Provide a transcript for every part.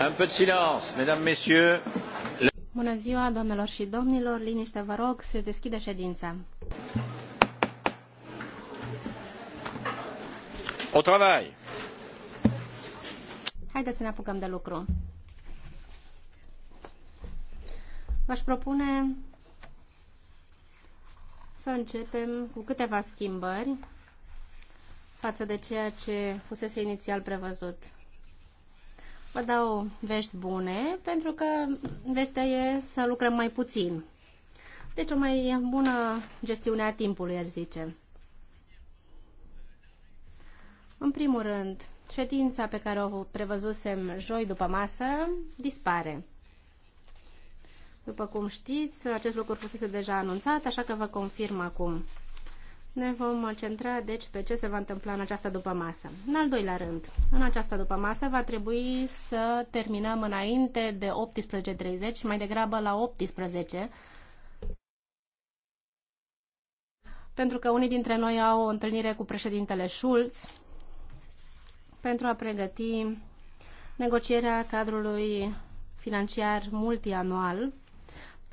Un peu de silence, mesdames, messieurs. Bună ziua, doamnelor și domnilor. Liniște, vă rog, se deschide ședința. Au travail. Haideți să ne apucăm de lucru. V-aș propune să începem cu câteva schimbări față de ceea ce fusese inițial prevăzut. Vă dau vești bune, pentru că vestea e să lucrăm mai puțin. Deci o mai bună gestiune a timpului, ar zice. În primul rând, ședința pe care o prevăzusem joi după masă dispare. După cum știți, acest lucru fusese deja anunțat, așa că vă confirm acum. Ne vom centra, deci, pe ce se va întâmpla în această masă. În al doilea rând, în această masă va trebui să terminăm înainte de 18.30, mai degrabă la 18, pentru că unii dintre noi au o întâlnire cu președintele Schulz pentru a pregăti negocierea cadrului financiar multianual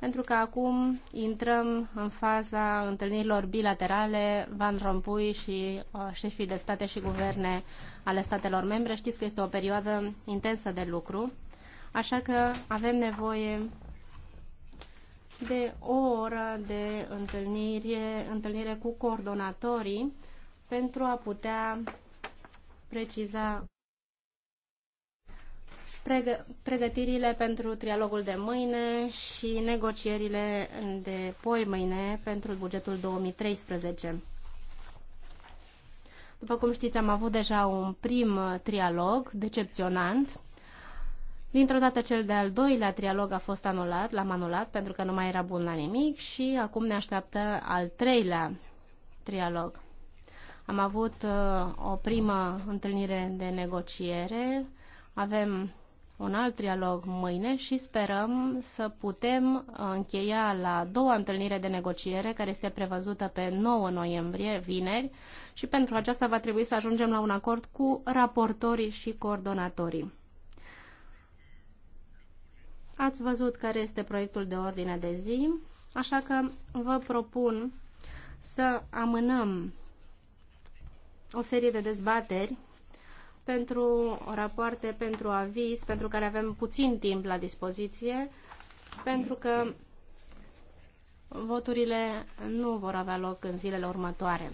pentru că acum intrăm în faza întâlnirilor bilaterale Van Rompuy și uh, șefii de state și guverne ale statelor membre. Știți că este o perioadă intensă de lucru, așa că avem nevoie de o oră de întâlnire, întâlnire cu coordonatorii pentru a putea preciza pregătirile pentru trialogul de mâine și negocierile de poi mâine pentru bugetul 2013. După cum știți, am avut deja un prim trialog decepționant. Dintr-o dată cel de-al doilea trialog a fost anulat, l-am anulat pentru că nu mai era bun la nimic și acum ne așteaptă al treilea trialog. Am avut uh, o primă întâlnire de negociere, avem un alt trialog mâine și sperăm să putem încheia la două întâlnire de negociere, care este prevăzută pe 9 noiembrie, vineri, și pentru aceasta va trebui să ajungem la un acord cu raportorii și coordonatorii. Ați văzut care este proiectul de ordine de zi, așa că vă propun să amânăm o serie de dezbateri pentru rapoarte, pentru aviz, pentru care avem puțin timp la dispoziție, pentru că voturile nu vor avea loc în zilele următoare.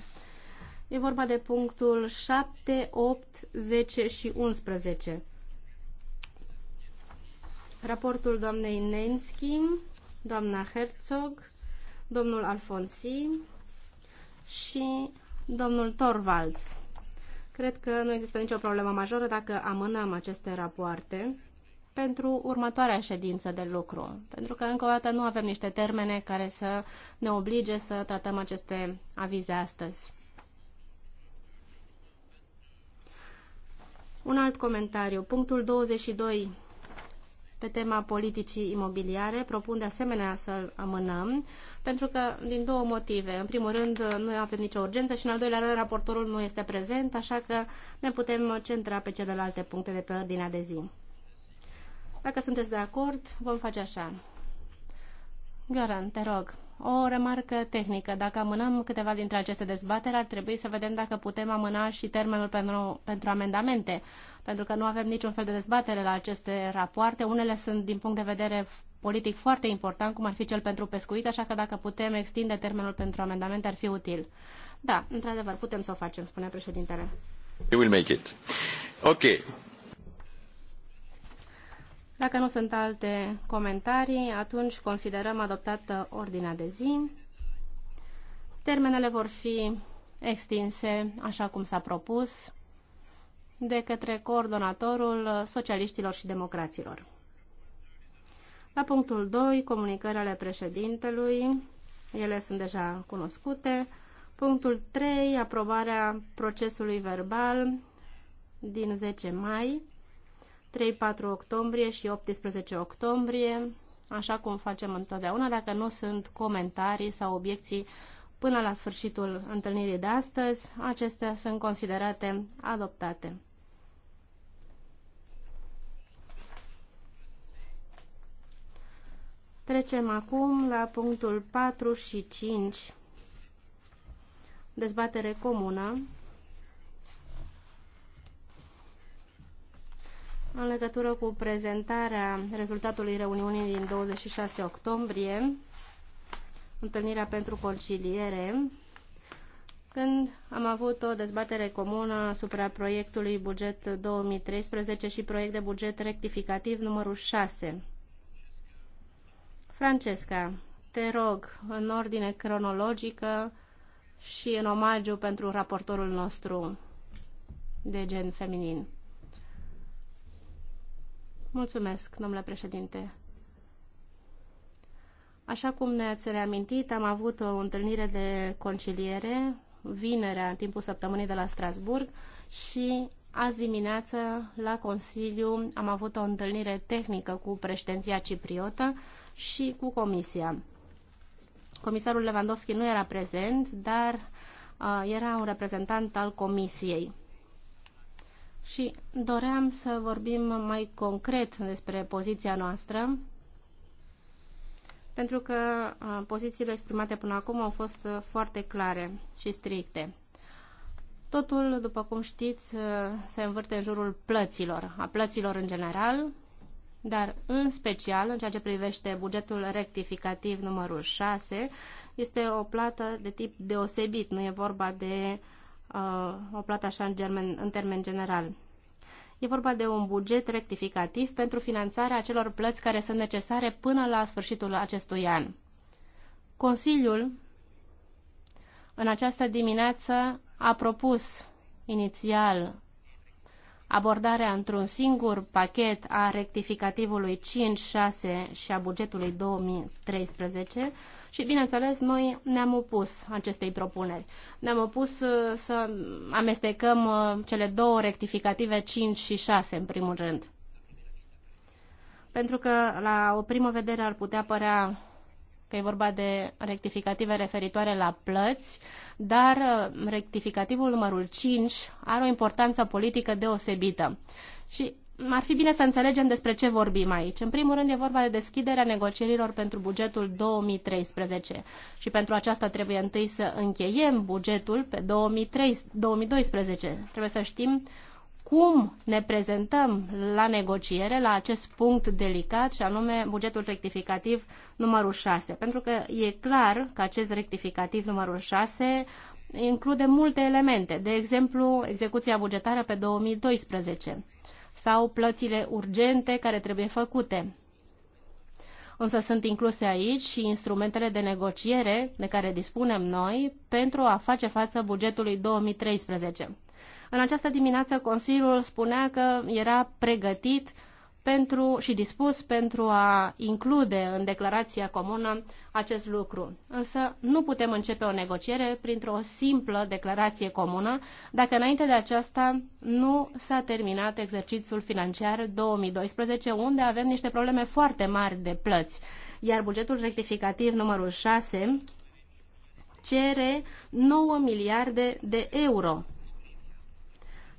E vorba de punctul 7, 8, 10 și 11. Raportul doamnei Nenski, doamna Herzog, domnul Alfonsi și domnul Torvalds. Cred că nu există nicio problemă majoră dacă amânăm aceste rapoarte pentru următoarea ședință de lucru, pentru că încă o dată nu avem niște termene care să ne oblige să tratăm aceste avize astăzi. Un alt comentariu, punctul 22 pe tema politicii imobiliare. Propun de asemenea să-l amânăm, pentru că din două motive. În primul rând, nu avem nicio urgență și în al doilea rând, raportorul nu este prezent, așa că ne putem centra pe celelalte puncte de pe ordinea de zi. Dacă sunteți de acord, vom face așa. Gioran, te rog, o remarcă tehnică. Dacă amânăm câteva dintre aceste dezbateri, ar trebui să vedem dacă putem amâna și termenul pentru, pentru amendamente pentru că nu avem niciun fel de dezbatere la aceste rapoarte. Unele sunt, din punct de vedere politic, foarte important, cum ar fi cel pentru pescuit, așa că dacă putem extinde termenul pentru amendamente, ar fi util. Da, într-adevăr, putem să o facem, spune președintele. We will make it. Ok. Dacă nu sunt alte comentarii, atunci considerăm adoptată ordinea de zi. Termenele vor fi extinse, așa cum s-a propus de către coordonatorul socialiștilor și democraților. La punctul 2, comunicări ale președintelui, ele sunt deja cunoscute. Punctul 3, aprobarea procesului verbal din 10 mai, 3-4 octombrie și 18 octombrie, așa cum facem întotdeauna, dacă nu sunt comentarii sau obiecții până la sfârșitul întâlnirii de astăzi, acestea sunt considerate adoptate. Trecem acum la punctul 4 și 5, dezbatere comună, în legătură cu prezentarea rezultatului reuniunii din 26 octombrie, întâlnirea pentru conciliere, când am avut o dezbatere comună asupra proiectului buget 2013 și proiect de buget rectificativ numărul 6. Francesca, te rog, în ordine cronologică și în omagiu pentru raportorul nostru de gen feminin. Mulțumesc, domnule președinte. Așa cum ne-ați reamintit, am avut o întâlnire de conciliere vinerea, în timpul săptămânii de la Strasburg și azi dimineață la Consiliu am avut o întâlnire tehnică cu președinția cipriotă și cu Comisia. Comisarul Lewandowski nu era prezent, dar uh, era un reprezentant al Comisiei. Și doream să vorbim mai concret despre poziția noastră, pentru că uh, pozițiile exprimate până acum au fost uh, foarte clare și stricte. Totul, după cum știți, uh, se învârte în jurul plăților, a plăților în general dar în special în ceea ce privește bugetul rectificativ numărul 6, este o plată de tip deosebit, nu e vorba de uh, o plată așa în, germen, în termen general. E vorba de un buget rectificativ pentru finanțarea acelor plăți care sunt necesare până la sfârșitul acestui an. Consiliul în această dimineață a propus inițial abordarea într-un singur pachet a rectificativului 5-6 și a bugetului 2013 și, bineînțeles, noi ne-am opus acestei propuneri. Ne-am opus uh, să amestecăm uh, cele două rectificative 5 și 6, în primul rând. Pentru că, la o primă vedere, ar putea părea că e vorba de rectificative referitoare la plăți, dar uh, rectificativul numărul 5 are o importanță politică deosebită. Și ar fi bine să înțelegem despre ce vorbim aici. În primul rând e vorba de deschiderea negocierilor pentru bugetul 2013 și pentru aceasta trebuie întâi să încheiem bugetul pe 2013, 2012. Trebuie să știm cum ne prezentăm la negociere, la acest punct delicat, și anume bugetul rectificativ numărul 6. Pentru că e clar că acest rectificativ numărul 6 include multe elemente, de exemplu, execuția bugetară pe 2012 sau plățile urgente care trebuie făcute. Însă sunt incluse aici și instrumentele de negociere de care dispunem noi pentru a face față bugetului 2013. În această dimineață Consiliul spunea că era pregătit pentru și dispus pentru a include în declarația comună acest lucru. Însă nu putem începe o negociere printr-o simplă declarație comună dacă înainte de aceasta nu s-a terminat exercițiul financiar 2012, unde avem niște probleme foarte mari de plăți. Iar bugetul rectificativ numărul 6 cere 9 miliarde de euro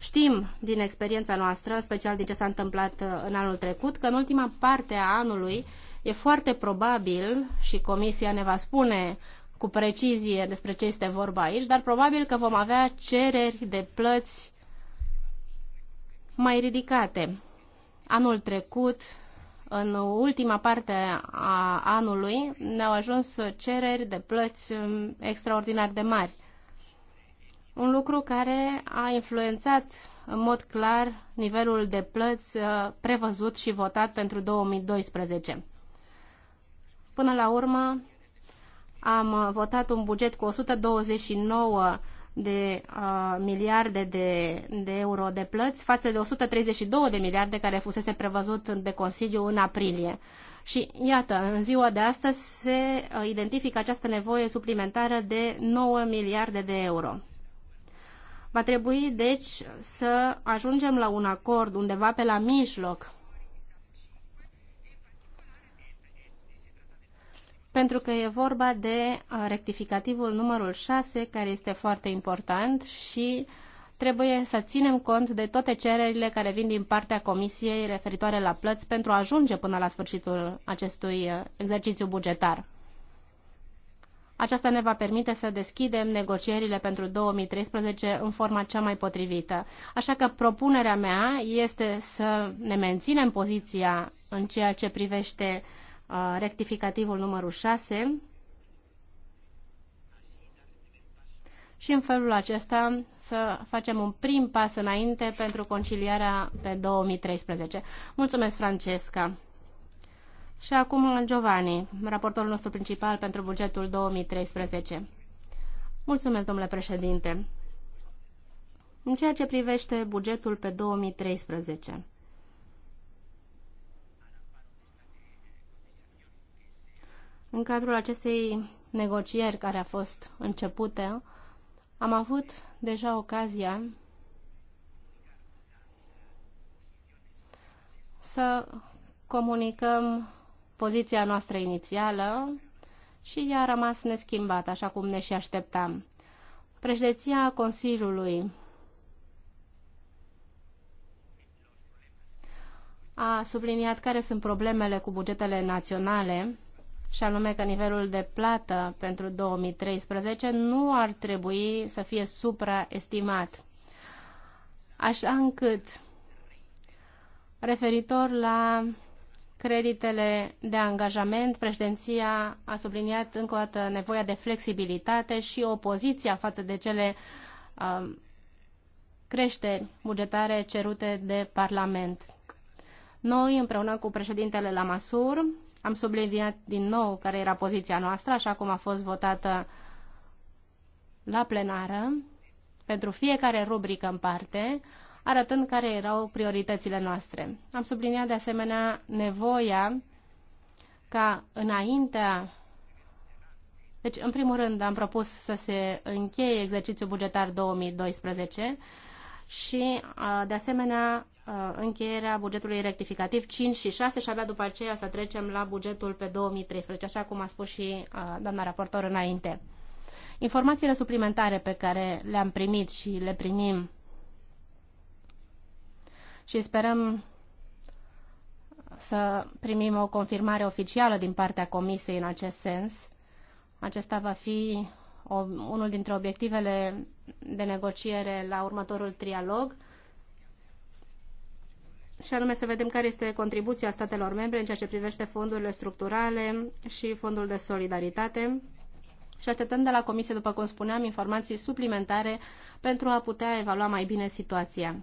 Știm din experiența noastră, special din ce s-a întâmplat uh, în anul trecut, că în ultima parte a anului e foarte probabil, și Comisia ne va spune cu precizie despre ce este vorba aici, dar probabil că vom avea cereri de plăți mai ridicate. Anul trecut, în ultima parte a anului, ne-au ajuns cereri de plăți um, extraordinar de mari un lucru care a influențat în mod clar nivelul de plăți uh, prevăzut și votat pentru 2012. Până la urmă, am uh, votat un buget cu 129 de uh, miliarde de, de euro de plăți față de 132 de miliarde care fusese prevăzut de Consiliu în aprilie. Și iată, în ziua de astăzi se uh, identifică această nevoie suplimentară de 9 miliarde de euro. Va trebui, deci, să ajungem la un acord undeva pe la mijloc. Pentru că e vorba de rectificativul numărul 6, care este foarte important și trebuie să ținem cont de toate cererile care vin din partea Comisiei referitoare la plăți pentru a ajunge până la sfârșitul acestui exercițiu bugetar. Aceasta ne va permite să deschidem negocierile pentru 2013 în forma cea mai potrivită. Așa că propunerea mea este să ne menținem poziția în ceea ce privește uh, rectificativul numărul 6 și în felul acesta să facem un prim pas înainte pentru concilierea pe 2013. Mulțumesc, Francesca! Și acum Giovanni, raportorul nostru principal pentru bugetul 2013. Mulțumesc, domnule președinte. În ceea ce privește bugetul pe 2013, în cadrul acestei negocieri care a fost începută, am avut deja ocazia să comunicăm poziția noastră inițială și ea a rămas neschimbată, așa cum ne și așteptam. Președinția Consiliului a subliniat care sunt problemele cu bugetele naționale și anume că nivelul de plată pentru 2013 nu ar trebui să fie supraestimat. Așa încât, referitor la creditele de angajament, președinția a subliniat încă o dată nevoia de flexibilitate și opoziția față de cele um, creșteri bugetare cerute de Parlament. Noi, împreună cu președintele Lamasur, am subliniat din nou care era poziția noastră, așa cum a fost votată la plenară, pentru fiecare rubrică în parte, arătând care erau prioritățile noastre. Am subliniat de asemenea nevoia ca înaintea deci, în primul rând, am propus să se încheie exercițiul bugetar 2012 și, de asemenea, încheierea bugetului rectificativ 5 și 6 și abia după aceea să trecem la bugetul pe 2013, așa cum a spus și doamna raportor înainte. Informațiile suplimentare pe care le-am primit și le primim și sperăm să primim o confirmare oficială din partea Comisiei în acest sens. Acesta va fi o, unul dintre obiectivele de negociere la următorul trialog și anume să vedem care este contribuția statelor membre în ceea ce privește fondurile structurale și fondul de solidaritate și așteptăm de la Comisie, după cum spuneam, informații suplimentare pentru a putea evalua mai bine situația.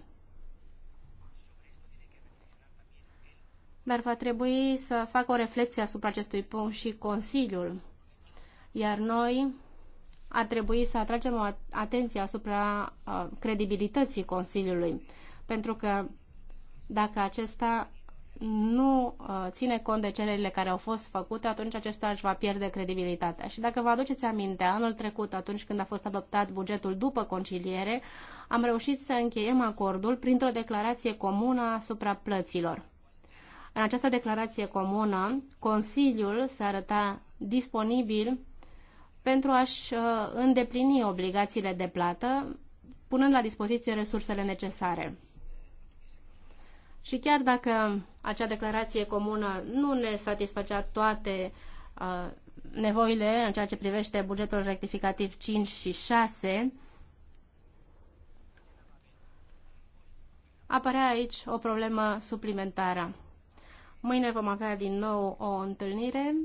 dar va trebui să fac o reflexie asupra acestui punct și Consiliul. Iar noi ar trebui să atragem o atenție asupra uh, credibilității Consiliului, pentru că dacă acesta nu uh, ține cont de cererile care au fost făcute, atunci acesta își va pierde credibilitatea. Și dacă vă aduceți aminte, anul trecut, atunci când a fost adoptat bugetul după conciliere, am reușit să încheiem acordul printr-o declarație comună asupra plăților. În această declarație comună, Consiliul se arăta disponibil pentru a-și uh, îndeplini obligațiile de plată, punând la dispoziție resursele necesare. Și chiar dacă acea declarație comună nu ne satisfăcea toate uh, nevoile în ceea ce privește bugetul rectificativ 5 și 6, apărea aici o problemă suplimentară. Mâine vom avea din nou o întâlnire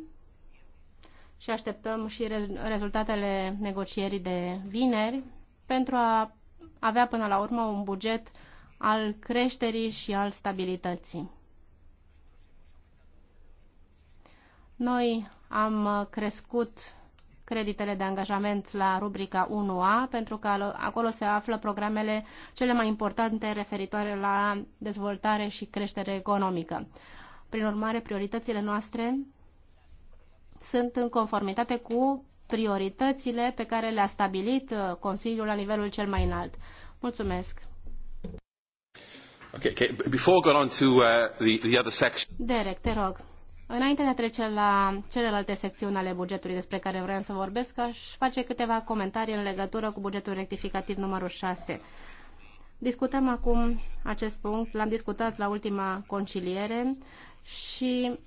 și așteptăm și rezultatele negocierii de vineri pentru a avea până la urmă un buget al creșterii și al stabilității. Noi am crescut creditele de angajament la rubrica 1A, pentru că acolo se află programele cele mai importante referitoare la dezvoltare și creștere economică. Prin urmare, prioritățile noastre sunt în conformitate cu prioritățile pe care le-a stabilit uh, Consiliul la nivelul cel mai înalt. Mulțumesc! Okay, okay. Before going on to uh, the, the other section. Derek, te rog. Înainte de a trece la celelalte secțiuni ale bugetului despre care vreau să vorbesc, aș face câteva comentarii în legătură cu bugetul rectificativ numărul 6. Discutăm acum acest punct, l-am discutat la ultima conciliere și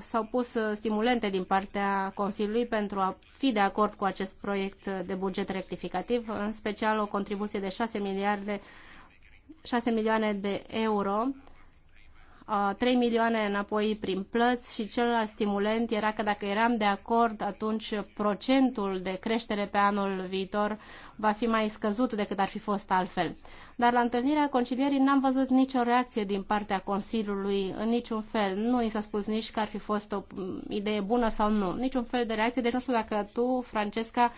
s-au pus uh, stimulente din partea Consiliului pentru a fi de acord cu acest proiect de buget rectificativ, în special o contribuție de 6 miliarde 6 milioane de euro 3 milioane înapoi prin plăți și celălalt stimulent era că dacă eram de acord, atunci procentul de creștere pe anul viitor va fi mai scăzut decât ar fi fost altfel. Dar la întâlnirea concilierii n-am văzut nicio reacție din partea Consiliului în niciun fel. Nu i s-a spus nici că ar fi fost o idee bună sau nu. Niciun fel de reacție. Deci nu știu dacă tu, Francesca,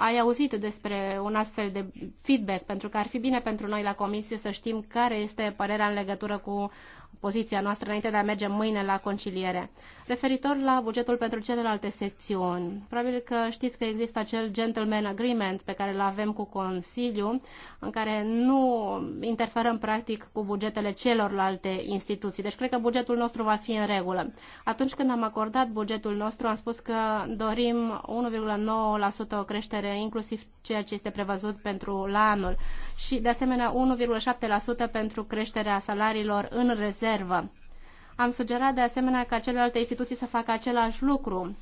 ai auzit despre un astfel de feedback, pentru că ar fi bine pentru noi la comisie să știm care este părerea în legătură cu poziția noastră înainte de a merge mâine la conciliere. Referitor la bugetul pentru celelalte secțiuni, probabil că știți că există acel gentleman agreement pe care îl avem cu Consiliu, în care nu interferăm practic cu bugetele celorlalte instituții. Deci cred că bugetul nostru va fi în regulă. Atunci când am acordat bugetul nostru, am spus că dorim 1,9% o creștere inclusiv ceea ce este prevăzut pentru la anul și, de asemenea, 1,7% pentru creșterea salariilor în rezervă. Am sugerat, de asemenea, ca celelalte instituții să facă același lucru.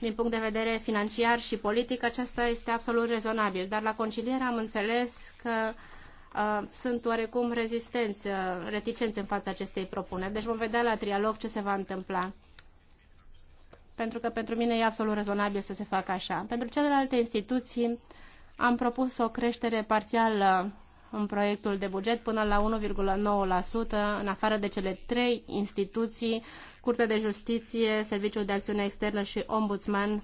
Din punct de vedere financiar și politic, aceasta este absolut rezonabil, dar la conciliere am înțeles că uh, sunt oarecum rezistenți, uh, reticenți în fața acestei propuneri. Deci vom vedea la trialog ce se va întâmpla pentru că pentru mine e absolut rezonabil să se facă așa. Pentru celelalte instituții am propus o creștere parțială în proiectul de buget până la 1,9%, în afară de cele trei instituții, Curtea de Justiție, Serviciul de Acțiune Externă și Ombudsman,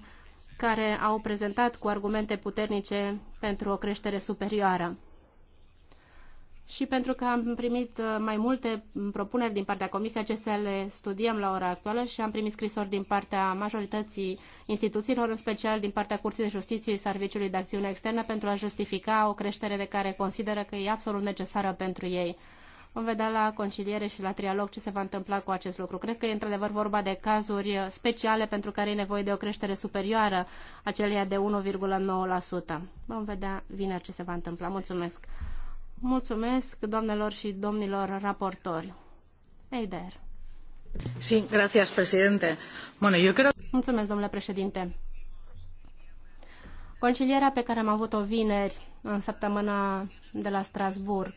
care au prezentat cu argumente puternice pentru o creștere superioară și pentru că am primit uh, mai multe mm, propuneri din partea Comisiei, acestea le studiem la ora actuală și am primit scrisori din partea majorității instituțiilor, în special din partea Curții de Justiție și Serviciului de Acțiune Externă, pentru a justifica o creștere de care consideră că e absolut necesară pentru ei. Vom vedea la conciliere și la trialog ce se va întâmpla cu acest lucru. Cred că e într-adevăr vorba de cazuri uh, speciale pentru care e nevoie de o creștere superioară aceleia de 1,9%. Vom vedea vineri ce se va întâmpla. Mulțumesc! Mulțumesc doamnelor și domnilor raportori. Eider. Sí, gracias, presidente. Bueno, yo creo... Mulțumesc, domnule președinte. Concilierea pe care am avut-o vineri, în săptămâna de la Strasburg,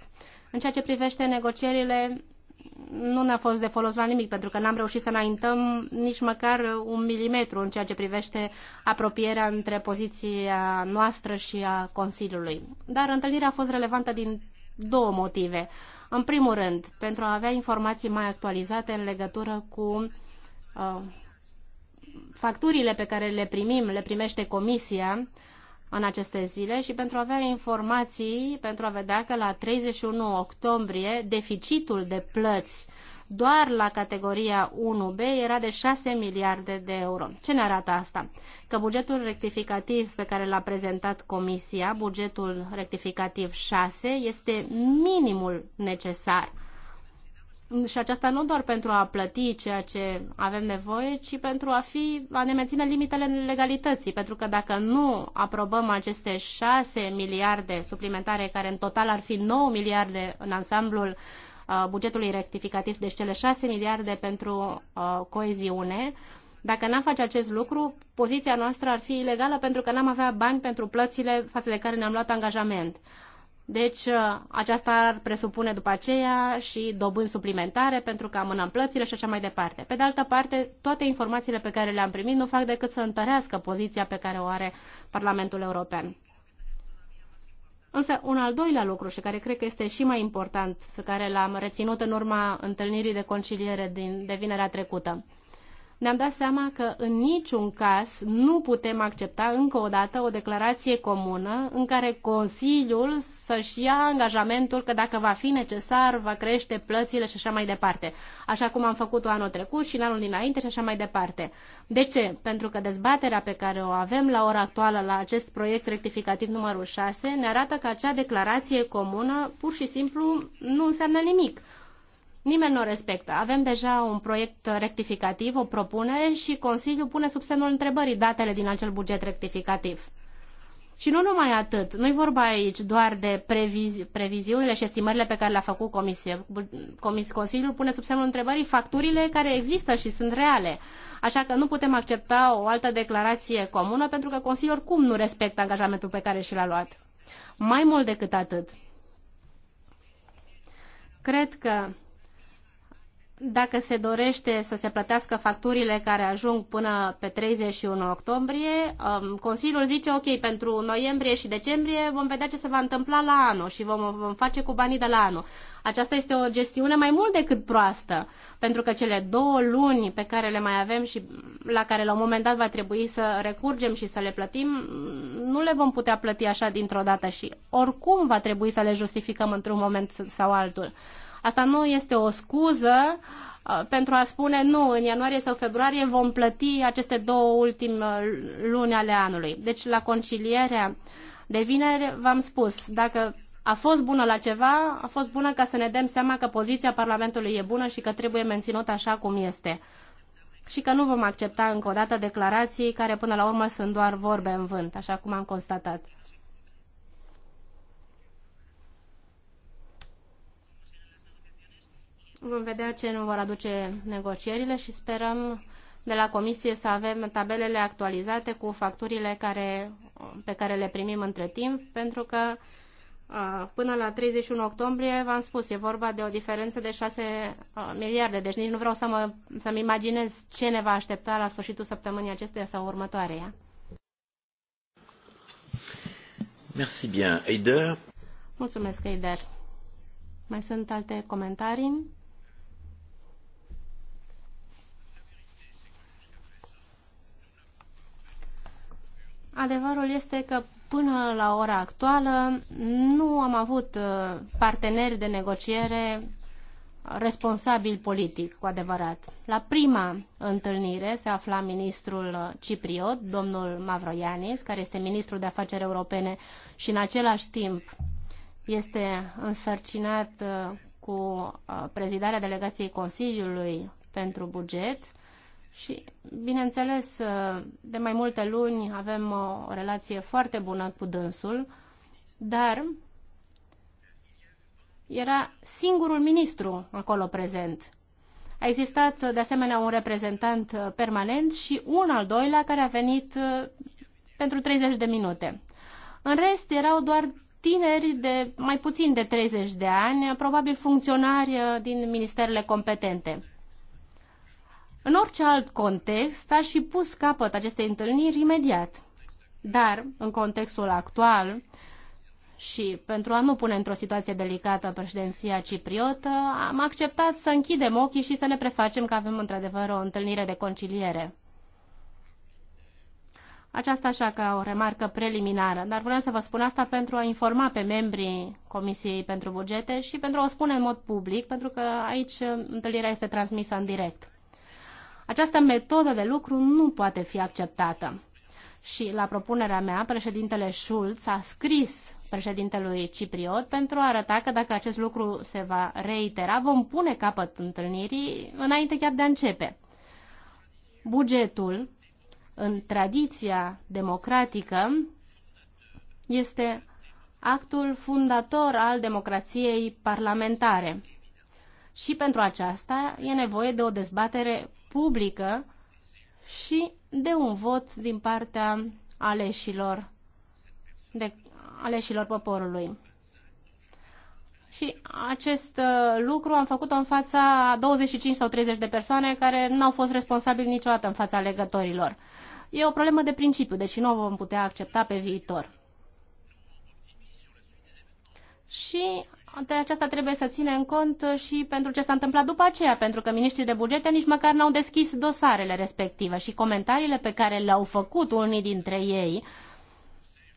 în ceea ce privește negocierile, nu ne-a fost de folos la nimic, pentru că n-am reușit să înaintăm nici măcar un milimetru în ceea ce privește apropierea între poziția noastră și a Consiliului. Dar întâlnirea a fost relevantă din două motive. În primul rând, pentru a avea informații mai actualizate în legătură cu uh, facturile pe care le primim, le primește comisia în aceste zile și pentru a avea informații, pentru a vedea că la 31 octombrie deficitul de plăți uh, doar la categoria 1B era de 6 miliarde de euro. Ce ne arată asta? Că bugetul rectificativ pe care l-a prezentat Comisia, bugetul rectificativ 6, este minimul necesar. Și aceasta nu doar pentru a plăti ceea ce avem nevoie, ci pentru a, fi, a ne menține limitele legalității. Pentru că dacă nu aprobăm aceste 6 miliarde suplimentare, care în total ar fi 9 miliarde în ansamblul uh, bugetului rectificativ, deci cele 6 miliarde pentru coeziune, dacă n-am face acest lucru, poziția noastră ar fi ilegală pentru că n-am avea bani pentru plățile față de care ne-am luat angajament. Deci aceasta ar presupune după aceea și dobând suplimentare pentru că amânăm plățile și așa mai departe. Pe de altă parte, toate informațiile pe care le-am primit nu fac decât să întărească poziția pe care o are Parlamentul European. Însă, un al doilea lucru și care cred că este și mai important, pe care l-am reținut în urma întâlnirii de conciliere din, de vinerea trecută, ne-am dat seama că în niciun caz nu putem accepta încă o dată o declarație comună în care Consiliul să-și ia angajamentul că dacă va fi necesar, va crește plățile și așa mai departe, așa cum am făcut-o anul trecut și în anul dinainte și așa mai departe. De ce? Pentru că dezbaterea pe care o avem la ora actuală la acest proiect rectificativ numărul 6 ne arată că acea declarație comună pur și simplu nu înseamnă nimic Nimeni nu o respectă. Avem deja un proiect rectificativ, o propunere și Consiliul pune sub semnul întrebării datele din acel buget rectificativ. Și nu numai atât. Nu-i vorba aici doar de previzi- previziunile și estimările pe care le-a făcut comisie. Comis- Consiliul pune sub semnul întrebării facturile care există și sunt reale. Așa că nu putem accepta o altă declarație comună pentru că Consiliul oricum nu respectă angajamentul pe care și l-a luat. Mai mult decât atât. Cred că dacă se dorește să se plătească facturile care ajung până pe 31 octombrie, um, Consiliul zice, ok, pentru noiembrie și decembrie vom vedea ce se va întâmpla la anul și vom, vom face cu banii de la anul. Aceasta este o gestiune mai mult decât proastă, pentru că cele două luni pe care le mai avem și la care la un moment dat va trebui să recurgem și să le plătim, nu le vom putea plăti așa dintr-o dată și oricum va trebui să le justificăm într-un moment sau altul. Asta nu este o scuză uh, pentru a spune nu, în ianuarie sau februarie vom plăti aceste două ultime uh, luni ale anului. Deci la concilierea de vineri v-am spus, dacă a fost bună la ceva, a fost bună ca să ne dăm seama că poziția Parlamentului e bună și că trebuie menținută așa cum este. Și că nu vom accepta încă o dată declarații care până la urmă sunt doar vorbe în vânt, așa cum am constatat. Vom vedea ce nu vor aduce negocierile și sperăm de la comisie să avem tabelele actualizate cu facturile care, pe care le primim între timp, pentru că până la 31 octombrie, v-am spus, e vorba de o diferență de 6 miliarde, deci nici nu vreau să mă, să-mi imaginez ce ne va aștepta la sfârșitul săptămânii acesteia sau următoareia. Merci bien, Eider. Mulțumesc, Eider. Mai sunt alte comentarii? Adevărul este că până la ora actuală nu am avut uh, parteneri de negociere responsabil politic, cu adevărat. La prima întâlnire se afla ministrul uh, cipriot, domnul Mavroianis, care este ministrul de afaceri europene și în același timp este însărcinat uh, cu prezidarea delegației Consiliului pentru buget și, bineînțeles, de mai multe luni avem o relație foarte bună cu dânsul, dar era singurul ministru acolo prezent. A existat, de asemenea, un reprezentant permanent și un al doilea care a venit uh, pentru 30 de minute. În rest, erau doar tineri de mai puțin de 30 de ani, probabil funcționari uh, din ministerele competente. În orice alt context aș fi pus capăt acestei întâlniri imediat. Dar, în contextul actual, și pentru a nu pune într-o situație delicată președinția cipriotă, am acceptat să închidem ochii și să ne prefacem că avem într-adevăr o întâlnire de conciliere. Aceasta așa ca o remarcă preliminară, dar vreau să vă spun asta pentru a informa pe membrii Comisiei pentru Bugete și pentru a o spune în mod public, pentru că aici uh, întâlnirea este transmisă în direct. Această metodă de lucru nu poate fi acceptată. Și la propunerea mea, președintele Schulz a scris președintelui Cipriot pentru a arăta că dacă acest lucru se va reitera, vom pune capăt întâlnirii înainte chiar de a începe. Bugetul, în tradiția democratică, este actul fundator al democrației parlamentare. Și pentru aceasta e nevoie de o dezbatere publică și de un vot din partea aleșilor, de aleșilor poporului. Și acest uh, lucru am făcut-o în fața 25 sau 30 de persoane care nu au fost responsabili niciodată în fața legătorilor. E o problemă de principiu, deși deci nu o vom putea accepta pe viitor. Și de aceasta trebuie să în cont și pentru ce s-a întâmplat după aceea, pentru că miniștrii de bugete nici măcar n-au deschis dosarele respective și comentariile pe care le-au făcut unii dintre ei,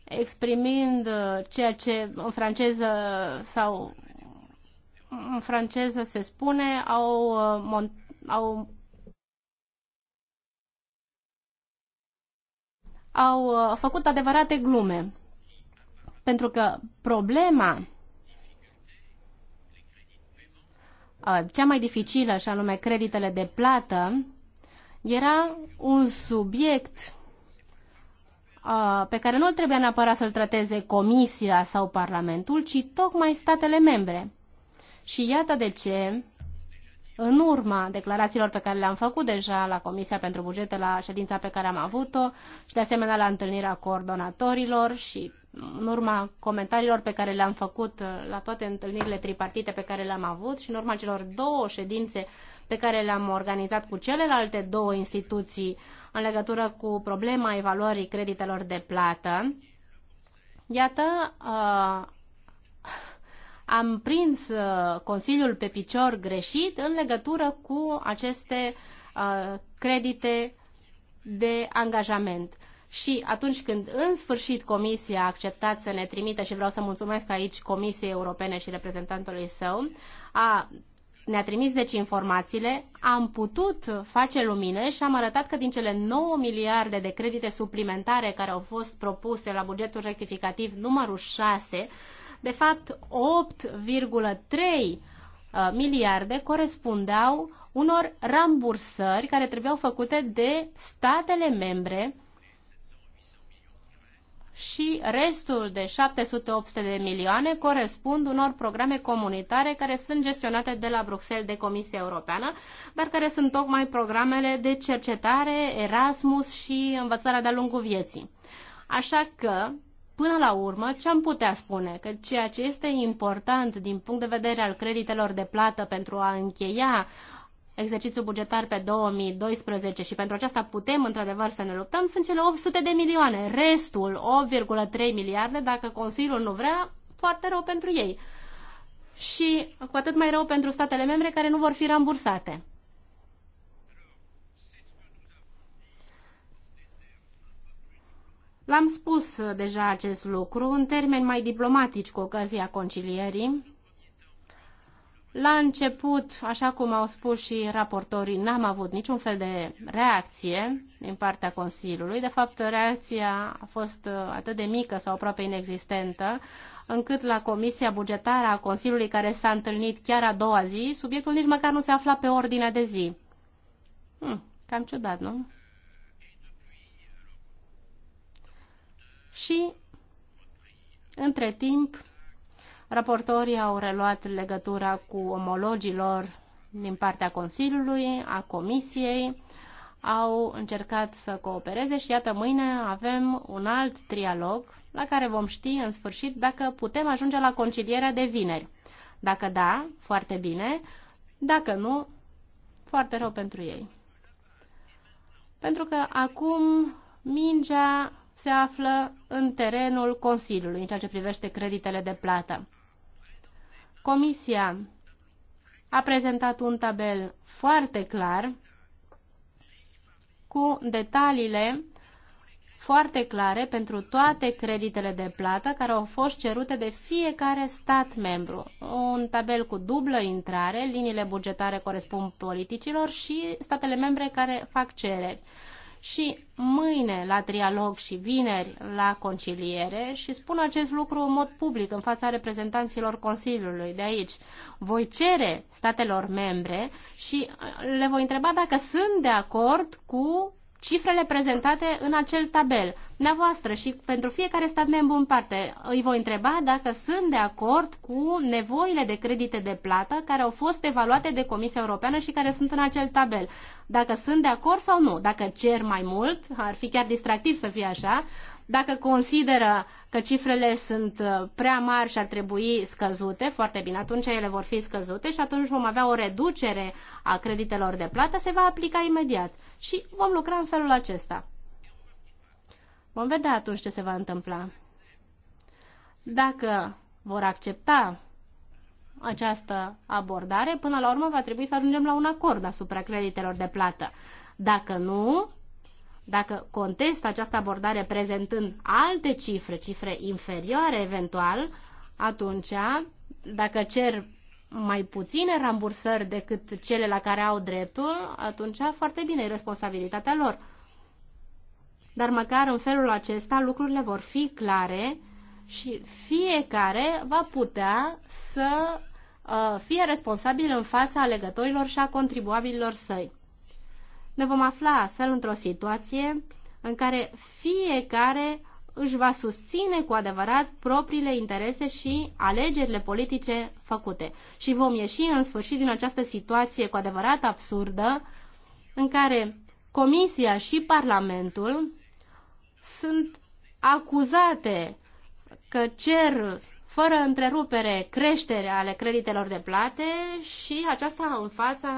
exprimind uh, ceea ce în franceză sau în franceză se spune, au, uh, au au uh, făcut adevărate glume. Pentru că problema Uh, cea mai dificilă, și anume creditele de plată, era un subiect uh, pe care nu trebuia neapărat să-l trateze Comisia sau Parlamentul, ci tocmai statele membre. Și iată de ce, în urma declarațiilor pe care le-am făcut deja la Comisia pentru Bugete, la ședința pe care am avut-o și de asemenea la întâlnirea coordonatorilor și în urma comentariilor pe care le-am făcut uh, la toate întâlnirile tripartite pe care le-am avut și în urma celor două ședințe pe care le-am organizat cu celelalte două instituții în legătură cu problema evaluării creditelor de plată, iată, uh, am prins uh, Consiliul pe picior greșit în legătură cu aceste uh, credite de angajament și atunci când în sfârșit Comisia a acceptat să ne trimită și vreau să mulțumesc aici Comisiei Europene și reprezentantului său, a ne-a trimis deci informațiile, am putut face lumină și am arătat că din cele 9 miliarde de credite suplimentare care au fost propuse la bugetul rectificativ numărul 6, de fapt 8,3 uh, miliarde corespundeau unor rambursări care trebuiau făcute de statele membre și restul de 700-800 de milioane corespund unor programe comunitare care sunt gestionate de la Bruxelles de Comisia Europeană, dar care sunt tocmai programele de cercetare, Erasmus și învățarea de-a lungul vieții. Așa că, până la urmă, ce am putea spune? Că ceea ce este important din punct de vedere al creditelor de plată pentru a încheia exercițiul bugetar pe 2012 și pentru aceasta putem într-adevăr să ne luptăm, sunt cele 800 de milioane. Restul, 8,3 miliarde, dacă Consiliul nu vrea, foarte rău pentru ei. Și cu atât mai rău pentru statele membre care nu vor fi rambursate. L-am spus deja acest lucru în termeni mai diplomatici cu ocazia concilierii. La început, așa cum au spus și raportorii, n-am avut niciun fel de reacție din partea Consiliului. De fapt, reacția a fost uh, atât de mică sau aproape inexistentă, încât la Comisia Bugetară a Consiliului, care s-a întâlnit chiar a doua zi, subiectul nici măcar nu se afla pe ordinea de zi. Hmm, cam ciudat, nu? Și, între timp, Raportorii au reluat legătura cu omologilor din partea Consiliului, a Comisiei, au încercat să coopereze și iată mâine avem un alt trialog la care vom ști în sfârșit dacă putem ajunge la concilierea de vineri. Dacă da, foarte bine, dacă nu, foarte rău pentru ei. Pentru că acum mingea se află în terenul Consiliului în ceea ce privește creditele de plată. Comisia a prezentat un tabel foarte clar cu detaliile foarte clare pentru toate creditele de plată care au fost cerute de fiecare stat membru. Un tabel cu dublă intrare, liniile bugetare corespund politicilor și statele membre care fac cereri și mâine la trialog și vineri la conciliere și spun acest lucru în mod public în fața reprezentanților Consiliului de aici. Voi cere statelor membre și le voi întreba dacă sunt de acord cu cifrele prezentate în acel tabel. Dumneavoastră și pentru fiecare stat membru în parte îi voi întreba dacă sunt de acord cu nevoile de credite de plată care au fost evaluate de Comisia Europeană și care sunt în acel tabel. Dacă sunt de acord sau nu. Dacă cer mai mult, ar fi chiar distractiv să fie așa, dacă consideră că cifrele sunt uh, prea mari și ar trebui scăzute, foarte bine, atunci ele vor fi scăzute și atunci vom avea o reducere a creditelor de plată, se va aplica imediat și vom lucra în felul acesta. Vom vedea atunci ce se va întâmpla. Dacă vor accepta această abordare, până la urmă va trebui să ajungem la un acord asupra creditelor de plată. Dacă nu, dacă contest această abordare prezentând alte cifre, cifre inferioare eventual, atunci, dacă cer mai puține rambursări decât cele la care au dreptul, atunci foarte bine, e responsabilitatea lor. Dar măcar în felul acesta lucrurile vor fi clare și fiecare va putea să uh, fie responsabil în fața alegătorilor și a contribuabililor săi. Ne vom afla astfel într-o situație în care fiecare își va susține cu adevărat propriile interese și alegerile politice făcute. Și vom ieși în sfârșit din această situație cu adevărat absurdă în care Comisia și Parlamentul sunt acuzate că cer fără întrerupere creștere ale creditelor de plate și aceasta în fața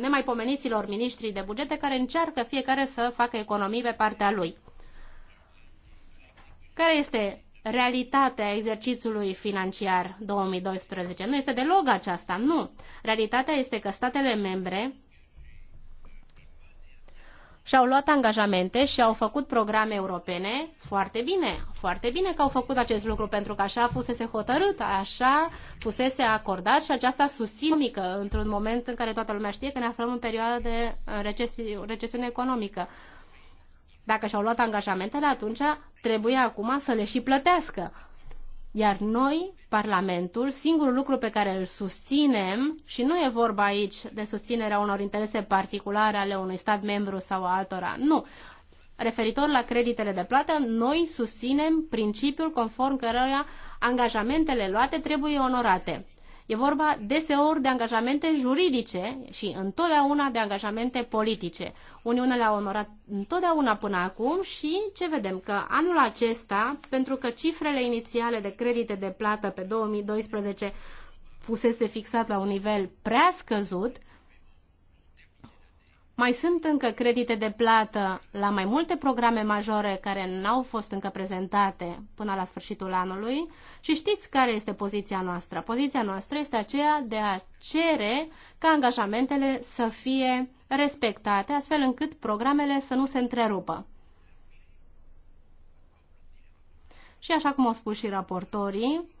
nemaipomeniților miniștrii de bugete care încearcă fiecare să facă economii pe partea lui. Care este realitatea exercițiului financiar 2012? Nu este deloc aceasta, nu. Realitatea este că statele membre și-au luat angajamente și au făcut programe europene. Foarte bine, foarte bine că au făcut acest lucru, pentru că așa fusese hotărât, așa fusese acordat și aceasta susține mică într-un moment în care toată lumea știe că ne aflăm în perioada de recesi- recesiune economică. Dacă și-au luat angajamentele, atunci trebuie acum să le și plătească. Iar noi, Parlamentul, singurul lucru pe care îl susținem, și nu e vorba aici de susținerea unor interese particulare ale unui stat membru sau a altora, nu. Referitor la creditele de plată, noi susținem principiul conform căruia angajamentele luate trebuie onorate. E vorba deseori de angajamente juridice și întotdeauna de angajamente politice. Uniunea le-a onorat întotdeauna până acum și ce vedem? Că anul acesta, pentru că cifrele inițiale de credite de plată pe 2012 fusese fixat la un nivel prea scăzut, mai sunt încă credite de plată la mai multe programe majore care n-au fost încă prezentate până la sfârșitul anului și știți care este poziția noastră. Poziția noastră este aceea de a cere ca angajamentele să fie respectate, astfel încât programele să nu se întrerupă. Și așa cum au spus și raportorii,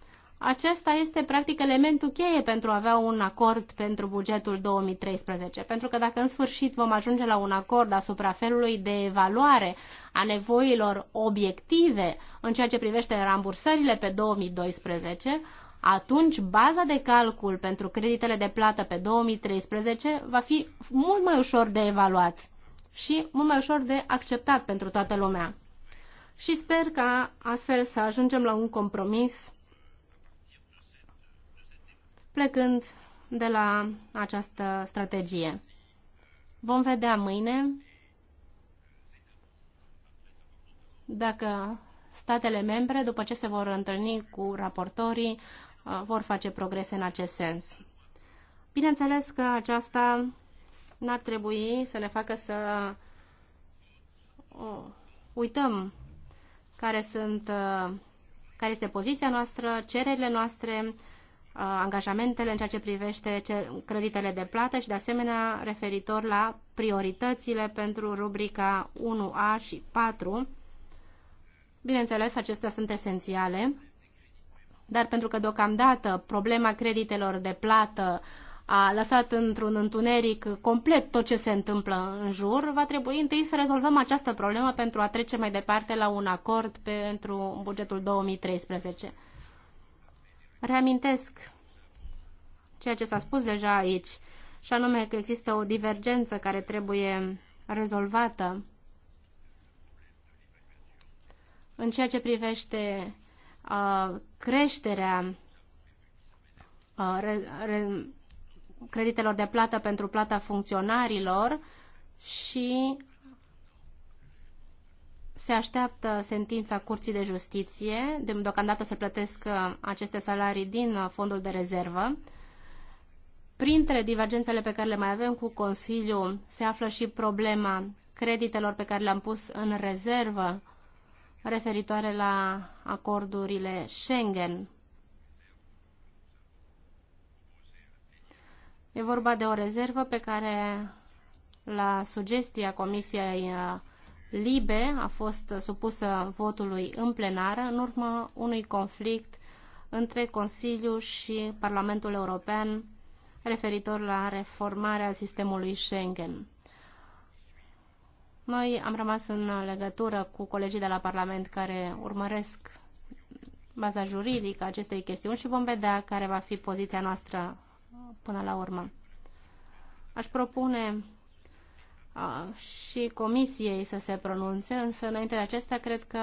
acesta este practic elementul cheie pentru a avea un acord pentru bugetul 2013, pentru că dacă în sfârșit vom ajunge la un acord asupra felului de evaluare a nevoilor obiective în ceea ce privește rambursările pe 2012, atunci baza de calcul pentru creditele de plată pe 2013 va fi mult mai ușor de evaluat și mult mai ușor de acceptat pentru toată lumea. Și sper că astfel să ajungem la un compromis plecând de la această strategie. Vom vedea mâine dacă statele membre, după ce se vor întâlni cu raportorii, uh, vor face progrese în acest sens. Bineînțeles că aceasta n-ar trebui să ne facă să uh, uităm care, sunt, uh, care este poziția noastră, cererile noastre, Uh, angajamentele în ceea ce privește creditele de plată și de asemenea referitor la prioritățile pentru rubrica 1A și 4. Bineînțeles, acestea sunt esențiale, dar pentru că deocamdată problema creditelor de plată a lăsat într-un întuneric complet tot ce se întâmplă în jur, va trebui întâi să rezolvăm această problemă pentru a trece mai departe la un acord pentru bugetul 2013. Reamintesc ceea ce s-a spus deja aici, și anume că există o divergență care trebuie rezolvată în ceea ce privește uh, creșterea uh, re, re, creditelor de plată pentru plata funcționarilor și se așteaptă sentința Curții de Justiție, deocamdată să plătesc uh, aceste salarii din uh, fondul de rezervă. Printre divergențele pe care le mai avem cu Consiliul se află și problema creditelor pe care le-am pus în rezervă referitoare la acordurile Schengen. E vorba de o rezervă pe care, la sugestia Comisiei uh, Libe a fost supusă votului în plenară în urma unui conflict între Consiliu și Parlamentul European referitor la reformarea sistemului Schengen. Noi am rămas în legătură cu colegii de la Parlament care urmăresc baza juridică acestei chestiuni și vom vedea care va fi poziția noastră până la urmă. Aș propune și comisiei să se pronunțe, însă înainte de acesta cred că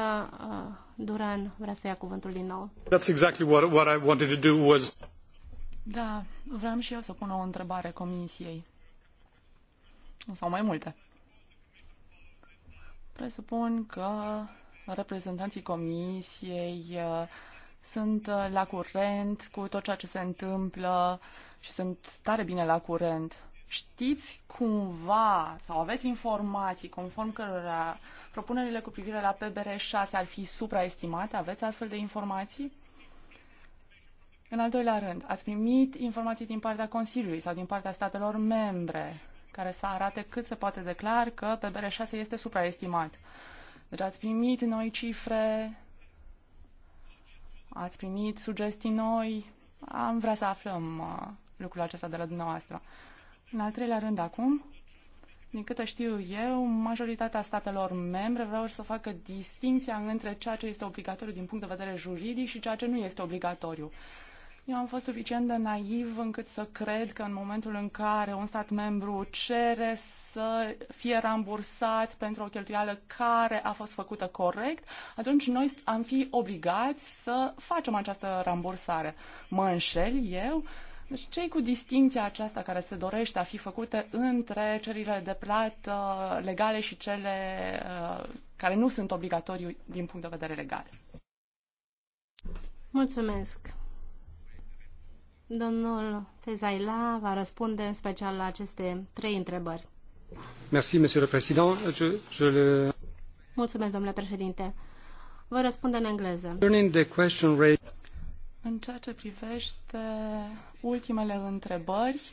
Duran vrea să ia cuvântul din nou. That's exactly what, what I wanted to do was... Da, vreau și eu să pun o întrebare comisiei. Sau mai multe. Presupun că reprezentanții comisiei sunt la curent cu tot ceea ce se întâmplă și sunt tare bine la curent Știți cumva sau aveți informații conform cărora propunerile cu privire la PBR 6 ar fi supraestimate? Aveți astfel de informații? În al doilea rând, ați primit informații din partea Consiliului sau din partea statelor membre care să arate cât se poate declar că PBR 6 este supraestimat. Deci ați primit noi cifre, ați primit sugestii noi, am vrea să aflăm uh, lucrul acesta de la dumneavoastră. În al treilea rând acum, din câte știu eu, majoritatea statelor membre vreau să facă distinția între ceea ce este obligatoriu din punct de vedere juridic și ceea ce nu este obligatoriu. Eu am fost suficient de naiv încât să cred că în momentul în care un stat membru cere să fie rambursat pentru o cheltuială care a fost făcută corect, atunci noi am fi obligați să facem această rambursare. Mă înșel eu? Uh, deci cei cu distinția aceasta care se dorește a fi făcute între cererile de plată legale și cele uh, care nu sunt obligatorii din punct de vedere legal? Mulțumesc. Domnul Fezaila va răspunde în special la aceste trei întrebări. Merci, monsieur le président. Je, je le... Mulțumesc, domnule președinte. Vă răspund în engleză. În ceea ce privește ultimele întrebări,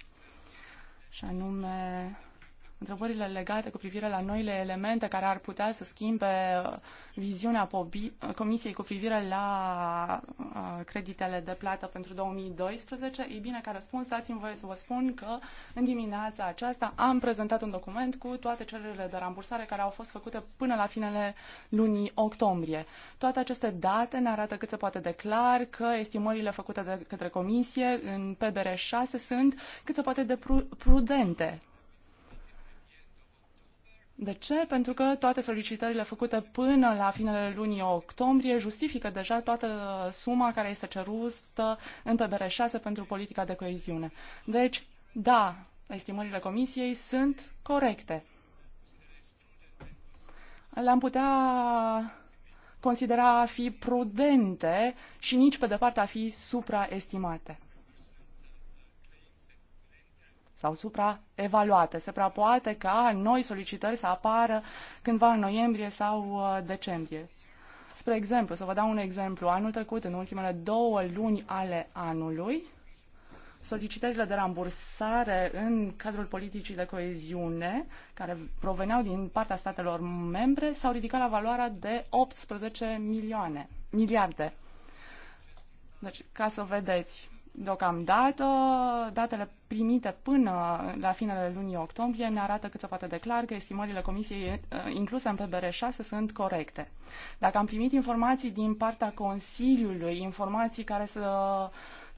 și anume întrebările legate cu privire la noile elemente care ar putea să schimbe uh, viziunea uh, Comisiei cu privire la uh, creditele de plată pentru 2012, e bine, ca răspuns, dați-mi voie să vă spun că în dimineața aceasta am prezentat un document cu toate cererile de rambursare care au fost făcute până la finele lunii octombrie. Toate aceste date ne arată cât se poate de clar că estimările făcute de către Comisie în PBR 6 sunt cât se poate de prudente de ce? Pentru că toate solicitările făcute până la finele lunii octombrie justifică deja toată suma care este cerută în PBR6 pentru politica de coeziune. Deci, da, estimările comisiei sunt corecte. Le-am putea considera a fi prudente și nici pe departe a fi supraestimate sau supraevaluate. Se prea poate ca noi solicitări să apară cândva în noiembrie sau uh, decembrie. Spre exemplu, să vă dau un exemplu, anul trecut, în ultimele două luni ale anului, solicitările de rambursare în cadrul politicii de coeziune, care proveneau din partea statelor membre, s-au ridicat la valoarea de 18 milioane, miliarde. Deci, ca să vedeți, Deocamdată, datele primite până la finele lunii octombrie ne arată cât se poate declar că estimările Comisiei eh, incluse în PBR6 sunt corecte. Dacă am primit informații din partea Consiliului, informații care să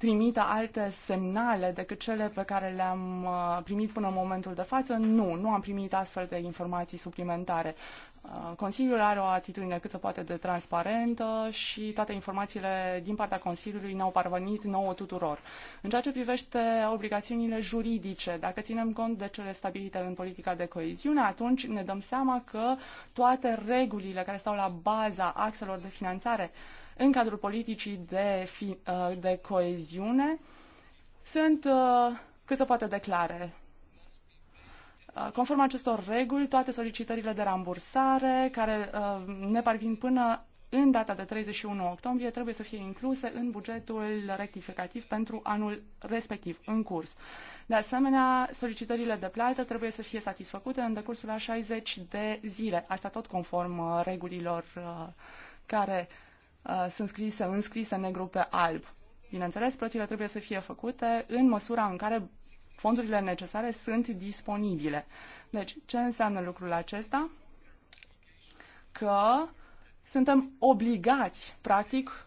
trimită alte semnale decât cele pe care le-am uh, primit până în momentul de față? Nu, nu am primit astfel de informații suplimentare. Uh, Consiliul are o atitudine cât se poate de transparentă și toate informațiile din partea Consiliului ne-au parvenit nouă tuturor. În ceea ce privește obligațiunile juridice, dacă ținem cont de cele stabilite în politica de coeziune, atunci ne dăm seama că toate regulile care stau la baza axelor de finanțare în cadrul politicii de, fi, uh, de coeziune sunt uh, cât se poate declare. Uh, conform acestor reguli, toate solicitările de rambursare care ne parvin până în data de 31 octombrie trebuie să fie incluse în bugetul rectificativ pentru anul respectiv, în curs. De asemenea, solicitările de plată trebuie să fie satisfăcute în decursul a 60 de zile, asta tot conform regulilor care uh, Uh, sunt scrise, scrise negru pe alb. Bineînțeles, plățile trebuie să fie făcute în măsura în care fondurile necesare sunt disponibile. Deci, ce înseamnă lucrul acesta? Că suntem obligați, practic,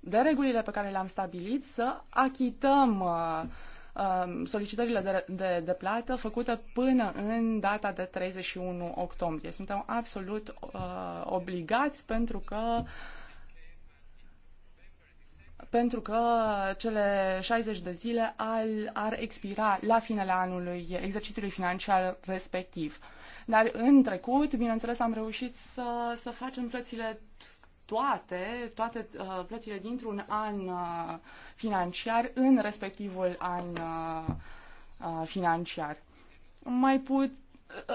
de regulile pe care le-am stabilit, să achităm uh, uh, solicitările de, de, de plată făcute până în data de 31 octombrie. Suntem absolut uh, obligați pentru că uh, pentru că cele 60 de zile al, ar expira la finele anului exercițiului financiar respectiv. Dar în trecut, bineînțeles, am reușit să, să facem plățile toate, toate uh, plățile dintr-un an uh, financiar în respectivul an uh, uh financiar. Mai put,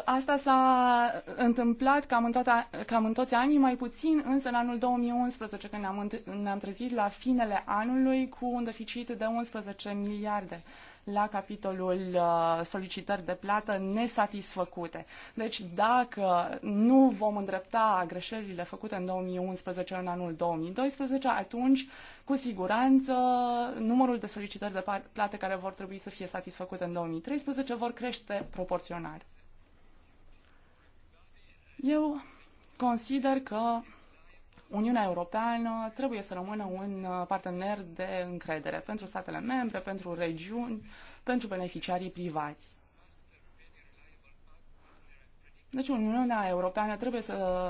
Asta s-a întâmplat cam în, toată, cam în toți anii, mai puțin însă în anul 2011, când ne-am, ne-am trezit la finele anului cu un deficit de 11 miliarde la capitolul uh, solicitări de plată nesatisfăcute. Deci dacă nu vom îndrepta greșelile făcute în 2011 în anul 2012, atunci cu siguranță numărul de solicitări de plată care vor trebui să fie satisfăcute în 2013 vor crește proporțional. Eu consider că Uniunea Europeană trebuie să rămână un uh, partener de încredere pentru statele membre, pentru regiuni, pentru beneficiarii privați. Deci Uniunea Europeană trebuie să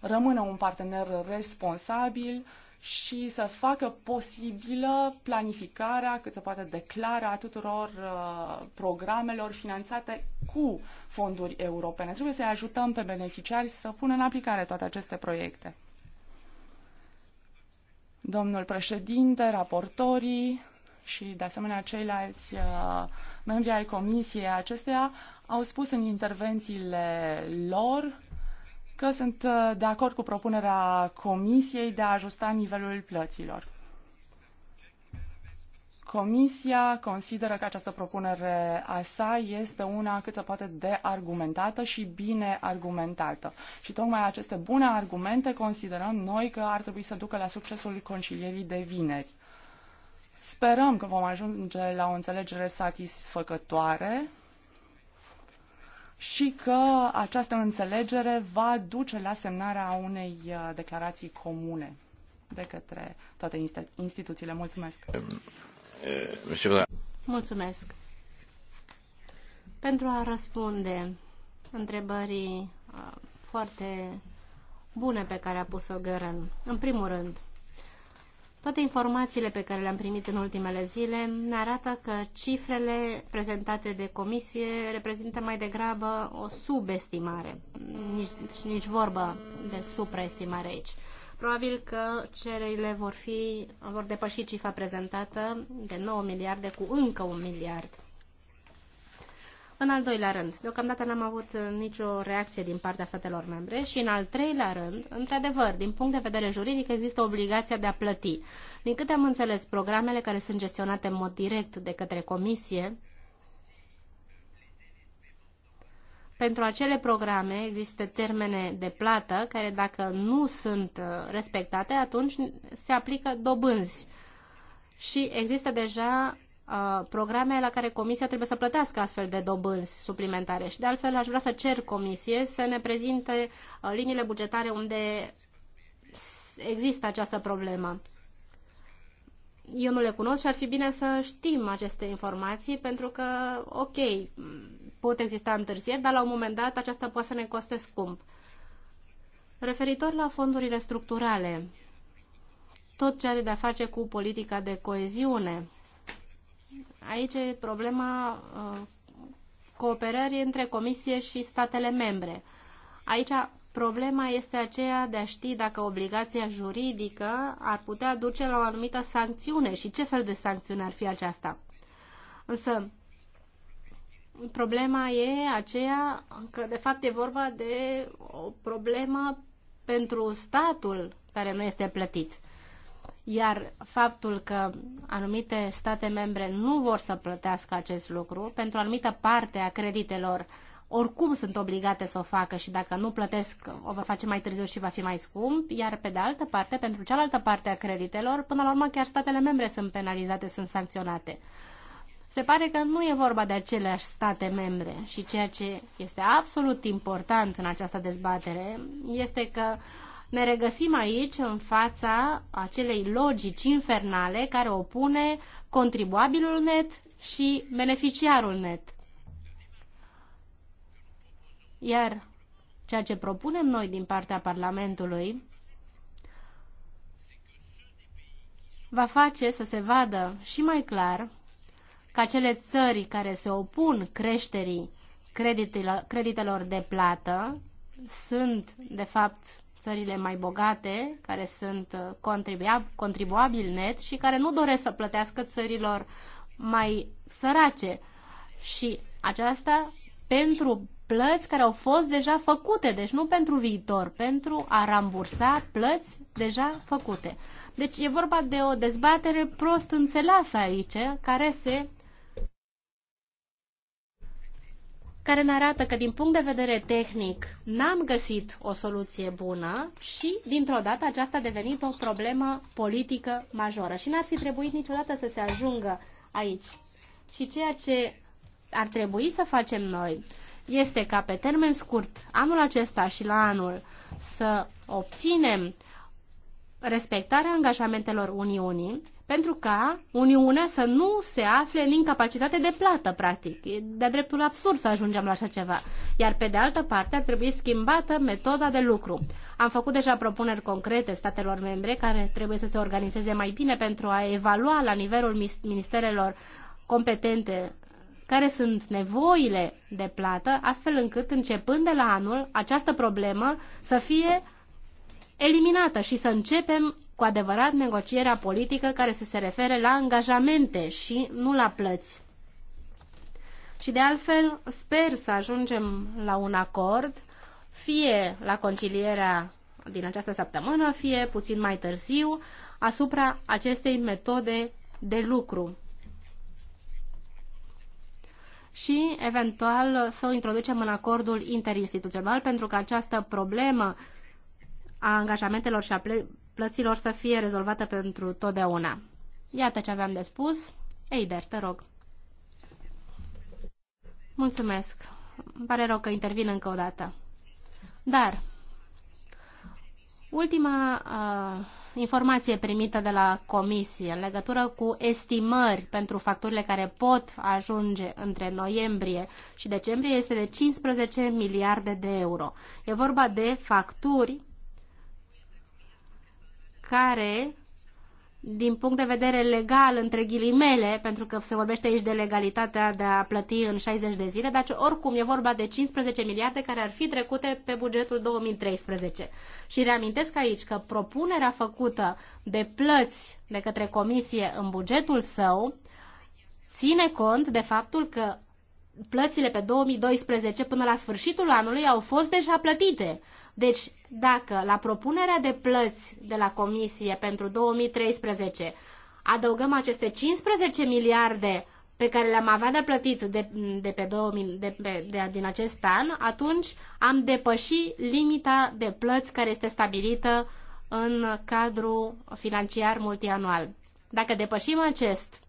rămână un partener responsabil și să facă posibilă planificarea cât se poate declara a tuturor uh, programelor finanțate cu fonduri europene. Trebuie să-i ajutăm pe beneficiari să pună în aplicare toate aceste proiecte. Domnul președinte, raportorii și de asemenea ceilalți uh, membri ai comisiei acesteia au spus în intervențiile lor că sunt uh, de acord cu propunerea Comisiei de a ajusta nivelul plăților. Comisia consideră că această propunere a sa este una cât se poate de argumentată și bine argumentată. Și tocmai aceste bune argumente considerăm noi că ar trebui să ducă la succesul concilierii de vineri. Sperăm că vom ajunge la o înțelegere satisfăcătoare și că această înțelegere va duce la semnarea unei uh, declarații comune de către toate instituțiile. Mulțumesc! Mulțumesc! Pentru a răspunde întrebării uh, foarte bune pe care a pus-o Gărân. În primul rând, toate informațiile pe care le-am primit în ultimele zile ne arată că cifrele prezentate de comisie reprezintă mai degrabă o subestimare, nici, deci nici vorbă de supraestimare aici. Probabil că cererile vor, fi, vor depăși cifra prezentată de 9 miliarde cu încă un miliard. În al doilea rând, deocamdată n-am avut uh, nicio reacție din partea statelor membre și în al treilea rând, într-adevăr, din punct de vedere juridic există obligația de a plăti. Din câte am înțeles, programele care sunt gestionate în mod direct de către comisie, pentru acele programe există termene de plată care dacă nu sunt uh, respectate, atunci se aplică dobânzi. Și există deja Uh, programe la care Comisia trebuie să plătească astfel de dobânzi suplimentare. Și de altfel aș vrea să cer Comisie să ne prezinte uh, liniile bugetare unde există această problemă. Eu nu le cunosc și ar fi bine să știm aceste informații pentru că, ok, pot exista întârzieri, dar la un moment dat aceasta poate să ne coste scump. Referitor la fondurile structurale, tot ce are de-a face cu politica de coeziune, Aici e problema uh, cooperării între Comisie și statele membre. Aici problema este aceea de a ști dacă obligația juridică ar putea duce la o anumită sancțiune și ce fel de sancțiune ar fi aceasta. Însă, problema e aceea că, de fapt, e vorba de o problemă pentru statul care nu este plătit iar faptul că anumite state membre nu vor să plătească acest lucru pentru o anumită parte a creditelor oricum sunt obligate să o facă și dacă nu plătesc, o va face mai târziu și va fi mai scump, iar pe de altă parte, pentru cealaltă parte a creditelor, până la urmă chiar statele membre sunt penalizate, sunt sancționate. Se pare că nu e vorba de aceleași state membre și ceea ce este absolut important în această dezbatere este că uh, ne regăsim aici în fața acelei logici infernale care opune contribuabilul net și beneficiarul net. Iar ceea ce propunem noi din partea Parlamentului va face să se vadă și mai clar că acele țări care se opun creșterii creditelor de plată sunt, de fapt, țările mai bogate, care sunt uh, contribuabili net și care nu doresc să plătească țărilor mai sărace. Și aceasta pentru plăți care au fost deja făcute, deci nu pentru viitor, pentru a rambursa plăți deja făcute. Deci e vorba de o dezbatere prost înțeleasă aici, care se care ne arată că din punct de vedere tehnic n-am găsit o soluție bună și dintr-o dată aceasta a devenit o problemă politică majoră și n-ar fi trebuit niciodată să se ajungă aici. Și ceea ce ar trebui să facem noi este ca pe termen scurt, anul acesta și la anul, să obținem respectarea angajamentelor Uniunii pentru ca Uniunea să nu se afle în incapacitate de plată, practic. E de-a dreptul absurd să ajungem la așa ceva. Iar pe de altă parte ar trebui schimbată metoda de lucru. Am făcut deja propuneri concrete statelor membre care trebuie să se organizeze mai bine pentru a evalua la nivelul ministerelor competente care sunt nevoile de plată, astfel încât, începând de la anul, această problemă să fie eliminată și să începem cu adevărat negocierea politică care să se refere la angajamente și nu la plăți. Și de altfel, sper să ajungem la un acord, fie la concilierea din această săptămână, fie puțin mai târziu, asupra acestei metode de lucru. Și, eventual, să o introducem în acordul interinstituțional, pentru că această problemă a angajamentelor și a plăților să fie rezolvată pentru totdeauna. Iată ce aveam de spus. Eider, te rog. Mulțumesc. Îmi pare rău că intervin încă o dată. Dar, ultima uh, informație primită de la comisie în legătură cu estimări pentru facturile care pot ajunge între noiembrie și decembrie este de 15 miliarde de euro. E vorba de facturi care, din punct de vedere legal, între ghilimele, pentru că se vorbește aici de legalitatea de a plăti în 60 de zile, dar oricum e vorba de 15 miliarde care ar fi trecute pe bugetul 2013. Și reamintesc aici că propunerea făcută de plăți de către comisie în bugetul său ține cont de faptul că plățile pe 2012 până la sfârșitul anului au fost deja plătite. Deci, dacă la propunerea de plăți de la Comisie pentru 2013 adăugăm aceste 15 miliarde pe care le-am avea de plătit de, de pe 2000, de, de, de, din acest an, atunci am depășit limita de plăți care este stabilită în cadrul financiar multianual. Dacă depășim acest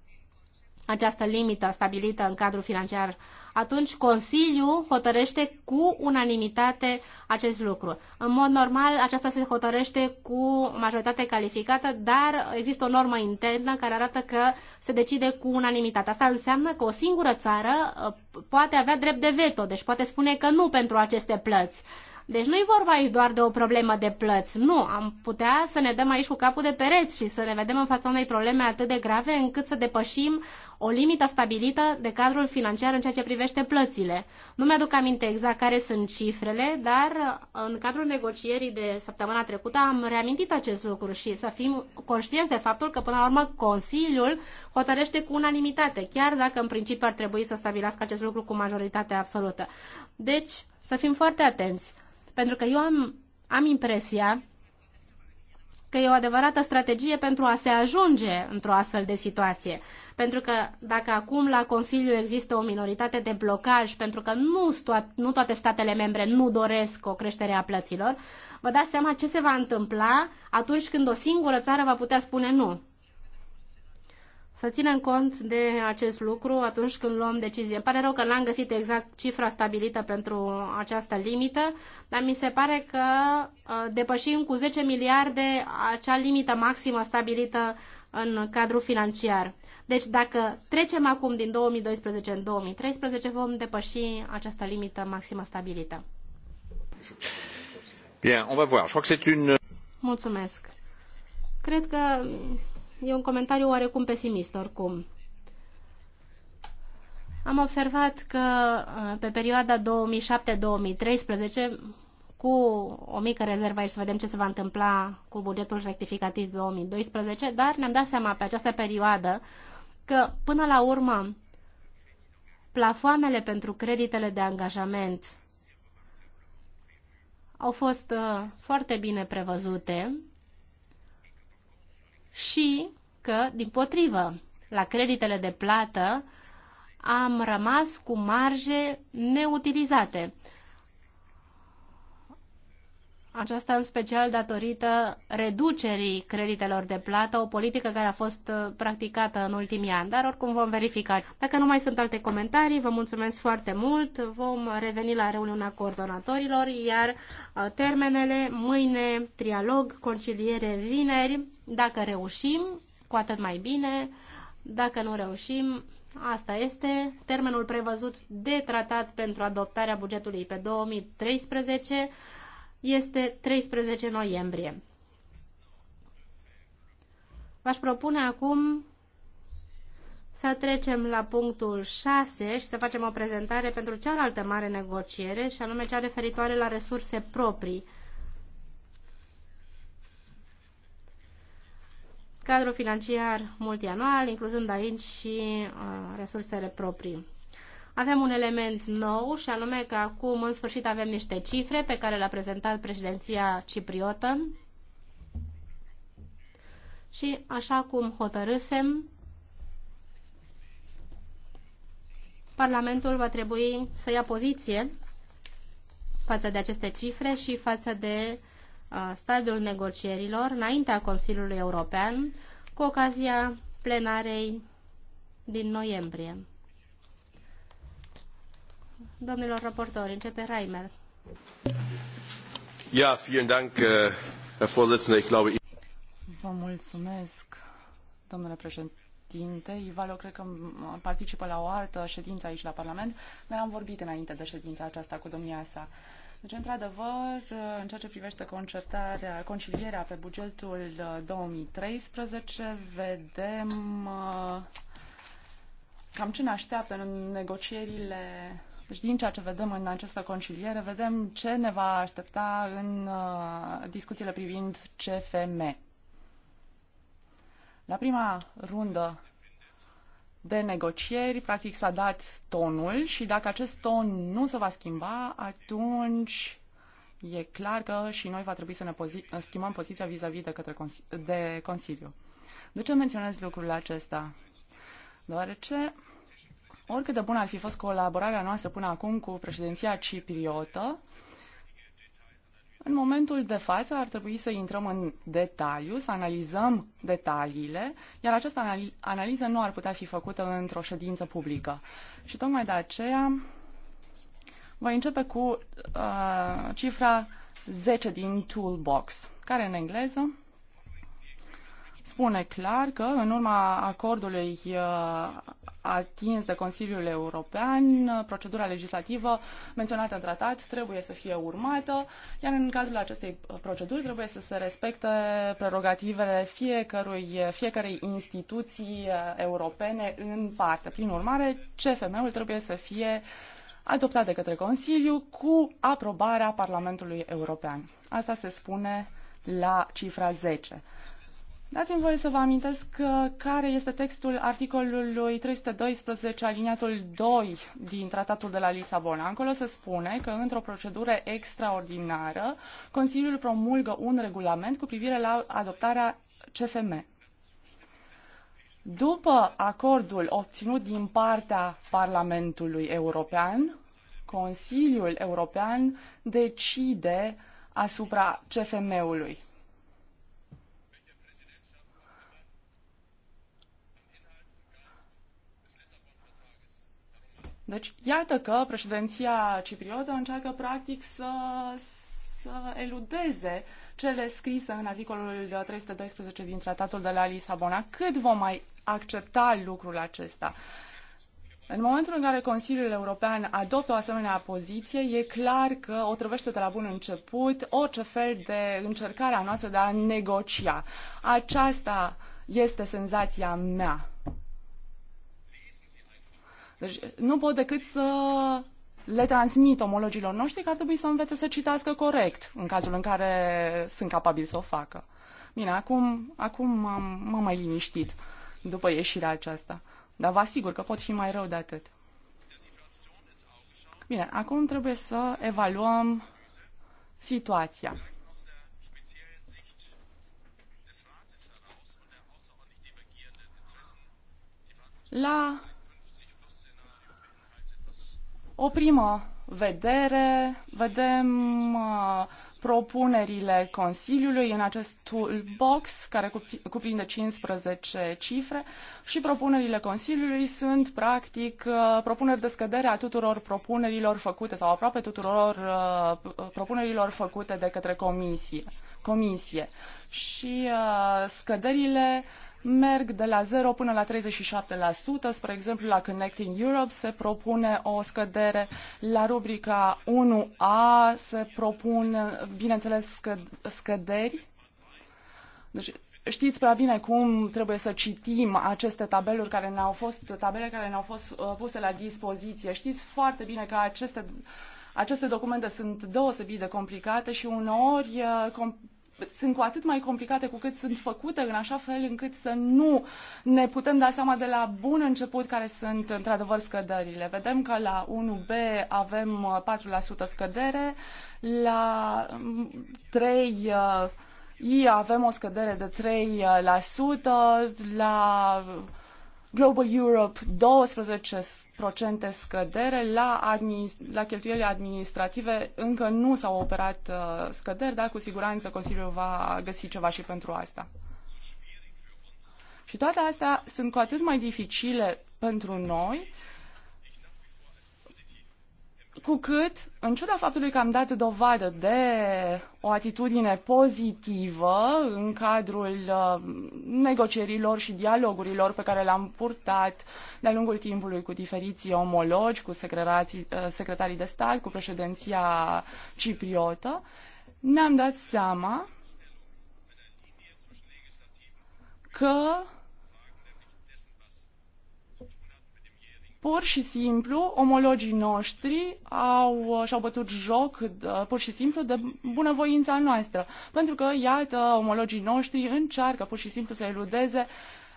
această limită stabilită în cadrul financiar, atunci Consiliul hotărăște cu unanimitate acest lucru. În mod normal, aceasta se hotărăște cu majoritate calificată, dar există o normă internă care arată că se decide cu unanimitate. Asta înseamnă că o singură țară uh, poate avea drept de veto, deci poate spune că nu pentru aceste plăți. Deci nu e vorba aici doar de o problemă de plăți. Nu, am putea să ne dăm aici cu capul de pereți și să ne vedem în fața unei probleme atât de grave încât să depășim o limită stabilită de cadrul financiar în ceea ce privește plățile. Nu mi-aduc aminte exact care sunt cifrele, dar uh, în cadrul negocierii de săptămâna trecută am reamintit acest lucru și să fim conștienți de faptul că, până la urmă, Consiliul hotărăște cu unanimitate, chiar dacă în principiu ar trebui să stabilească acest lucru cu majoritate absolută. Deci, să fim foarte atenți. Pentru că eu am, am impresia că e o adevărată strategie pentru a se ajunge într-o astfel de situație. Pentru că dacă acum la Consiliu există o minoritate de blocaj, pentru că nu, nu toate statele membre nu doresc o creștere a plăților, vă dați seama ce se va întâmpla atunci când o singură țară va putea spune nu să ținem cont de acest lucru atunci când luăm decizie. Îmi pare rău că n-am găsit exact cifra stabilită pentru această limită, dar mi se pare că uh, depășim cu 10 miliarde acea limită maximă stabilită în cadrul financiar. Deci dacă trecem acum din 2012 în 2013, vom depăși această limită maximă stabilită. Bine, on va voir. Je crois que c'est une... Mulțumesc. Cred că E un comentariu oarecum pesimist, oricum. Am observat că uh, pe perioada 2007-2013, cu o mică rezervă aici să vedem ce se va întâmpla cu bugetul rectificativ 2012, dar ne-am dat seama pe această perioadă că, până la urmă, plafoanele pentru creditele de angajament au fost uh, foarte bine prevăzute și că, din potrivă, la creditele de plată am rămas cu marje neutilizate. Aceasta în special datorită reducerii creditelor de plată, o politică care a fost uh, practicată în ultimii ani, dar oricum vom verifica. Dacă nu mai sunt alte comentarii, vă mulțumesc foarte mult, vom reveni la reuniunea coordonatorilor, iar uh, termenele mâine, trialog, conciliere vineri, dacă reușim, cu atât mai bine. Dacă nu reușim, asta este termenul prevăzut de tratat pentru adoptarea bugetului pe 2013 este 13 noiembrie. V-aș propune acum să trecem la punctul 6 și să facem o prezentare pentru cealaltă mare negociere, și anume cea referitoare la resurse proprii. cadru financiar multianual, incluzând aici și uh, resursele proprii. Avem un element nou și anume că acum în sfârșit avem niște cifre pe care le-a prezentat președinția cipriotă și așa cum hotărâsem, Parlamentul va trebui să ia poziție față de aceste cifre și față de uh, stadiul negocierilor înaintea Consiliului European cu ocazia plenarei din noiembrie. Domnilor raportori, începe Reimer. Ja, vielen Dank, äh, Herr Vorsitzender. Ich glaube, Vă mulțumesc, domnule președinte. Ivalo, cred că participă la o altă ședință aici la Parlament. Noi am vorbit înainte de ședința aceasta cu domnia sa. Deci, într-adevăr, în ceea ce privește concertarea, concilierea pe bugetul 2013, uh, vedem uh, cam ce ne așteaptă în negocierile. Deci, din ceea ce vedem în această conciliere, vedem ce ne va aștepta în uh, discuțiile privind CFM. La prima rundă de negocieri, practic s-a dat tonul și dacă acest ton nu se va schimba, atunci e clar că și noi va trebui să ne pozi- schimbăm poziția vis-a-vis -vis de, către cons- de Consiliu. De ce menționez lucrul acesta? Deoarece, oricât de bună ar fi fost colaborarea noastră până acum cu președinția cipriotă, uh, în momentul de față ar trebui să intrăm în detaliu, să analizăm detaliile, iar această analiză nu ar putea fi făcută într-o ședință publică. Și tocmai de aceea voi începe cu uh, cifra 10 din Toolbox, care în engleză spune clar că în urma acordului uh, atins de Consiliul European, procedura legislativă menționată în tratat trebuie să fie urmată, iar în cadrul acestei proceduri trebuie să se respecte prerogativele fiecărui, fiecarei instituții europene în parte. Prin urmare, CFM-ul trebuie să fie adoptat de către Consiliu cu aprobarea Parlamentului European. Asta se spune la cifra 10. Dați-mi voie să vă amintesc care este textul articolului 312 aliniatul 2 din Tratatul de la Lisabona. Acolo se spune că într-o procedură extraordinară Consiliul promulgă un regulament cu privire la adoptarea CFM. După acordul obținut din partea Parlamentului European, Consiliul European decide asupra CFM-ului. Deci, iată că președinția cipriotă încearcă practic să, să eludeze cele scrise în articolul 312 din tratatul de la Lisabona. Cât vom mai accepta lucrul acesta? În momentul în care Consiliul European adoptă o asemenea poziție, e clar că o trăvește de la bun început orice fel de încercare a noastră de a negocia. Aceasta este senzația mea. Deci nu pot decât să le transmit omologilor noștri că ar trebui să învețe să citească corect, în cazul în care sunt capabili să o facă. Bine, acum, acum m-am mai liniștit după ieșirea aceasta. Dar vă asigur că pot fi mai rău de atât. Bine, acum trebuie să evaluăm situația. La o primă vedere, vedem uh, propunerile Consiliului în acest toolbox care cuprinde 15 cifre și propunerile Consiliului sunt practic uh, propuneri de scădere a tuturor propunerilor făcute sau aproape tuturor uh, propunerilor făcute de către comisie. comisie. Și scăderile uh, merg de la 0 până la 37%. Spre exemplu, la Connecting Europe se propune o scădere, la rubrica 1A se propun, bineînțeles, scă- scăderi. Deci, știți prea bine cum trebuie să citim aceste tabeluri care ne-au fost, tabele care ne-au fost uh, puse la dispoziție. Știți foarte bine că aceste aceste documente sunt deosebit de complicate și uneori uh, sunt cu atât mai complicate cu cât sunt făcute în așa fel încât să nu ne putem da seama de la bun început care sunt într-adevăr scăderile. Vedem că la 1B avem 4% uh, scădere, la 3 mm, uh, I avem o scădere de 3%, uh, la Global Europe 12% scădere, la, administ- la cheltuielile administrative încă nu s-au operat uh, scăderi, dar cu siguranță Consiliul va găsi ceva și pentru asta. Și toate astea sunt cu atât mai dificile pentru noi, cu cât, în ciuda faptului că am dat dovadă de o atitudine pozitivă în cadrul uh, negocierilor și dialogurilor pe care le-am purtat de-a lungul timpului cu diferiții omologi, cu uh, secretarii de stat, cu președinția cipriotă, ne-am dat seama că Pur și simplu, omologii noștri au, și-au bătut joc pur și simplu de bunăvoința noastră. Pentru că, iată, omologii noștri încearcă pur și simplu să eludeze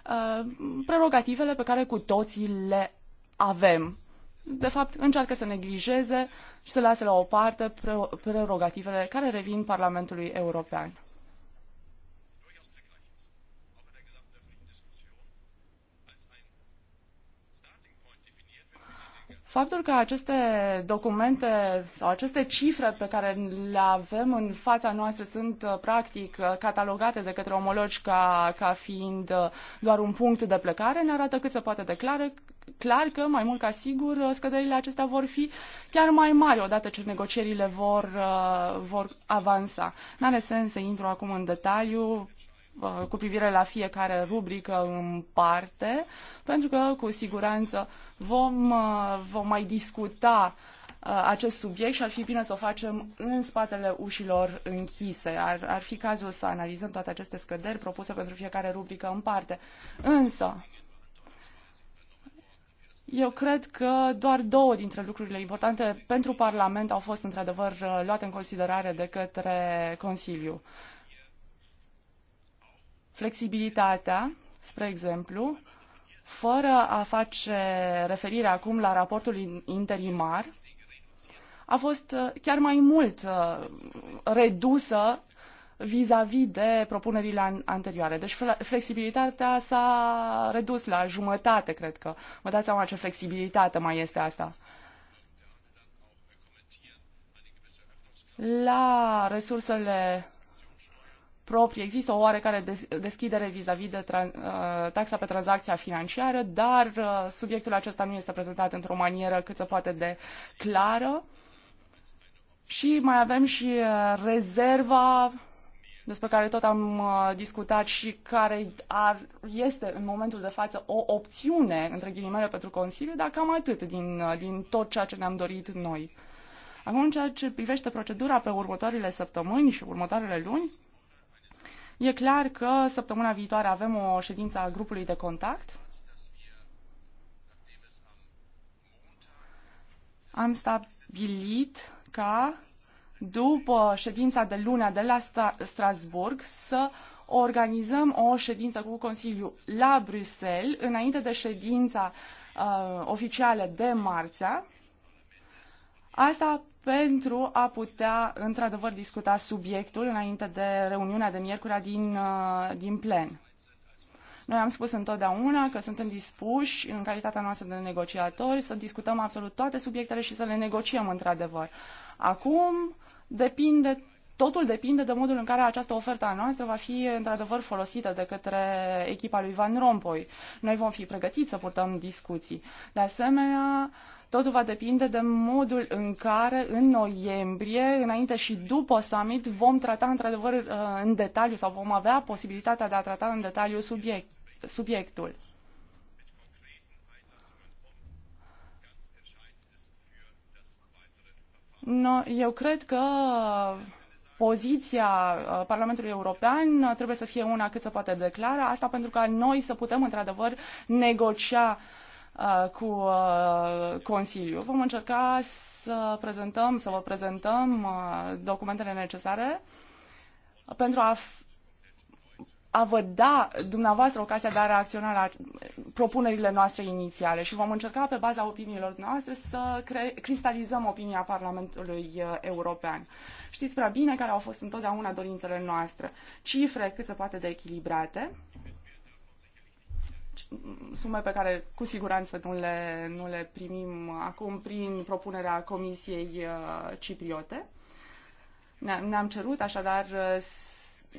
uh, prerogativele pe care cu toții le avem. De fapt, încearcă să neglijeze și să lase la o parte prerogativele care revin Parlamentului European. Faptul că aceste documente sau aceste cifre pe care le avem în fața noastră sunt uh, practic uh, catalogate de către omologi ca, ca fiind uh, doar un punct de plecare ne arată cât se poate de clar, clar că mai mult ca sigur scăderile acestea vor fi chiar mai mari odată ce negocierile vor, vor avansa. N-are sens să intru acum în detaliu cu privire la fiecare rubrică în parte, pentru că cu siguranță Vom, uh, vom mai discuta uh, acest subiect și ar fi bine să o facem în spatele ușilor închise. Ar, ar fi cazul să analizăm toate aceste scăderi propuse pentru fiecare rubrică în parte. Însă, eu cred că doar două dintre lucrurile importante pentru Parlament au fost într-adevăr uh, luate în considerare de către Consiliu. Flexibilitatea, spre exemplu, fără a face referire acum la raportul interimar, a fost uh, chiar mai mult uh, redusă vis-a-vis -vis de propunerile anterioare. Deci flexibilitatea s-a redus la jumătate, cred că. Vă dați seama ce flexibilitate mai este asta. La resursele proprie există o oarecare deschidere vis-a-vis -vis de uh, taxa pe tranzacția financiară, dar uh, subiectul acesta nu este prezentat într-o manieră cât se poate de clară. Și mai avem și uh, rezerva despre care tot am discutat și care ar, este în momentul de față o opțiune, între ghilimele, pentru Consiliu, dar cam atât din, din tot ceea ce ne-am dorit noi. Acum, în ceea ce privește procedura pe următoarele săptămâni și următoarele luni, E clar că săptămâna viitoare avem o ședință a grupului de contact. Am stabilit ca după ședința de luna de la Strasburg să organizăm o ședință cu Consiliul la Bruxelles înainte de ședința uh, oficială de marțea Asta pentru a putea, într-adevăr, discuta subiectul înainte de reuniunea de miercuri din, uh, din plen. Noi am spus întotdeauna că suntem dispuși, în calitatea noastră de negociatori, să discutăm absolut toate subiectele și să le negociem într-adevăr. Acum depinde, totul depinde de modul în care această ofertă a noastră va fi într-adevăr folosită de către echipa lui Van Rompuy. Noi vom fi pregătiți să purtăm discuții. De asemenea, Totul va depinde de modul în care în noiembrie, înainte și după summit, vom trata într-adevăr uh, în detaliu sau vom avea posibilitatea de a trata în detaliu subiect, subiectul. No, eu cred că poziția uh, Parlamentului European uh, trebuie să fie una cât se poate declara. asta pentru ca noi să putem într-adevăr negocia uh, Uh, cu uh, Consiliu Vom încerca să prezentăm, să vă prezentăm uh, documentele necesare pentru a a vă da dumneavoastră ocazia de a reacționa la propunerile noastre inițiale și vom încerca pe baza opiniilor noastre să cristalizăm opinia Parlamentului European. Știți prea bine care au fost întotdeauna dorințele noastre. Cifre cât se poate de echilibrate, sume pe care cu siguranță nu le, nu le primim acum prin propunerea Comisiei uh, Cipriote. Ne-am cerut așadar uh,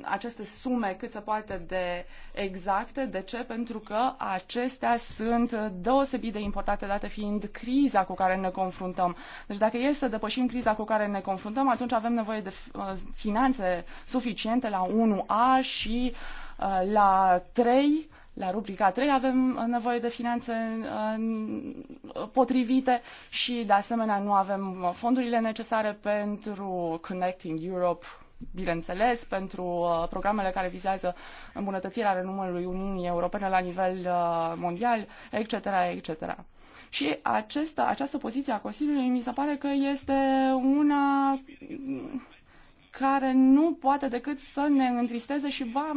aceste sume cât se poate de exacte. De ce? Pentru că acestea sunt deosebit de importante, dată fiind criza cu care ne confruntăm. Deci dacă e să depășim criza cu care ne confruntăm, atunci avem nevoie de uh, finanțe suficiente la 1A și la 3 la rubrica 3 avem uh, nevoie de finanțe uh, potrivite și, de asemenea, nu avem uh, fondurile necesare pentru Connecting Europe, bineînțeles, pentru programele care vizează îmbunătățirea renumărului Uniunii Europene la nivel mondial, etc., etc. Și această această poziție a Consiliului mi se pare că este una care nu poate decât să ne întristeze și, ba,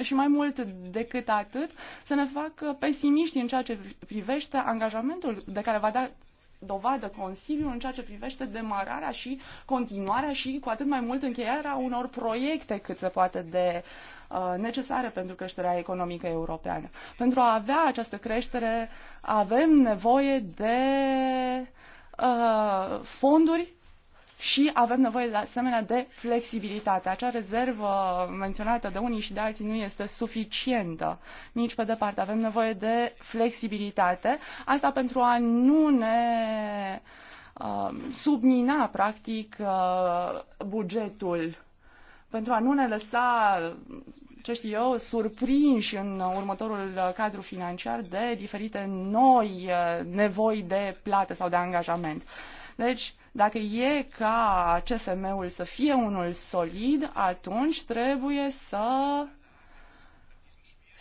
și mai mult decât atât, să ne facă pesimiști în ceea ce privește angajamentul de care va da dovadă Consiliul în ceea ce privește demararea și continuarea și cu atât mai mult încheierea unor proiecte cât se poate de uh, necesare pentru creșterea economică europeană. Pentru a avea această creștere avem nevoie de uh, fonduri și avem nevoie de asemenea de flexibilitate. Acea rezervă menționată de unii și de alții nu este suficientă nici pe departe. Avem nevoie de flexibilitate. Asta pentru a nu ne uh, submina, practic, uh, bugetul pentru a nu ne lăsa, ce știu eu, surprinși în următorul cadru financiar de diferite noi uh, nevoi de plată sau de angajament. Deci, dacă e ca CFM-ul să fie unul solid, atunci trebuie să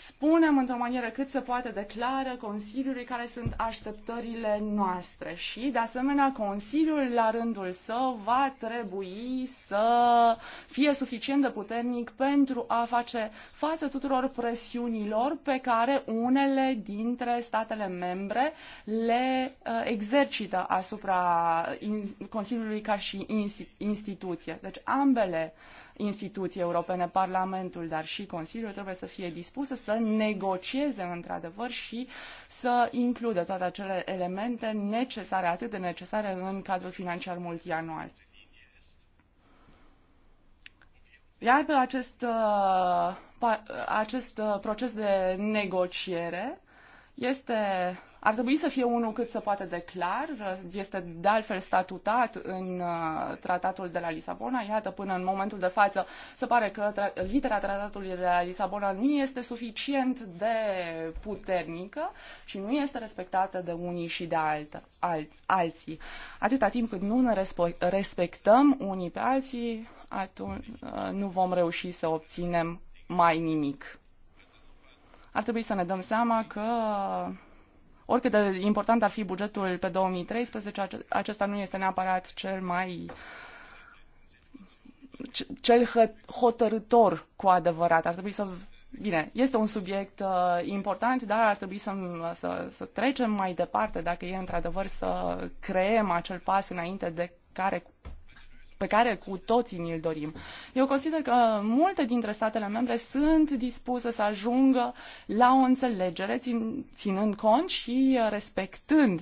spunem într-o manieră cât se poate de clară Consiliului care sunt așteptările noastre și, de asemenea, Consiliul, la rândul său, va trebui să fie suficient de puternic pentru a face față tuturor presiunilor pe care unele dintre statele membre le uh, exercită asupra Consiliului ca și instituție. Deci ambele uh, instituții europene, Parlamentul, dar și Consiliul trebuie să fie dispuse să negocieze într-adevăr și să includă toate acele elemente necesare, atât de necesare în cadrul financiar multianual. Iar pe acest, uh, acest uh, proces de negociere este ar trebui să fie unul cât se poate de clar, este de altfel statutat în uh, tratatul de la Lisabona. Iată, până în momentul de față, se pare că litera tratatului de la Lisabona nu este suficient de puternică și nu este respectată de unii și de alt, al, alții. Atâta timp cât nu ne respectăm unii pe alții, atunci uh, nu vom reuși să obținem mai nimic. Ar trebui să ne dăm seama că Oricât de important ar fi bugetul pe 2013, acesta nu este neapărat cel mai cel hotărător cu adevărat. Ar trebui să Bine, este un subiect uh, important, dar ar trebui să, să, să trecem mai departe dacă e într-adevăr să creem acel pas înainte de care pe care cu toții ni-l dorim. Eu consider că multe dintre statele membre sunt dispuse să ajungă la o înțelegere, țin, ținând cont și respectând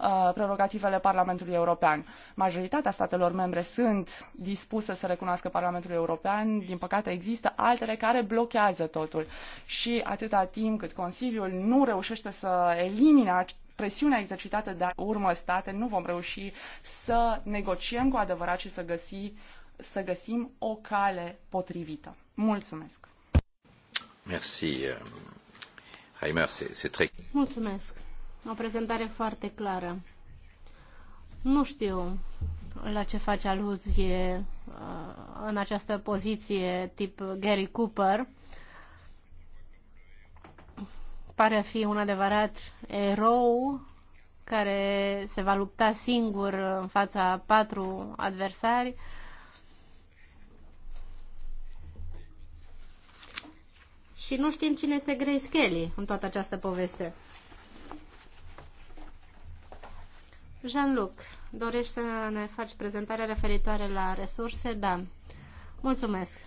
uh, prerogativele Parlamentului European. Majoritatea statelor membre sunt dispuse să recunoască Parlamentul European, din păcate există altele care blochează totul. Și atâta timp cât Consiliul nu reușește să elimine presiunea exercitată de urmă state, nu vom reuși să negociem cu adevărat și să, găsi, să găsim o cale potrivită. Mulțumesc! Merci, Heimer, euh, c'est très... Mulțumesc! O prezentare foarte clară. Nu știu la ce face aluzie uh, în această poziție tip Gary Cooper, pare a fi un adevărat erou care se va lupta singur în fața patru adversari. Și nu știm cine este Grace Kelly în toată această poveste. Jean-Luc, dorești să ne faci prezentarea referitoare la resurse? Da. Mulțumesc.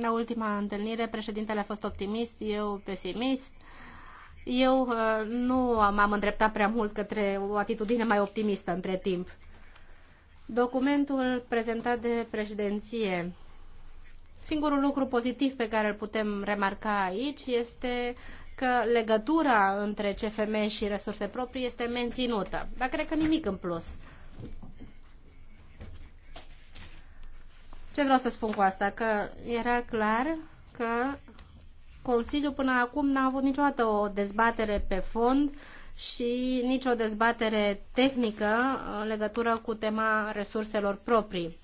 La ultima întâlnire, președintele a fost optimist, eu pesimist. Eu uh, nu m-am îndreptat prea mult către o atitudine mai optimistă între timp. Documentul prezentat de președinție. Singurul lucru pozitiv pe care îl putem remarca aici este că legătura între CFM și resurse proprii este menținută, dar cred că nimic în plus. Ce vreau să spun cu asta? Că era clar că Consiliul până acum n-a avut niciodată o dezbatere pe fond și nicio dezbatere tehnică în legătură cu tema resurselor proprii.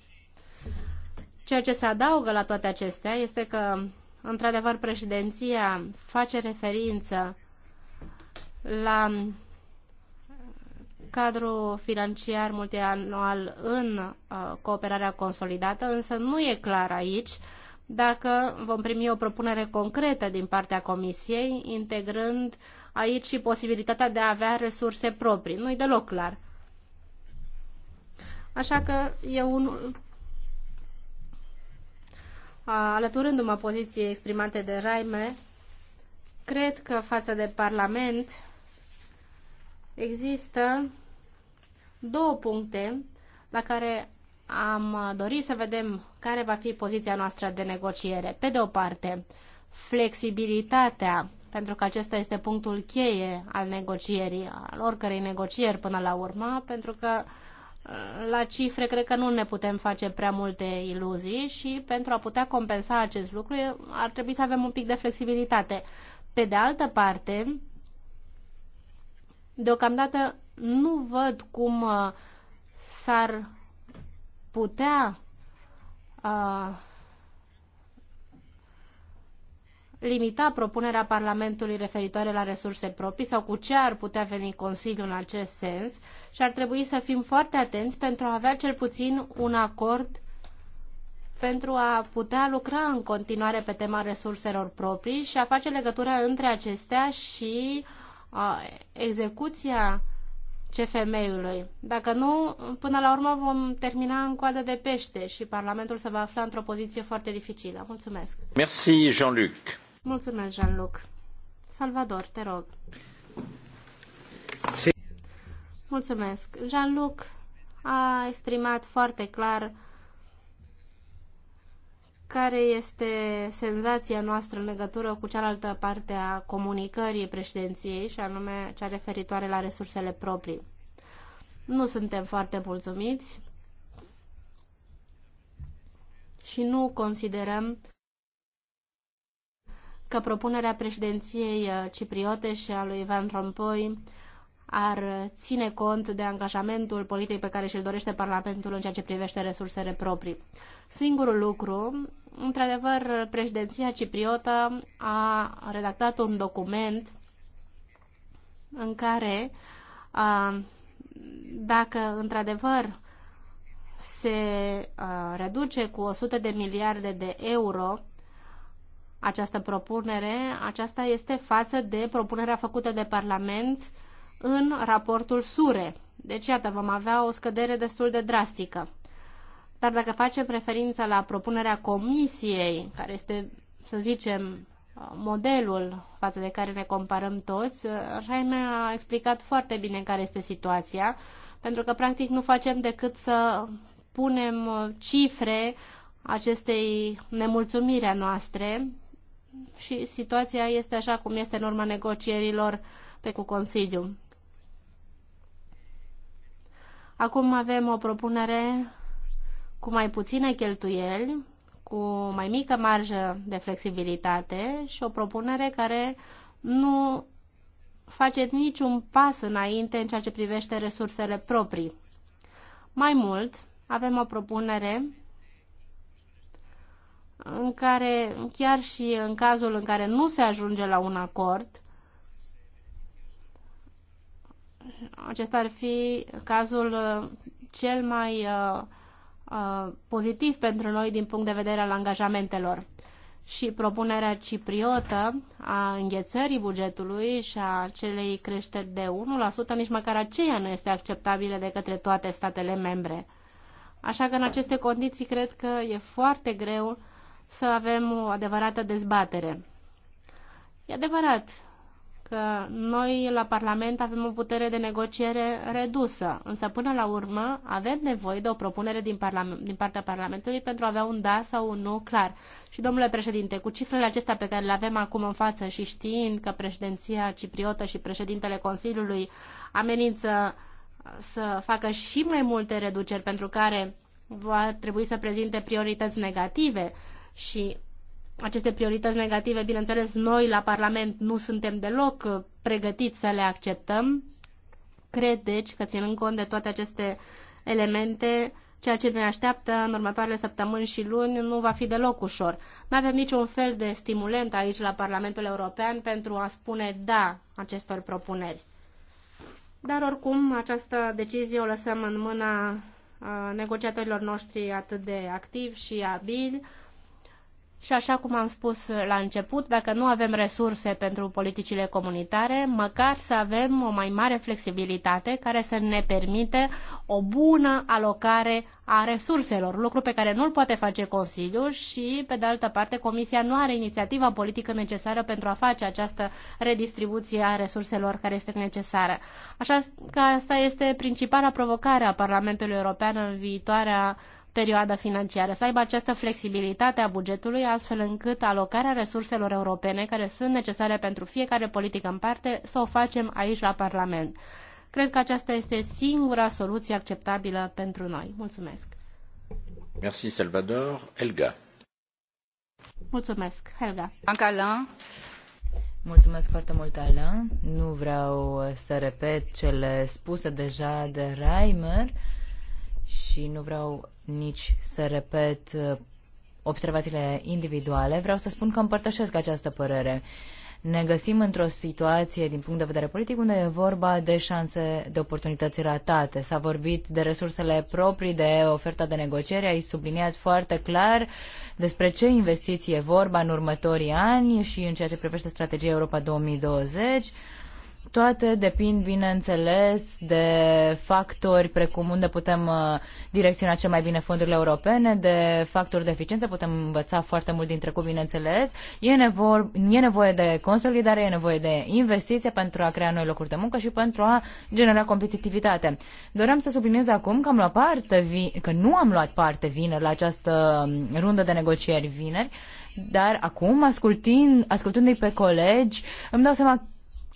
Ceea ce se adaugă la toate acestea este că, într-adevăr, președinția face referință la cadru financiar multianual în uh, cooperarea consolidată, însă nu e clar aici dacă vom primi o propunere concretă din partea Comisiei, integrând aici și posibilitatea de a avea resurse proprii. Nu-i deloc clar. Așa că eu unul alăturându-mă poziției exprimate de Raime, cred că față de Parlament există două puncte la care am dorit să vedem care va fi poziția noastră de negociere. Pe de o parte, flexibilitatea, pentru că acesta este punctul cheie al negocierii, al oricărei negocieri până la urmă, pentru că uh, la cifre cred că nu ne putem face prea multe iluzii și pentru a putea compensa acest lucru ar trebui să avem un pic de flexibilitate. Pe de altă parte, deocamdată nu văd cum uh, s-ar putea a, uh, limita propunerea Parlamentului referitoare la resurse proprii sau cu ce ar putea veni Consiliul în acest sens și ar trebui să fim foarte atenți pentru a avea cel puțin un acord pentru a putea lucra în continuare pe tema resurselor proprii și a face legătura între acestea și a, uh, execuția CFM-ului. Dacă nu, până la urmă vom termina în coadă de pește și Parlamentul se va afla într-o poziție foarte dificilă. Mulțumesc. Merci, Jean-Luc. Mulțumesc, Jean-Luc. Salvador, te rog. Mulțumesc. Jean-Luc a exprimat foarte clar care este senzația noastră în legătură cu cealaltă parte a comunicării președinției și anume cea referitoare la resursele proprii. Nu suntem foarte mulțumiți și nu considerăm că propunerea președinției uh, cipriote și a lui Van Rompuy ar ține cont de angajamentul politic pe care și-l dorește Parlamentul în ceea ce privește resursele proprii. Singurul lucru, într-adevăr, președinția cipriotă a redactat un document în care, dacă într-adevăr se reduce cu 100 de miliarde de euro această propunere, aceasta este față de propunerea făcută de Parlament uh, în raportul SURE. Deci, iată, vom avea o scădere destul de drastică. Dar dacă facem referință la propunerea comisiei, care este, să zicem, modelul față de care ne comparăm toți, Raime a explicat foarte bine care este situația, pentru că practic nu facem decât să punem cifre acestei nemulțumiri a noastre și situația este așa cum este în urma negocierilor pe cu Consiliu. Acum avem o propunere cu mai puține cheltuieli, cu mai mică marjă de flexibilitate și o propunere care nu face niciun pas înainte în ceea ce privește resursele proprii. Mai mult, avem o propunere în care, chiar și în cazul în care nu se ajunge la un acord, acesta ar fi cazul uh, cel mai uh, uh, pozitiv pentru noi din punct de vedere al angajamentelor. Și propunerea cipriotă a înghețării bugetului și a celei creșteri de 1%, nici măcar aceea nu este acceptabilă de către toate statele membre. Așa că în aceste condiții cred că e foarte greu să avem o adevărată dezbatere. E adevărat, că noi la Parlament avem o putere de negociere redusă, însă până la urmă avem nevoie de o propunere din, parlament, din partea Parlamentului pentru a avea un da sau un nu clar. Și, domnule președinte, cu cifrele acestea pe care le avem acum în față și știind că președinția cipriotă și președintele Consiliului amenință să facă și mai multe reduceri pentru care va trebui să prezinte priorități negative și aceste priorități negative, bineînțeles, noi la Parlament nu suntem deloc uh, pregătiți să le acceptăm. Cred, deci, că ținând cont de toate aceste elemente, ceea ce ne așteaptă în următoarele săptămâni și luni nu va fi deloc ușor. Nu avem niciun fel de stimulent aici la Parlamentul European pentru a spune da acestor propuneri. Dar oricum, această decizie o lăsăm în mâna uh, negociatorilor noștri atât de activi și abili și așa cum am spus la început, dacă nu avem resurse pentru politicile comunitare, măcar să avem o mai mare flexibilitate care să ne permite o bună alocare a resurselor, lucru pe care nu-l poate face Consiliul și, pe de altă parte, Comisia nu are inițiativa politică necesară pentru a face această redistribuție a resurselor care este necesară. Așa că asta este principala provocare a Parlamentului European în viitoarea perioadă financiară, să aibă această flexibilitate a bugetului, astfel încât alocarea resurselor europene care sunt necesare pentru fiecare politică în parte să o facem aici la Parlament. Cred că aceasta este singura soluție acceptabilă pentru noi. Mulțumesc. Merci Salvador. Elga. Mulțumesc, Helga. Anca Alain. Mulțumesc foarte mult, Alain. Nu vreau să repet cele spuse deja de Reimer și nu vreau nici să repet uh, observațiile individuale, vreau să spun că împărtășesc această părere. Ne găsim într-o situație din punct de vedere politic unde e vorba de șanse, de oportunități ratate. S-a vorbit de resursele proprii, de oferta de negociere, ai subliniat foarte clar despre ce investiții e vorba în următorii ani și în ceea ce privește strategia Europa 2020 toate depind, bineînțeles, de factori precum unde putem uh, direcționa cel mai bine fondurile europene, de factori de eficiență, putem învăța foarte mult din trecut, bineînțeles. E, nevo- e nevoie de consolidare, e nevoie de investiție pentru a crea noi locuri de muncă și pentru a genera competitivitate. Doream să subliniez acum că, am luat parte că nu am luat parte vineri la această um, rundă de negocieri vineri, dar acum, ascultind, ascultându-i pe colegi, îmi dau seama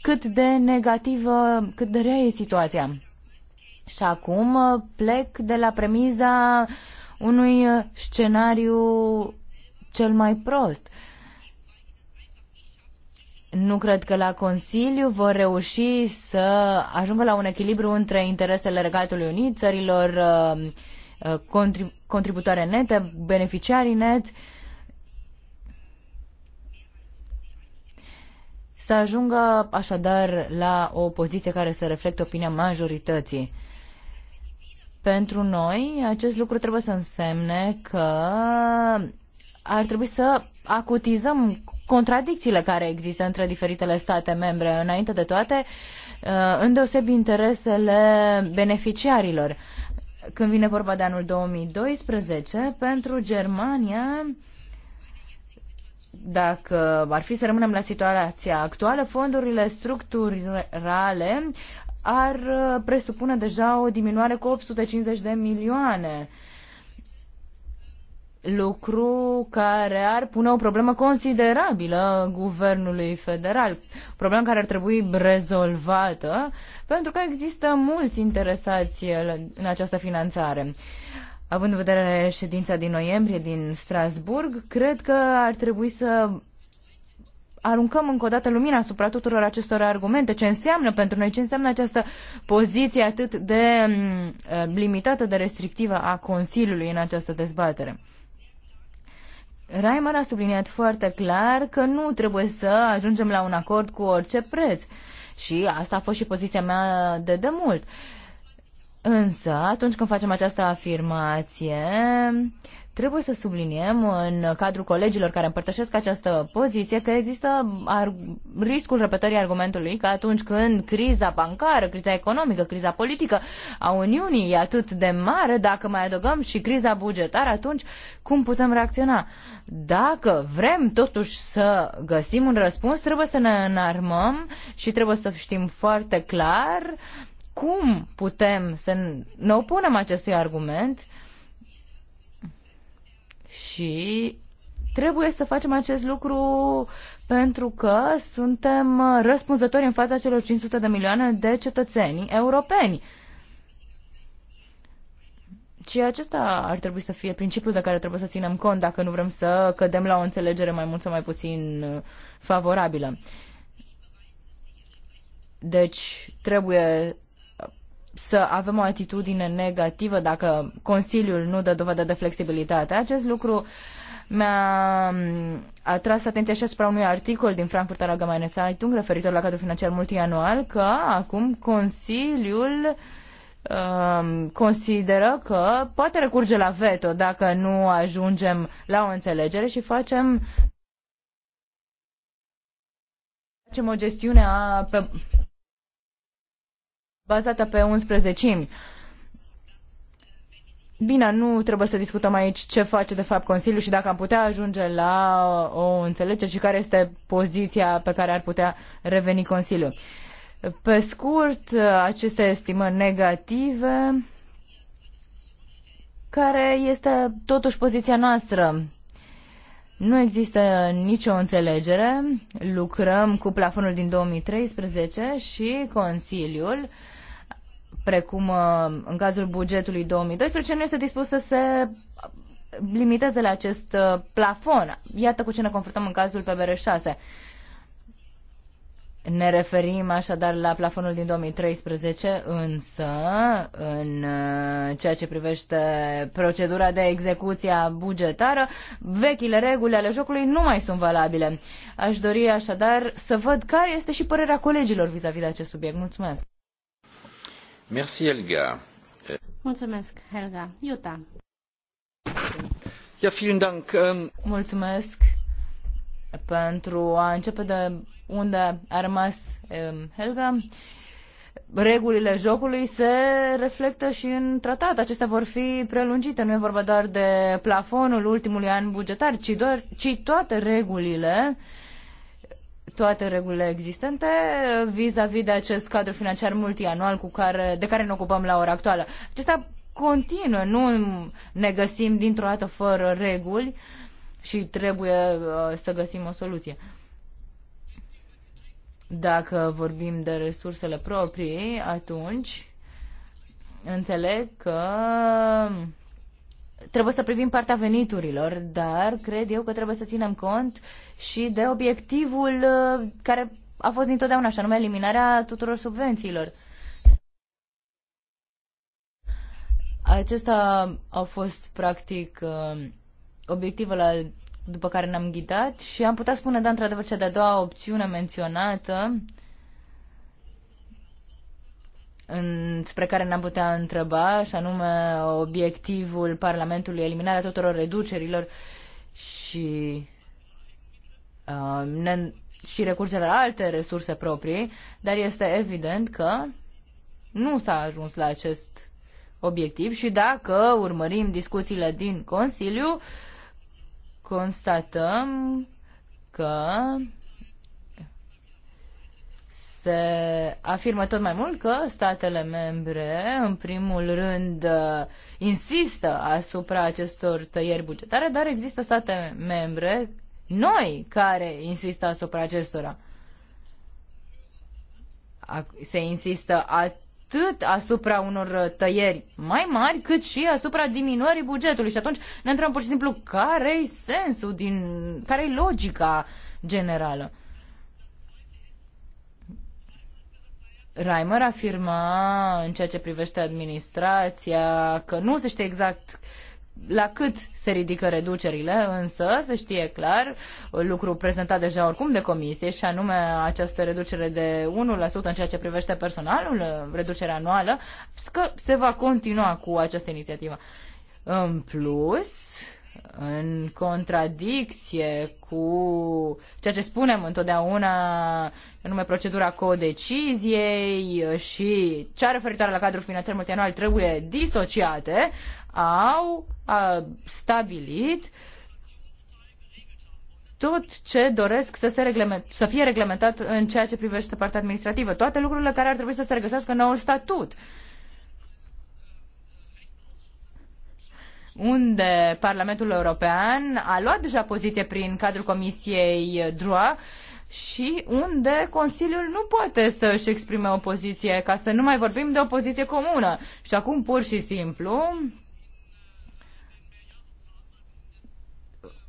cât de negativă, cât de rea e situația. Și acum uh, plec de la premiza unui uh, scenariu cel mai prost. Nu cred că la Consiliu vor reuși să ajungă la un echilibru între interesele Regatului Unit, țărilor uh, contributoare nete, beneficiarii net, să ajungă așadar la o poziție care să reflecte opinia majorității. Pentru noi, acest lucru trebuie să însemne că ar trebui să acutizăm contradicțiile care există între diferitele state membre, înainte de toate, uh, îndeosebi interesele beneficiarilor. Când vine vorba de anul 2012, pentru Germania, dacă ar fi să rămânem la situația actuală, fondurile structurale ar uh, presupune deja o diminuare cu 850 de milioane lucru care ar pune o problemă considerabilă guvernului federal, problemă care ar trebui rezolvată, pentru că există mulți interesați în această finanțare. Având în vedere ședința din noiembrie din Strasburg, cred că ar trebui să aruncăm încă o dată lumina asupra tuturor acestor argumente, ce înseamnă pentru noi, ce înseamnă această poziție atât de mm, eh, limitată, de restrictivă a Consiliului în această dezbatere. Reimer a subliniat foarte clar că nu trebuie să ajungem la un acord cu orice preț. Și asta a fost și poziția mea de demult. Uh, Însă, atunci când facem această afirmație, trebuie să subliniem în cadrul colegilor care împărtășesc această poziție că există ar- riscul repetării argumentului că atunci când criza bancară, criza economică, criza politică a Uniunii e atât de mare, dacă mai adăugăm și criza bugetară, atunci cum putem reacționa? Dacă vrem totuși să găsim un răspuns, trebuie să ne înarmăm și trebuie să știm foarte clar uh, cum putem să ne opunem acestui argument și trebuie să facem acest lucru pentru că suntem răspunzători în fața celor 500 de milioane de cetățeni europeni. Și acesta ar trebui să fie principiul de care trebuie să ținem cont dacă nu vrem să cădem la o înțelegere mai mult sau mai puțin uh, favorabilă. Deci trebuie să avem o atitudine negativă dacă Consiliul nu dă dovadă de flexibilitate. Acest lucru mi-a atras atenția și asupra unui articol din Frankfurter Allgemeine Zeitung referitor la cadrul financiar multianual că acum Consiliul um, consideră că poate recurge la veto dacă nu ajungem la o înțelegere și facem facem o gestiune a pe, bazată pe 11 Bine, nu trebuie să discutăm aici ce face de fapt Consiliul și dacă am putea ajunge la o înțelegere și care este poziția pe care ar putea reveni Consiliul. Pe scurt, aceste estimări negative, care este totuși poziția noastră. Nu există nicio înțelegere, lucrăm cu plafonul din 2013 și Consiliul precum uh, în cazul bugetului 2012, nu este dispus să se limiteze la acest uh, plafon. Iată cu ce ne confruntăm în cazul PBR6. Ne referim așadar la plafonul din 2013, însă în uh, ceea ce privește procedura de execuție bugetară, vechile reguli ale jocului nu mai sunt valabile. Aș dori așadar să văd care este și părerea colegilor vis-a-vis -vis de acest subiect. Mulțumesc! Merci, Helga. Mulțumesc, Helga. Iuta. Ja, vielen Dank. Ähm, Mulțumesc pentru a începe de unde a rămas ähm, Helga. Regulile jocului se reflectă și în tratat. Acestea vor fi prelungite. Nu e vorba doar de plafonul ultimului an bugetar, ci, doar, ci toate regulile uh, toate regulile existente vis-a-vis -vis de acest cadru financiar multianual cu care, de care ne ocupăm la ora actuală. Acesta continuă, nu ne găsim dintr-o dată fără reguli și trebuie uh, să găsim o soluție. Dacă vorbim de resursele proprii, atunci înțeleg că trebuie să privim partea veniturilor, dar cred eu că trebuie să ținem cont și de obiectivul uh, care a fost întotdeauna așa, anume eliminarea tuturor subvențiilor. Acesta a fost, practic, uh, obiectivul după care ne-am ghidat și am putea spune, da, într-adevăr, cea de-a doua opțiune menționată, spre care ne-am putea întreba, și anume obiectivul Parlamentului, eliminarea tuturor reducerilor și, uh, ne, și recursele la alte resurse proprii, dar este evident că nu s-a ajuns la acest obiectiv și dacă urmărim discuțiile din Consiliu, constatăm că se afirmă tot mai mult că statele membre, în primul rând, insistă asupra acestor tăieri bugetare, dar există state membre noi care insistă asupra acestora. Se insistă atât asupra unor tăieri mai mari, cât și asupra diminuării bugetului. Și atunci ne întrebăm pur și simplu care-i sensul, din, care-i logica generală. Reimer afirma în ceea ce privește administrația că nu se știe exact la cât se ridică reducerile, însă se știe clar, lucru prezentat deja oricum de comisie, și anume această reducere de 1% în ceea ce privește personalul, reducerea anuală, că se va continua cu această inițiativă. În plus, în contradicție cu ceea ce spunem întotdeauna nume procedura codeciziei și cea referitoare la cadrul financiar multianual trebuie disociate, au a, stabilit tot ce doresc să, se reglement, să fie reglementat în ceea ce privește partea administrativă, toate lucrurile care ar trebui să se regăsească în noul statut. unde Parlamentul European a luat deja poziție prin cadrul Comisiei DROA și unde Consiliul nu poate să își exprime o poziție, ca să nu mai vorbim de o poziție comună. Și acum, pur și simplu,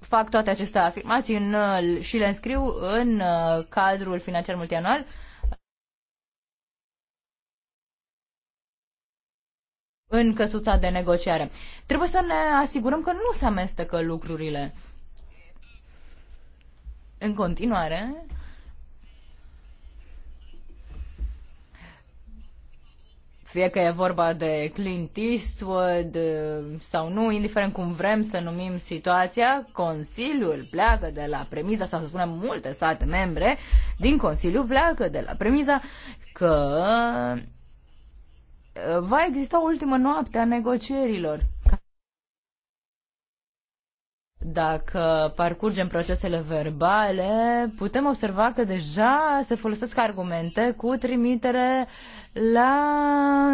fac toate aceste afirmații în, și le înscriu în uh, cadrul financiar multianual. în căsuța de negociare. Trebuie să ne asigurăm că nu se amestecă lucrurile. În continuare, fie că e vorba de Clint Eastwood uh, sau nu, indiferent cum vrem să numim situația, Consiliul pleacă de la premiza, sau să spunem multe state membre din Consiliu pleacă de la premiza că uh, va exista o ultimă noapte a negocierilor. Dacă parcurgem procesele verbale, putem observa că deja se folosesc argumente cu trimitere la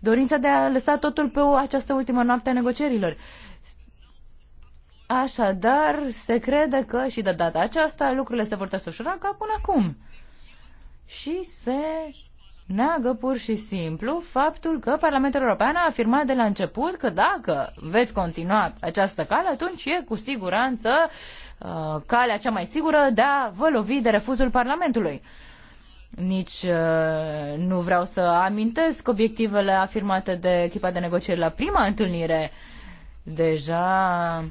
dorința de a lăsa totul pe această ultimă noapte a negocierilor. Așadar, se crede că și de data aceasta lucrurile se vor desfășura ca până acum. Și se neagă pur și simplu faptul că Parlamentul European a afirmat de la început că dacă veți continua această cale, atunci e cu siguranță uh, calea cea mai sigură de a vă lovi de refuzul Parlamentului. Nici uh, nu vreau să amintesc obiectivele afirmate de echipa de negocieri la prima întâlnire. Deja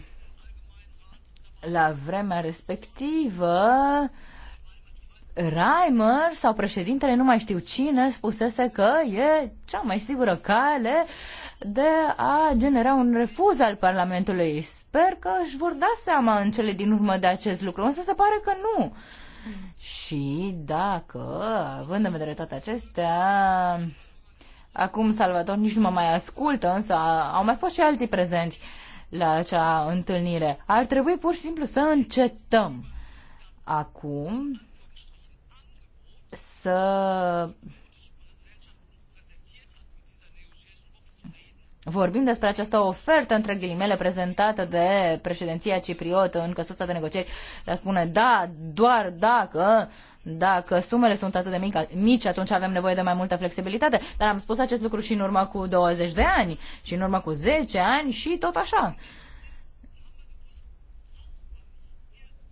la vremea respectivă uh, Reimer sau președintele, nu mai știu cine, spusese că e cea mai sigură cale de a genera un refuz al Parlamentului. Sper că își vor da seama în cele din urmă de acest lucru, însă se pare că nu. Și dacă, având în vedere toate acestea, acum Salvator nici nu mă mai ascultă, însă au mai fost și alții prezenți la acea întâlnire. Ar trebui pur și simplu să încetăm. Acum să vorbim despre această ofertă, între ghilimele, prezentată de președinția cipriotă în căsuța de negocieri, le spune da, doar dacă dacă sumele sunt atât de mici, mici, atunci avem nevoie de mai multă flexibilitate. Dar am spus acest lucru și în urmă cu 20 de ani, și în urmă cu 10 ani și tot așa. Uh,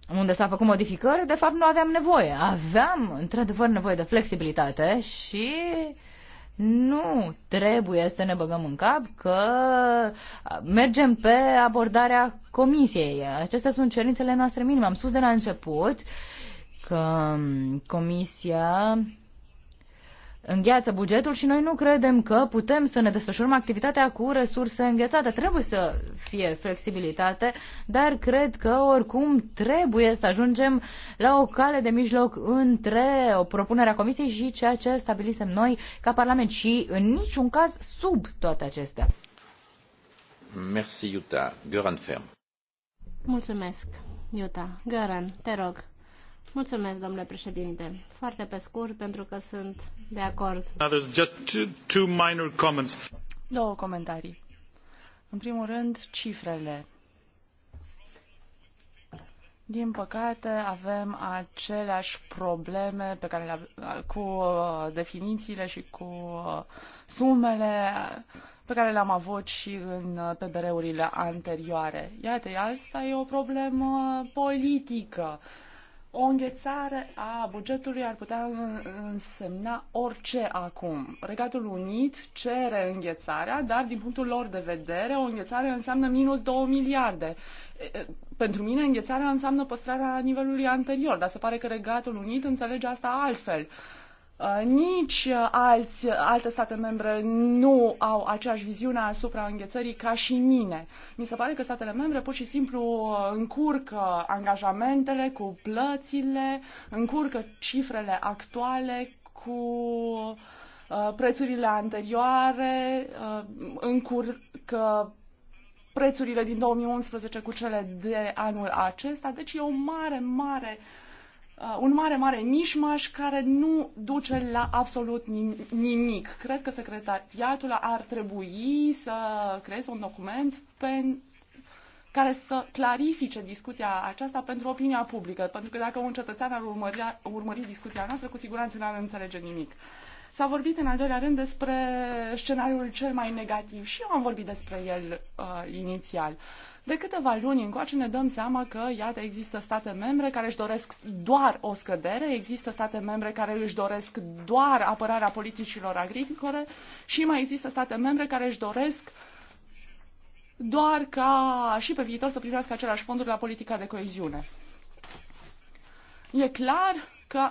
unde s-a făcut modificări, de fapt nu aveam nevoie. Aveam, într-adevăr, nevoie de flexibilitate și nu trebuie să ne băgăm în cap că mergem pe abordarea comisiei. Acestea sunt cerințele noastre minime. Am spus de la început că um, comisia îngheață bugetul și noi nu credem că putem să ne desfășurăm activitatea cu resurse înghețate. Trebuie să fie flexibilitate, dar cred că oricum trebuie să ajungem la o cale de mijloc între o propunere a Comisiei și ceea ce stabilisem noi ca Parlament și în niciun caz sub toate acestea. Merci, Iuta. Göran Ferm. Mulțumesc, Iuta. Göran, te rog. Mulțumesc, domnule președinte. Foarte pe scurt, pentru că sunt de acord. Just two minor comments. Două comentarii. În primul rând, cifrele. Din păcate, avem aceleași probleme pe care le, cu uh, definițiile și cu uh, sumele pe care le-am avut și în uh, PBR-urile anterioare. Iată, asta e o problemă politică. Uh, o înghețare a bugetului ar putea însemna orice acum. Regatul Unit cere înghețarea, dar din punctul lor de vedere, o înghețare înseamnă minus 2 miliarde. Pentru mine, înghețarea înseamnă păstrarea nivelului anterior, dar se pare că Regatul Unit înțelege asta altfel. Uh, Uh, nici uh, alți, uh, alte state membre nu au aceeași viziune asupra înghețării ca și mine. Mi se pare că statele membre pur și simplu încurcă angajamentele cu plățile, încurcă cifrele actuale cu prețurile anterioare, încurcă prețurile din 2011 cu cele de anul acesta. Deci e o mare, mare uh, Uh, un mare, mare mișmaș care nu duce la absolut nimic. Cred că secretariatul ar trebui să creeze un document pe care să clarifice discuția aceasta pentru opinia publică, pentru că dacă un cetățean ar urmări, urmări discuția noastră, cu siguranță n-ar înțelege nimic. S-a vorbit în al doilea rând despre scenariul cel mai negativ și eu am vorbit despre el uh, inițial. Uh, de câteva luni încoace ne dăm seama că, iată, există state membre care își doresc doar o scădere, există state membre care își doresc doar apărarea politicilor agricole și mai există state membre care își doresc doar ca și pe viitor să primească același fonduri la politica de coeziune. E clar că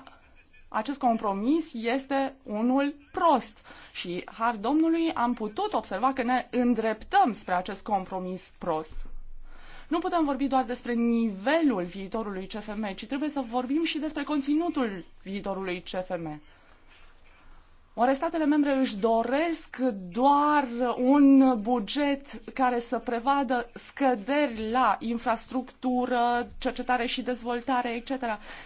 acest compromis este unul prost și, har Domnului, am putut observa că ne îndreptăm spre acest compromis prost. Nu putem vorbi doar despre nivelul viitorului CFM, ci trebuie să vorbim și despre conținutul viitorului CFM. Oare statele membre își doresc doar un buget care să prevadă scăderi la infrastructură, cercetare și dezvoltare, etc.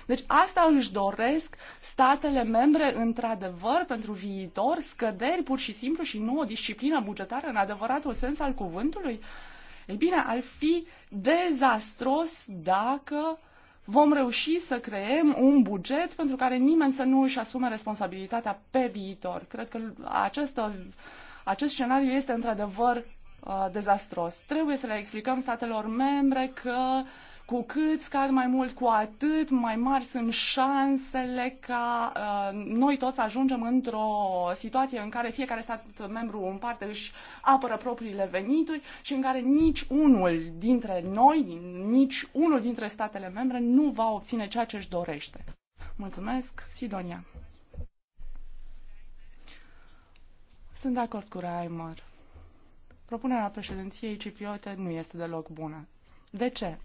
Deci asta își doresc statele membre, într-adevăr, pentru viitor, scăderi pur și simplu și nu o disciplină bugetară în adevăratul sens al cuvântului? Uh, ei bine, ar fi dezastros dacă vom reuși să creăm un buget pentru care nimeni să nu își asume responsabilitatea pe viitor. Cred că acest, acest scenariu este într-adevăr uh, dezastros. Trebuie să le explicăm statelor membre că uh, cu cât scad mai mult, cu atât mai mari sunt șansele ca uh, noi toți ajungem într-o situație în care fiecare stat membru în parte își apără propriile venituri și în care nici unul dintre noi, nici unul dintre statele membre nu va obține ceea ce își dorește. Mulțumesc, Sidonia. Sunt de acord cu Reimer. Propunerea președinției cipriote nu este deloc bună. De ce?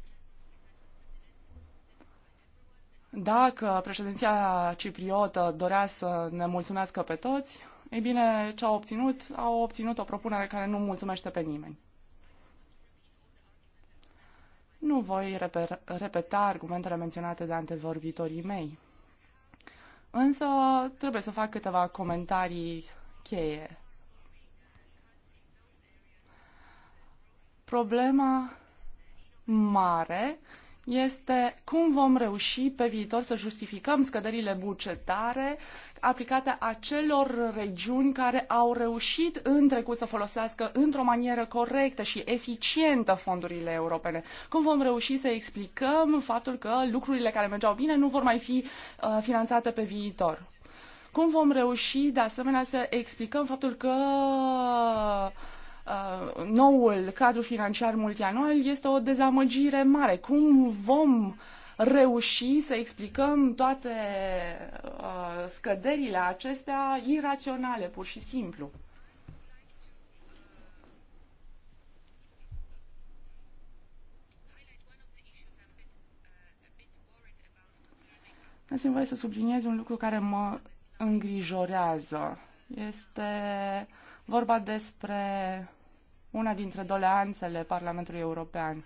Dacă președinția cipriotă dorea să ne mulțumească pe toți, ei bine, ce au obținut? Au obținut o propunere care nu mulțumește pe nimeni. Nu voi repeta argumentele menționate de antevorbitorii mei, însă trebuie să fac câteva comentarii cheie. Problema mare este cum vom reuși pe viitor să justificăm scăderile bugetare aplicate acelor regiuni care au reușit în trecut să folosească într-o manieră corectă și eficientă fondurile europene. Cum vom reuși să explicăm faptul că lucrurile care mergeau bine nu vor mai fi uh, finanțate pe viitor? Cum vom reuși, de asemenea, să explicăm faptul că uh, Uh, noul cadru financiar multianual este o dezamăgire mare. Cum vom reuși să explicăm toate uh, scăderile acestea iraționale, pur și simplu? Ați mi să subliniez un lucru care mă îngrijorează. Este uh, vorba despre una dintre doleanțele Parlamentului European,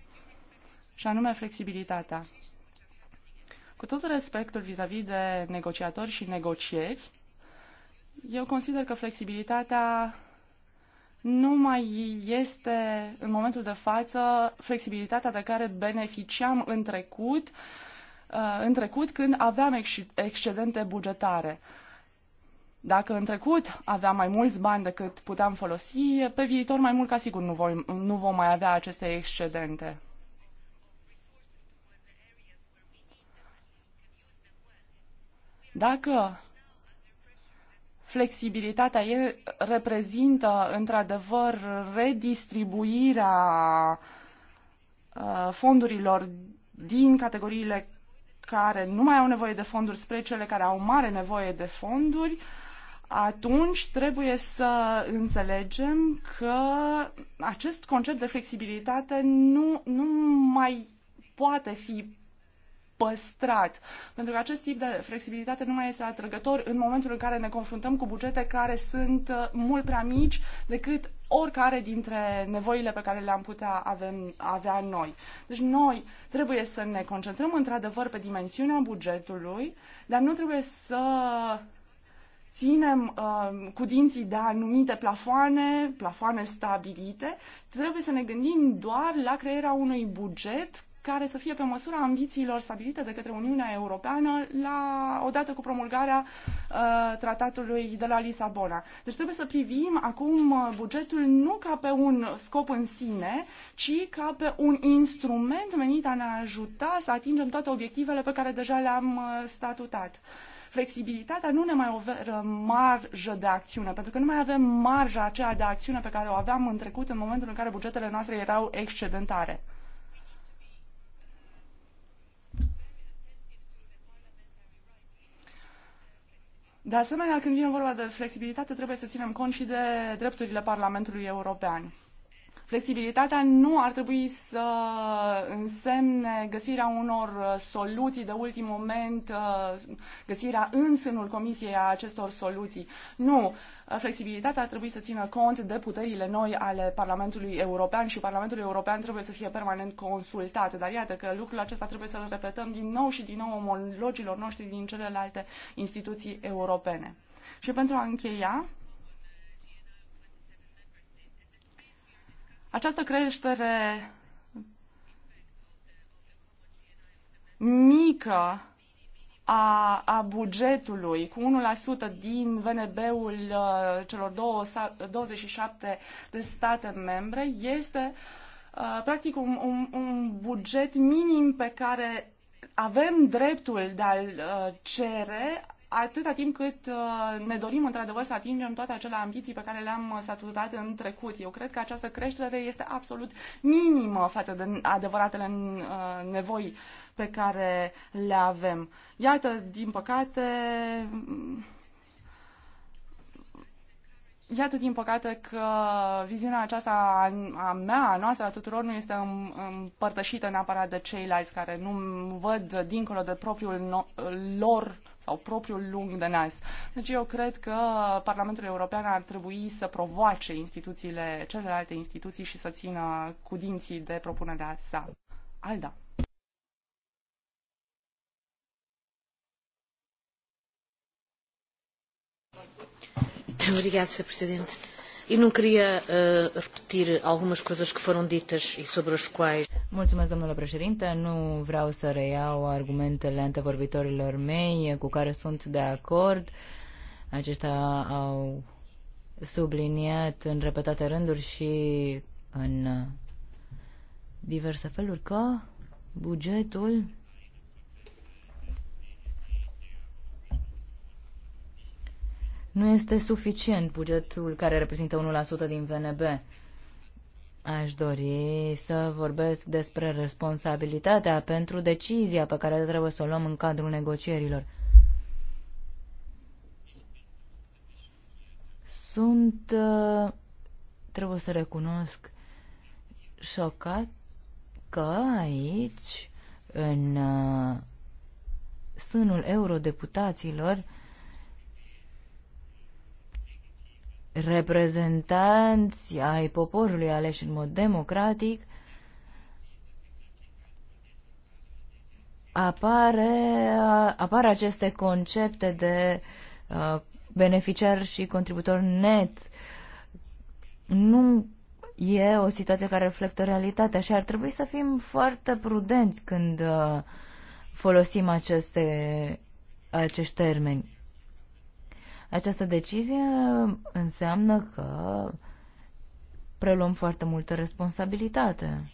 și anume flexibilitatea. Cu tot respectul vis-a-vis -vis de negociatori și negocieri, eu consider că flexibilitatea nu mai este în momentul de față flexibilitatea de care beneficiam în trecut, uh, în trecut când aveam excedente bugetare. Dacă în trecut aveam mai mulți bani decât puteam folosi, pe viitor mai mult ca sigur nu vom, nu vom mai avea aceste excedente. Dacă flexibilitatea e, reprezintă într-adevăr redistribuirea uh, fondurilor din categoriile care nu mai au nevoie de fonduri spre cele care au mare nevoie de fonduri, atunci trebuie să înțelegem că acest concept de flexibilitate nu, nu mai poate fi păstrat. Pentru că acest tip de flexibilitate nu mai este atrăgător în momentul în care ne confruntăm cu bugete care sunt uh, mult prea mici decât oricare dintre nevoile pe care le-am putea avem, avea noi. Deci noi trebuie să ne concentrăm într-adevăr pe dimensiunea bugetului, dar nu trebuie să ținem uh, cu dinții de anumite plafoane, plafoane stabilite, trebuie să ne gândim doar la crearea unui buget care să fie pe măsura ambițiilor stabilite de către Uniunea Europeană la odată cu promulgarea uh, tratatului de la Lisabona. Deci trebuie să privim acum uh, bugetul nu ca pe un scop în sine, ci ca pe un instrument menit a ne ajuta să atingem toate obiectivele pe care deja le-am uh, statutat. Uh, flexibilitatea nu ne mai oferă marjă de acțiune, pentru că nu mai avem marja aceea de acțiune pe care o aveam în trecut în momentul în care bugetele noastre erau excedentare. De asemenea, când vine vorba de flexibilitate, trebuie să ținem cont și de drepturile Parlamentului European. Flexibilitatea nu ar trebui să însemne găsirea unor uh, soluții de ultim moment, uh, găsirea în sânul Comisiei a acestor soluții. Nu. Flexibilitatea ar trebui să țină cont de puterile noi ale Parlamentului European și Parlamentul European trebuie să fie permanent consultat. Dar iată că lucrul acesta trebuie să-l repetăm din nou și din nou omologilor noștri din celelalte instituții europene. Și pentru a încheia, Această creștere mică a, a bugetului cu 1% din VNB-ul uh, celor două, 27 de state membre este uh, practic un, un, un buget minim pe care avem dreptul de a-l uh, cere atâta timp cât uh, ne dorim într-adevăr să atingem toate acele ambiții pe care le-am uh, saturat în trecut. Eu cred că această creștere este absolut minimă față de adevăratele uh, nevoi pe care le avem. Iată, din păcate, Iată, din păcate, că viziunea aceasta a mea, a noastră, a tuturor, nu este împărtășită neapărat de ceilalți care nu văd dincolo de propriul no- lor sau propriul lung de nas. Deci eu cred că Parlamentul European ar trebui să provoace instituțiile, celelalte instituții și să țină cu dinții de propunerea sa. Alda. Obrigada, Sr. Presidente. Eu não queria uh, repetir algumas coisas que foram ditas e sobre as quais... Mulțumesc, domnule președinte. Nu vreau să reiau argumentele antevorbitorilor mei cu care sunt de acord. Aceștia au subliniat în repetate rânduri și în diverse feluri că bugetul Nu este suficient bugetul care reprezintă 1% din VNB. Aș dori să vorbesc despre responsabilitatea pentru decizia pe care trebuie să o luăm în cadrul negocierilor. Sunt, uh, trebuie să recunosc, șocat că aici, în uh, sânul eurodeputaților, reprezentanți ai poporului aleși în mod democratic, apare, apar aceste concepte de uh, beneficiar și contributor net. Nu e o situație care reflectă realitatea și ar trebui să fim foarte prudenți când uh, folosim aceste, acești termeni. Această decizie înseamnă că preluăm foarte multă responsabilitate.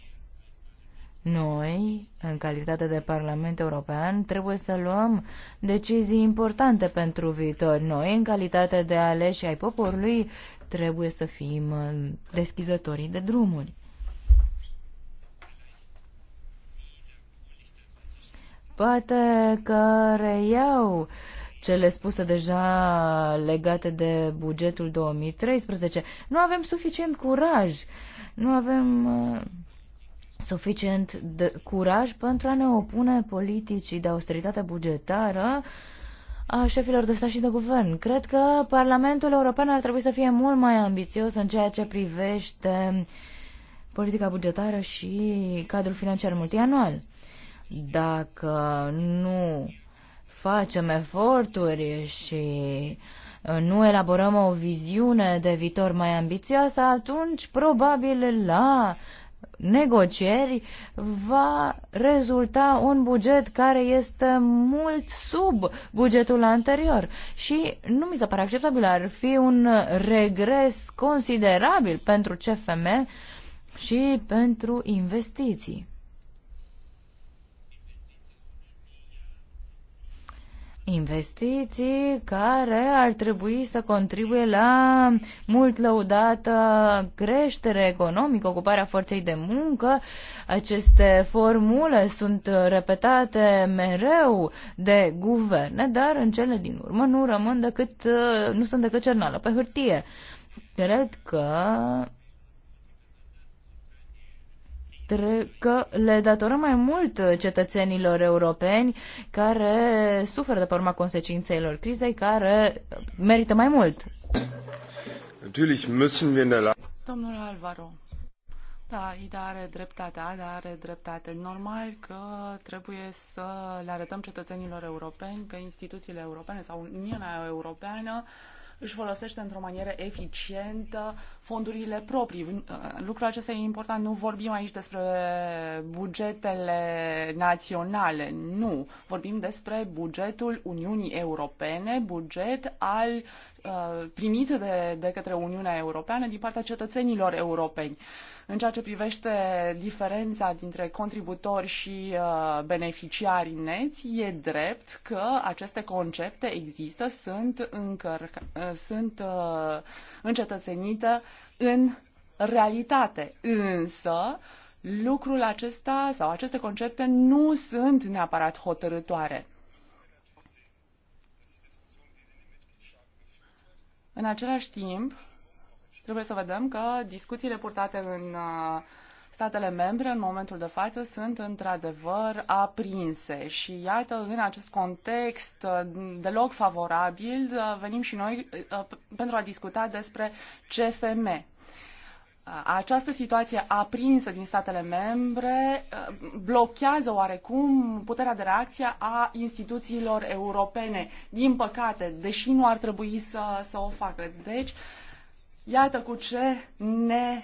Noi, în calitate de Parlament European, trebuie să luăm decizii importante pentru viitor. Noi, în calitate de aleși ai poporului, trebuie să fim uh, deschizătorii de drumuri. Poate că reiau uh, cele spuse deja legate de bugetul 2013. Nu avem suficient curaj, nu avem uh, suficient de curaj pentru a ne opune politicii de austeritate bugetară a șefilor de stat și de guvern. Cred că Parlamentul European ar trebui să fie mult mai ambițios în ceea ce privește politica bugetară și cadrul financiar multianual. Dacă nu facem eforturi și uh, nu elaborăm o viziune de viitor mai ambițioasă, atunci probabil la negocieri va rezulta un buget care este mult sub bugetul anterior și nu mi se pare acceptabil, ar fi un regres considerabil pentru CFM și pentru investiții. investiții care ar trebui să contribuie la mult lăudată creștere economică, ocuparea forței de muncă. Aceste formule sunt repetate mereu de guverne, dar în cele din urmă nu rămân decât, nu sunt decât cernală pe hârtie. Cred că că le datorăm mai mult cetățenilor europeni care suferă de pe urma consecințelor crizei, care merită mai mult. Domnul Alvaro, da, Ida are dreptate, Ada are dreptate. Normal că trebuie să le arătăm cetățenilor europeni că instituțiile europene sau Uniunea Europeană uh, își folosește într-o manieră eficientă fondurile proprii. Uh, lucrul acesta e important. Nu vorbim aici despre bugetele naționale, nu. Vorbim despre bugetul Uniunii Europene, buget al uh, primit de, de către Uniunea Europeană din partea cetățenilor europeni. Uh, în ceea ce privește diferența dintre contributori și uh, beneficiari neți, e drept că aceste concepte există, sunt, încărca, uh, sunt uh, încetățenite în realitate. Însă, lucrul acesta sau aceste concepte nu sunt neapărat hotărătoare. În același timp, Trebuie să vedem că discuțiile purtate în uh, statele membre în momentul de față sunt într-adevăr aprinse și iată în acest context uh, deloc favorabil uh, venim și noi pentru a discuta despre CFM. Această situație aprinsă din statele membre blochează oarecum puterea de reacție a instituțiilor europene. Din păcate, deși nu ar trebui să, să o facă. Deci, uh, Iată cu ce ne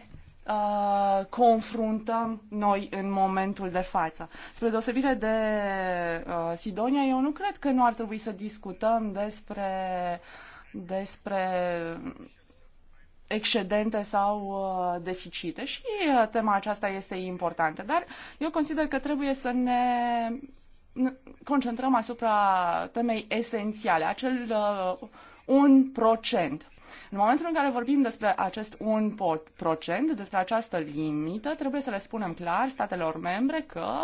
uh, confruntăm noi în momentul de față. Spre deosebire de uh, Sidonia, eu nu cred că nu ar trebui să discutăm despre, despre excedente sau uh, deficite și uh, tema aceasta este importantă, dar eu consider că trebuie să ne concentrăm asupra temei esențiale, acel uh, un procent. În momentul în care vorbim despre acest 1%, despre această limită, trebuie să le spunem clar statelor membre că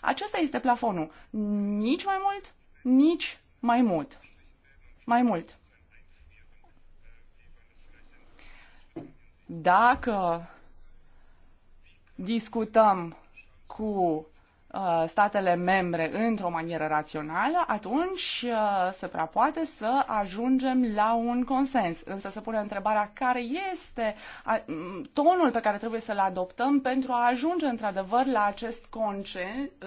acesta este plafonul. Nici mai mult, nici mai mult. Mai mult. Dacă discutăm cu Uh, statele membre într-o manieră rațională, atunci uh, se prea poate să ajungem la un consens. Însă se pune întrebarea care este tonul pe care trebuie să-l adoptăm pentru a ajunge într-adevăr la acest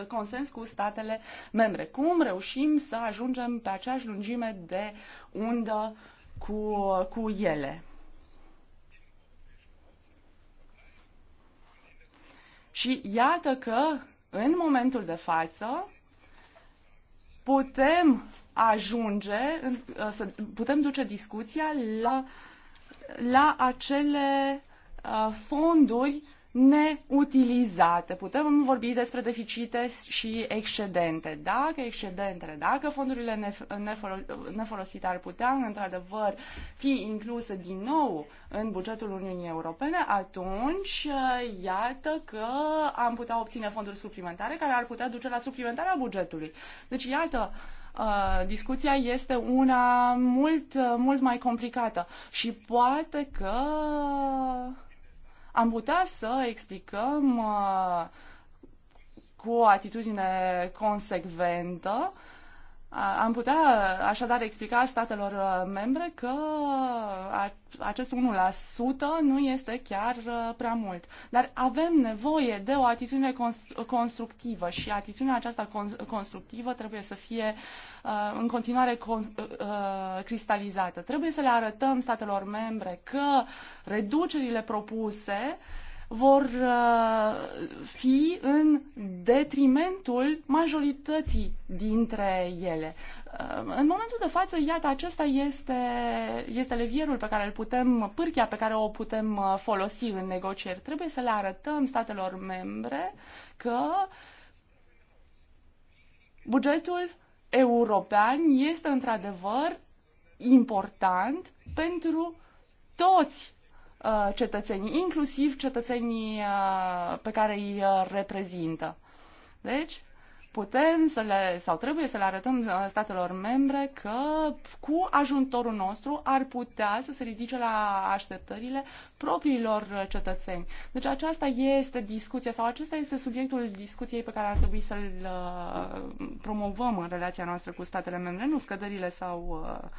consens cu statele membre. Cum reușim să ajungem pe aceeași lungime de undă cu, cu ele? Și iată că în momentul de față putem ajunge, uh, să putem duce discuția la, la acele uh, fonduri neutilizate. Putem vorbi despre deficite și excedente. Dacă excedentele, dacă fondurile nefolosite ar putea, într-adevăr, fi incluse din nou în bugetul Uniunii Europene, atunci iată că am putea obține fonduri suplimentare care ar putea duce la suplimentarea bugetului. Deci, iată, uh, discuția este una mult, mult mai complicată și poate că am putea să explicăm uh, cu o atitudine consecventă am putea așadar explica statelor uh, membre că acest 1% nu este chiar uh, prea mult. Dar avem nevoie de o atitudine constructivă și atitudinea aceasta constructivă trebuie să fie uh, în continuare cristalizată. Trebuie să le arătăm statelor membre că reducerile propuse vor uh, fi în detrimentul majorității dintre ele. Uh, în momentul de față, iată, acesta este, este levierul pe care îl putem, pârchia pe care o putem uh, folosi în negocieri. Trebuie să le arătăm statelor membre că bugetul european este într-adevăr important pentru toți Uh, cetățenii, inclusiv cetățenii uh, pe care îi uh, reprezintă. Deci, putem să le, sau trebuie să le arătăm statelor membre că cu ajutorul nostru ar putea să se ridice la așteptările propriilor cetățeni. Deci aceasta este discuția sau acesta este subiectul discuției pe care ar trebui să-l promovăm în relația noastră cu statele membre, nu scăderile sau uh,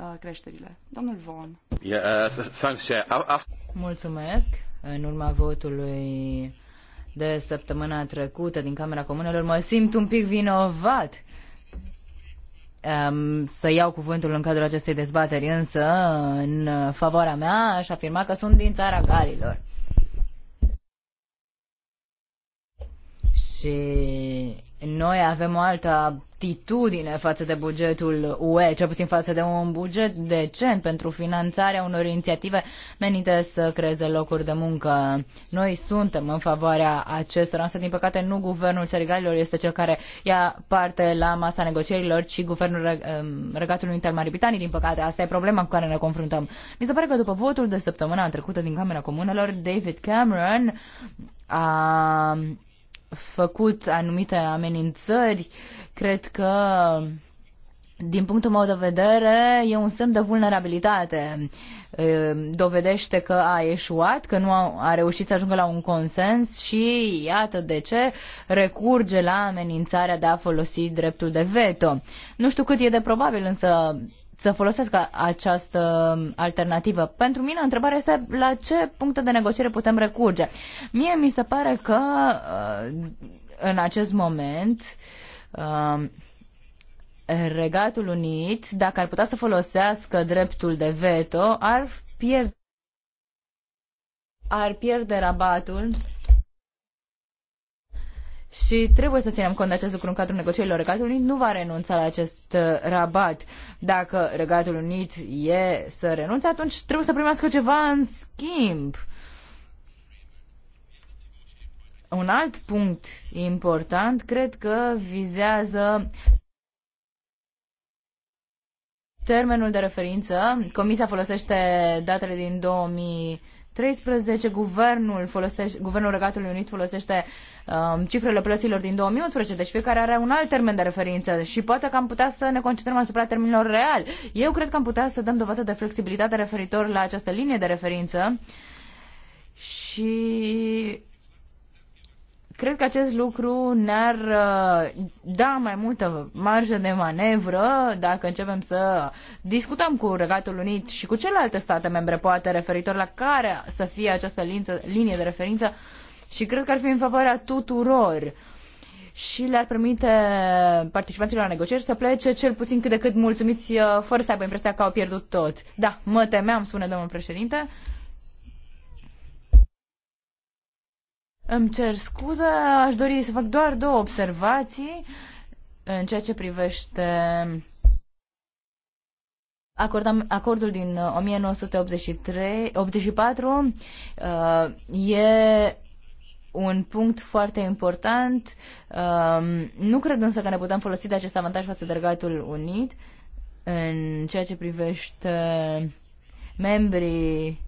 Uh, creșterile. Domnul Vaughan. Uh, Mulțumesc. În urma votului de săptămâna trecută din Camera Comunelor, mă simt un pic vinovat um, să iau cuvântul în cadrul acestei dezbateri, însă, în favoarea mea, aș afirma că sunt din țara Galilor. Și noi avem o altă atitudine față de bugetul UE, cel puțin față de un buget decent pentru finanțarea unor inițiative menite să creeze locuri de muncă. Noi suntem în favoarea acestora, însă din păcate nu guvernul Serigalilor este cel care ia parte la masa negocierilor, ci guvernul um, Regatului Unit al Marii Britanii, din păcate. Asta e problema cu care ne confruntăm. Mi se pare că după votul de săptămâna trecută din Camera Comunelor, David Cameron a făcut anumite amenințări, cred că din punctul meu de vedere, e un semn de vulnerabilitate. Dovedește că a eșuat, că nu a, reușit să ajungă la un consens și iată de ce recurge la amenințarea de a folosi dreptul de veto. Nu știu cât e de probabil, însă să folosească această alternativă. Pentru mine, întrebarea este la ce puncte de negociere putem recurge. Mie mi se pare că uh, în acest moment uh, Regatul Unit, dacă ar putea să folosească dreptul de veto, ar pierde ar pierde rabatul și trebuie să ținem cont de acest lucru în cadrul negocierilor. Regatul Unit nu va renunța la acest uh, rabat. Dacă Regatul Unit e să renunțe, atunci trebuie să primească ceva în schimb. Un alt punct important cred că vizează termenul de referință. Comisia folosește datele din 2000 2013 guvernul, folosește, guvernul Regatului Unit folosește um, cifrele plăților din 2011, deci fiecare are un alt termen de referință și poate că am putea să ne concentrăm asupra termenilor reali. Eu cred că am putea să dăm dovadă de flexibilitate referitor la această linie de referință și Cred că acest lucru ne-ar uh, da mai multă marjă de manevră dacă începem să discutăm cu Regatul Unit și cu celelalte state membre, poate referitor la care să fie această lință, linie de referință și cred că ar fi în favoarea tuturor și le-ar permite participanților la negocieri să plece cel puțin cât de cât mulțumiți, uh, fără să aibă impresia că au pierdut tot. Da, mă temeam, spune domnul președinte. Îmi cer scuze, aș dori să fac doar două observații în ceea ce privește Acordam, acordul din 1983, uh, 84 uh, e un punct foarte important. Um, nu cred însă că ne putem folosi de acest avantaj față de Regatul Unit în ceea ce privește membrii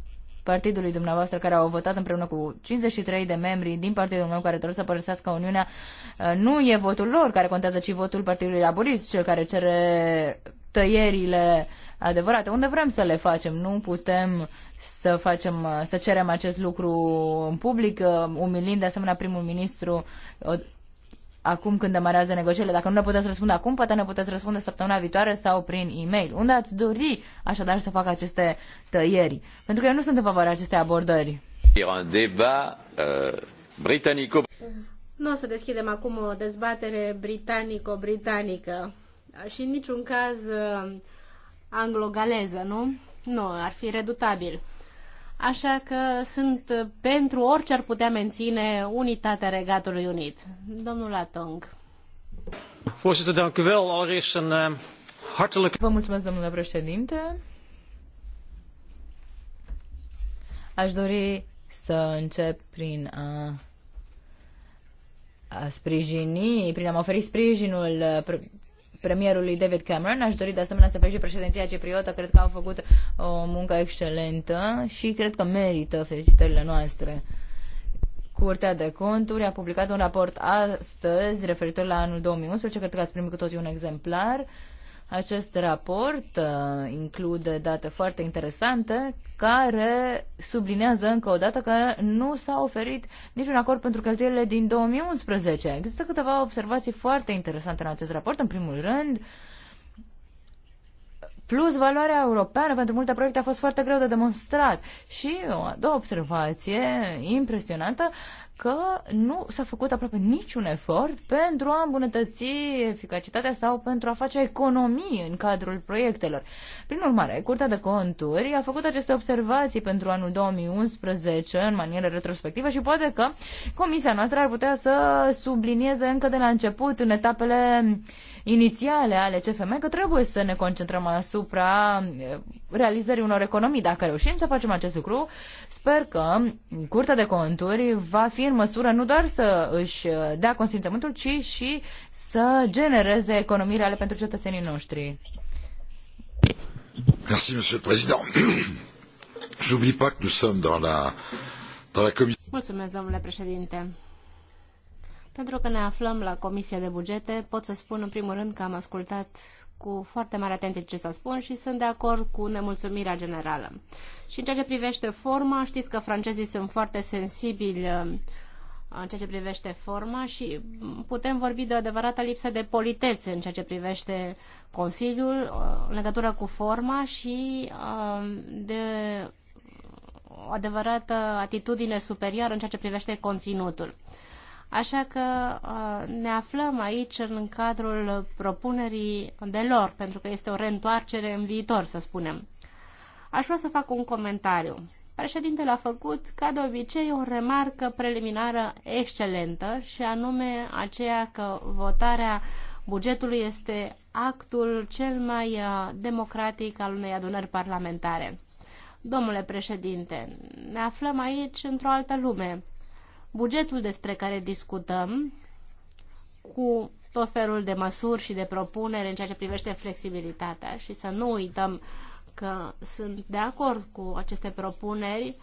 partidului dumneavoastră care au votat împreună cu 53 de membri din partidul meu care trebuie să părăsească Uniunea, uh, nu e votul lor care contează, ci votul Partidului Laborist, cel care cere tăierile adevărate. Unde vrem să le facem? Nu putem să facem, uh, să cerem acest lucru în public, uh, umilind de asemenea primul ministru acum când demarează negocierile. Dacă nu ne puteți răspunde acum, poate ne puteți răspunde săptămâna viitoare sau prin e-mail. Unde ați dori așadar să facă aceste tăieri? Pentru că eu nu sunt în favoarea acestei abordări. Un debat uh, britanico. Nu o să deschidem acum o dezbatere britanico-britanică și în niciun caz uh, anglo-galeză, nu? Nu, ar fi redutabil. Așa că sunt pentru orice ar putea menține unitatea Regatului Unit. Domnul Atong. Eh, Vă mulțumesc, domnule președinte. Aș dori să încep prin a, a sprijini, prin a-mi oferi sprijinul premierului David Cameron. Aș dori de asemenea să felicit președinția cipriotă. Cred că au făcut uh, o muncă excelentă și cred că merită felicitările noastre. Curtea de Conturi a publicat un raport astăzi referitor la anul 2011. Cred că ați primit cu toții un exemplar. Uh, acest raport uh, include date foarte interesante care sublinează încă o dată că nu s-a oferit niciun acord pentru cheltuielile din 2011. Există câteva observații foarte interesante în acest raport. În primul rând, plus valoarea europeană pentru multe proiecte a fost foarte greu de demonstrat. Și o a doua observație impresionantă că nu s-a făcut aproape niciun efort pentru a îmbunătăți eficacitatea sau pentru a face economii în cadrul proiectelor. Prin urmare, Curtea de Conturi a făcut aceste observații pentru anul 2011 în manieră retrospectivă și poate că comisia noastră ar putea să sublinieze încă de la început în etapele uh, inițiale ale CFM că trebuie să ne concentrăm asupra eh, realizării unor economii. Dacă reușim să facem acest lucru, sper că Curtea de Conturi va fi în măsură nu doar să își eh, dea consimțământul, ci și să genereze economii reale pentru cetățenii noștri. Merci, Monsieur le Président. J'oublie pas que nous sommes dans la, dans la commission. Mulțumesc, domnule președinte. Pentru că ne aflăm la Comisia de Bugete, pot să spun în primul rând că am ascultat cu foarte mare atenție ce să spun și sunt de acord cu nemulțumirea generală. Și în ceea ce privește forma, știți că francezii sunt foarte sensibili uh, în ceea ce privește forma și putem vorbi de o adevărată lipsă de politețe în ceea ce privește Consiliul uh, în legătură cu forma și uh, de o adevărată atitudine superioară în ceea ce privește conținutul. Așa că uh, ne aflăm aici în cadrul propunerii de lor, pentru că este o reîntoarcere în viitor, să spunem. Aș vrea să fac un comentariu. Președintele a făcut, ca de obicei, o remarcă preliminară excelentă și anume aceea că votarea bugetului este actul cel mai uh, democratic al unei adunări parlamentare. Domnule președinte, ne aflăm aici într-o altă lume. Bugetul despre care discutăm, cu tot felul de măsuri și de propuneri în ceea ce privește flexibilitatea și să nu uităm că sunt de acord cu aceste propuneri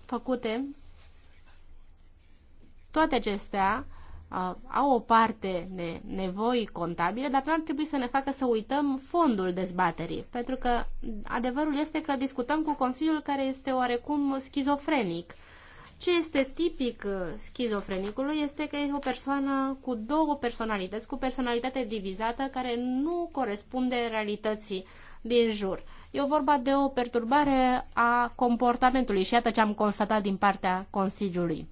făcute. Toate acestea uh, au o parte de nevoi contabile, dar nu ar trebui să ne facă să uităm fondul dezbaterii, pentru că adevărul este că discutăm cu Consiliul care este oarecum schizofrenic. Uh, ce este tipic uh, schizofrenicului este că e o persoană cu două personalități, cu personalitate divizată care nu corespunde realității din jur. E vorba de o perturbare a comportamentului și iată ce am constatat din partea Consiliului.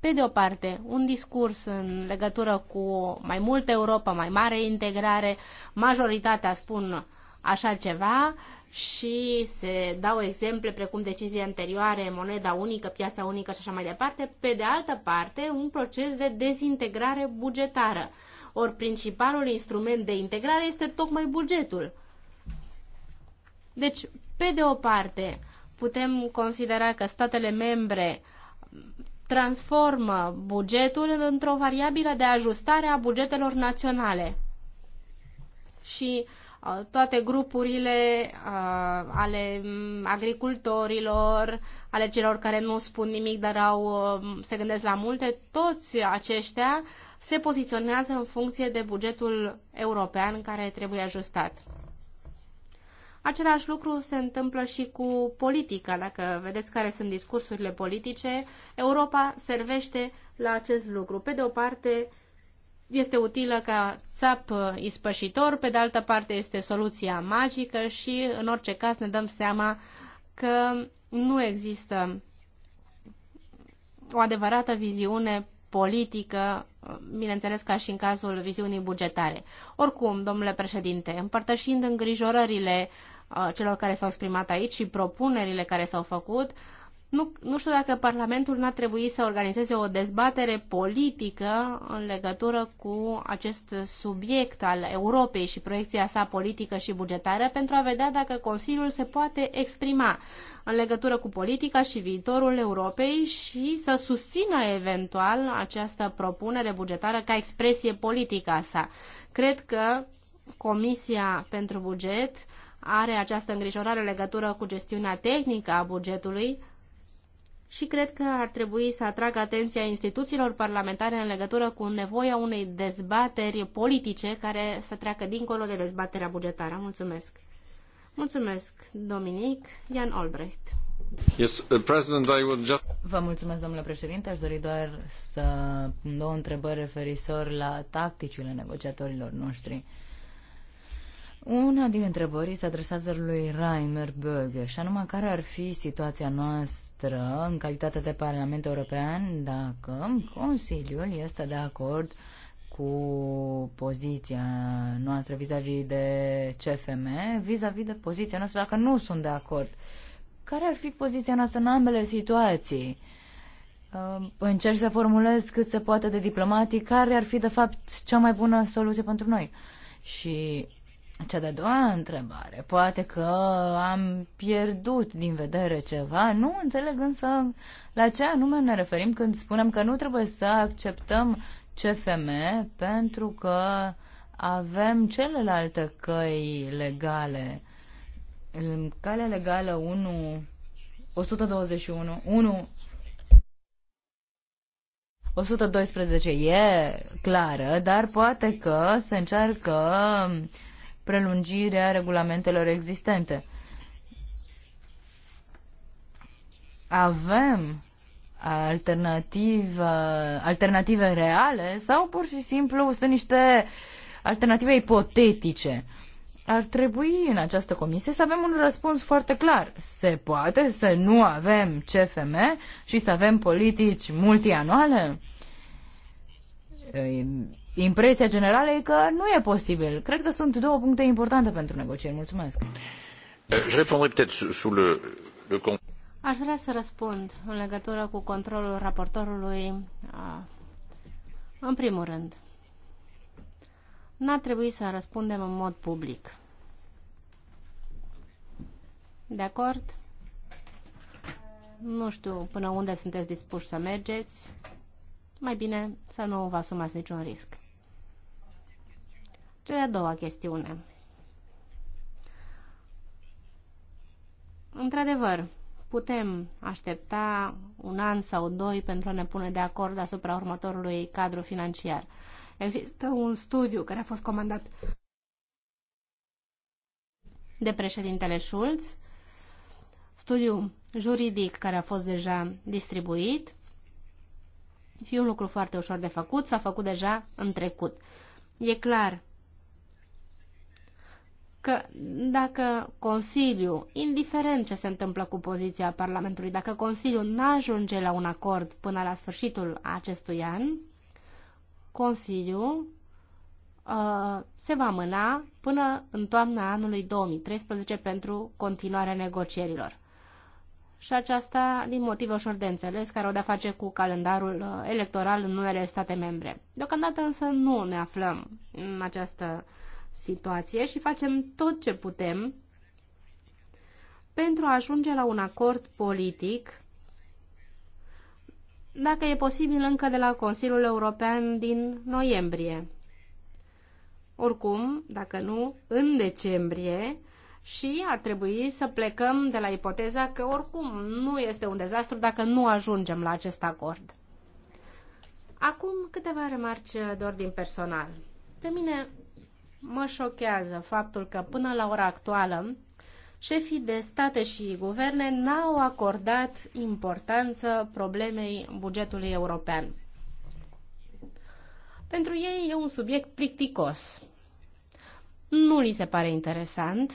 Pe de o parte, un discurs în legătură cu mai multă Europa, mai mare integrare, majoritatea spun așa ceva și se dau exemple precum decizii anterioare, moneda unică, piața unică și așa mai departe, pe de altă parte un proces de dezintegrare bugetară. Ori principalul instrument de integrare este tocmai bugetul. Deci, pe de o parte, putem considera că statele membre transformă bugetul într-o variabilă de ajustare a bugetelor naționale. Și uh, toate grupurile ale agricultorilor, ale celor care nu spun nimic, dar au, se gândesc la multe, toți aceștia se poziționează în funcție de bugetul european care trebuie ajustat. Același lucru se întâmplă și cu politica. Dacă vedeți care sunt discursurile politice, Europa servește la acest lucru. Pe de o parte, este utilă ca țap uh, ispășitor, pe de altă parte este soluția magică și în orice caz ne dăm seama că nu există o adevărată viziune politică, uh, bineînțeles ca și în cazul viziunii bugetare. Oricum, domnule președinte, împărtășind îngrijorările uh, celor care s-au exprimat aici și propunerile care s-au făcut, uh, nu, nu știu dacă Parlamentul n-ar trebui să organizeze o dezbatere politică în legătură cu acest subiect al Europei și proiecția sa politică și bugetară pentru a vedea dacă Consiliul se poate exprima în legătură cu politica și viitorul Europei și să susțină eventual această propunere bugetară ca expresie politică a sa. Cred că Comisia pentru Buget are această îngrijorare în legătură cu gestiunea tehnică a bugetului, și cred că ar trebui să atrag atenția instituțiilor parlamentare în legătură cu nevoia unei dezbateri politice care să treacă dincolo de dezbaterea bugetară. Mulțumesc! Mulțumesc, Dominic. Jan Albrecht. Yes, uh, President, I would just... Vă mulțumesc, domnule președinte. Aș dori doar să două întrebări referisor la tacticile negociatorilor noștri. Una din întrebări se adresează lui Reimer Böge, și anume care ar fi situația noastră în calitate de Parlament European dacă Consiliul este de acord cu poziția noastră vis-a-vis -vis de CFM, vis-a-vis -vis de poziția noastră dacă nu sunt de acord. Care ar fi poziția noastră în ambele situații? Uh, încerc să formulez cât se poate de diplomatic care ar fi de fapt cea mai bună soluție pentru noi. Și cea de-a doua întrebare. Poate că am pierdut din vedere ceva, nu înțeleg însă la ce anume ne referim când spunem că nu trebuie să acceptăm CFM pentru că avem celelalte căi legale. În calea legală 1, 121, 1, 112 e clară, dar poate că se încearcă prelungire a regulamentelor existente. Avem alternativă, alternative reale sau pur și simplu sunt niște alternative ipotetice? Ar trebui în această comisie să avem un răspuns foarte clar. Se poate să nu avem CFM și să avem politici multianuale? impresia generală e că nu e posibil. Cred că sunt două puncte importante pentru negocieri. Mulțumesc. Euh, Aș vrea să răspund în legătură cu controlul raportorului. În primul rând, n a trebuit să răspundem în mod public. De acord? Nu știu până unde sunteți dispuși să mergeți. Mai bine să nu vă asumați niciun risc. Cea de-a doua chestiune. Într-adevăr, putem aștepta un an sau doi pentru a ne pune de acord asupra următorului cadru financiar. Există un studiu care a fost comandat de președintele Schulz, studiu juridic care a fost deja distribuit și un lucru foarte ușor de făcut, s-a făcut deja în trecut. E clar că dacă Consiliul, indiferent ce se întâmplă cu poziția Parlamentului, dacă Consiliul nu ajunge la un acord până la sfârșitul acestui an, Consiliul uh, se va mâna până în toamna anului 2013 pentru continuarea negocierilor. Și aceasta din motive ușor de înțeles, care au de-a face cu calendarul uh, electoral în unele state membre. Deocamdată însă nu ne aflăm în această uh, situație și facem tot ce putem pentru a ajunge la un acord politic, dacă e posibil încă de la Consiliul European din noiembrie. Oricum, dacă nu, în decembrie și ar trebui să plecăm de la ipoteza că oricum nu este un dezastru dacă nu ajungem la acest acord. Acum câteva remarci de ordin personal. Pe mine mă șochează faptul că până la ora actuală șefii de state și guverne n-au acordat importanță problemei bugetului european. Pentru ei e un subiect plicticos. Nu li se pare interesant.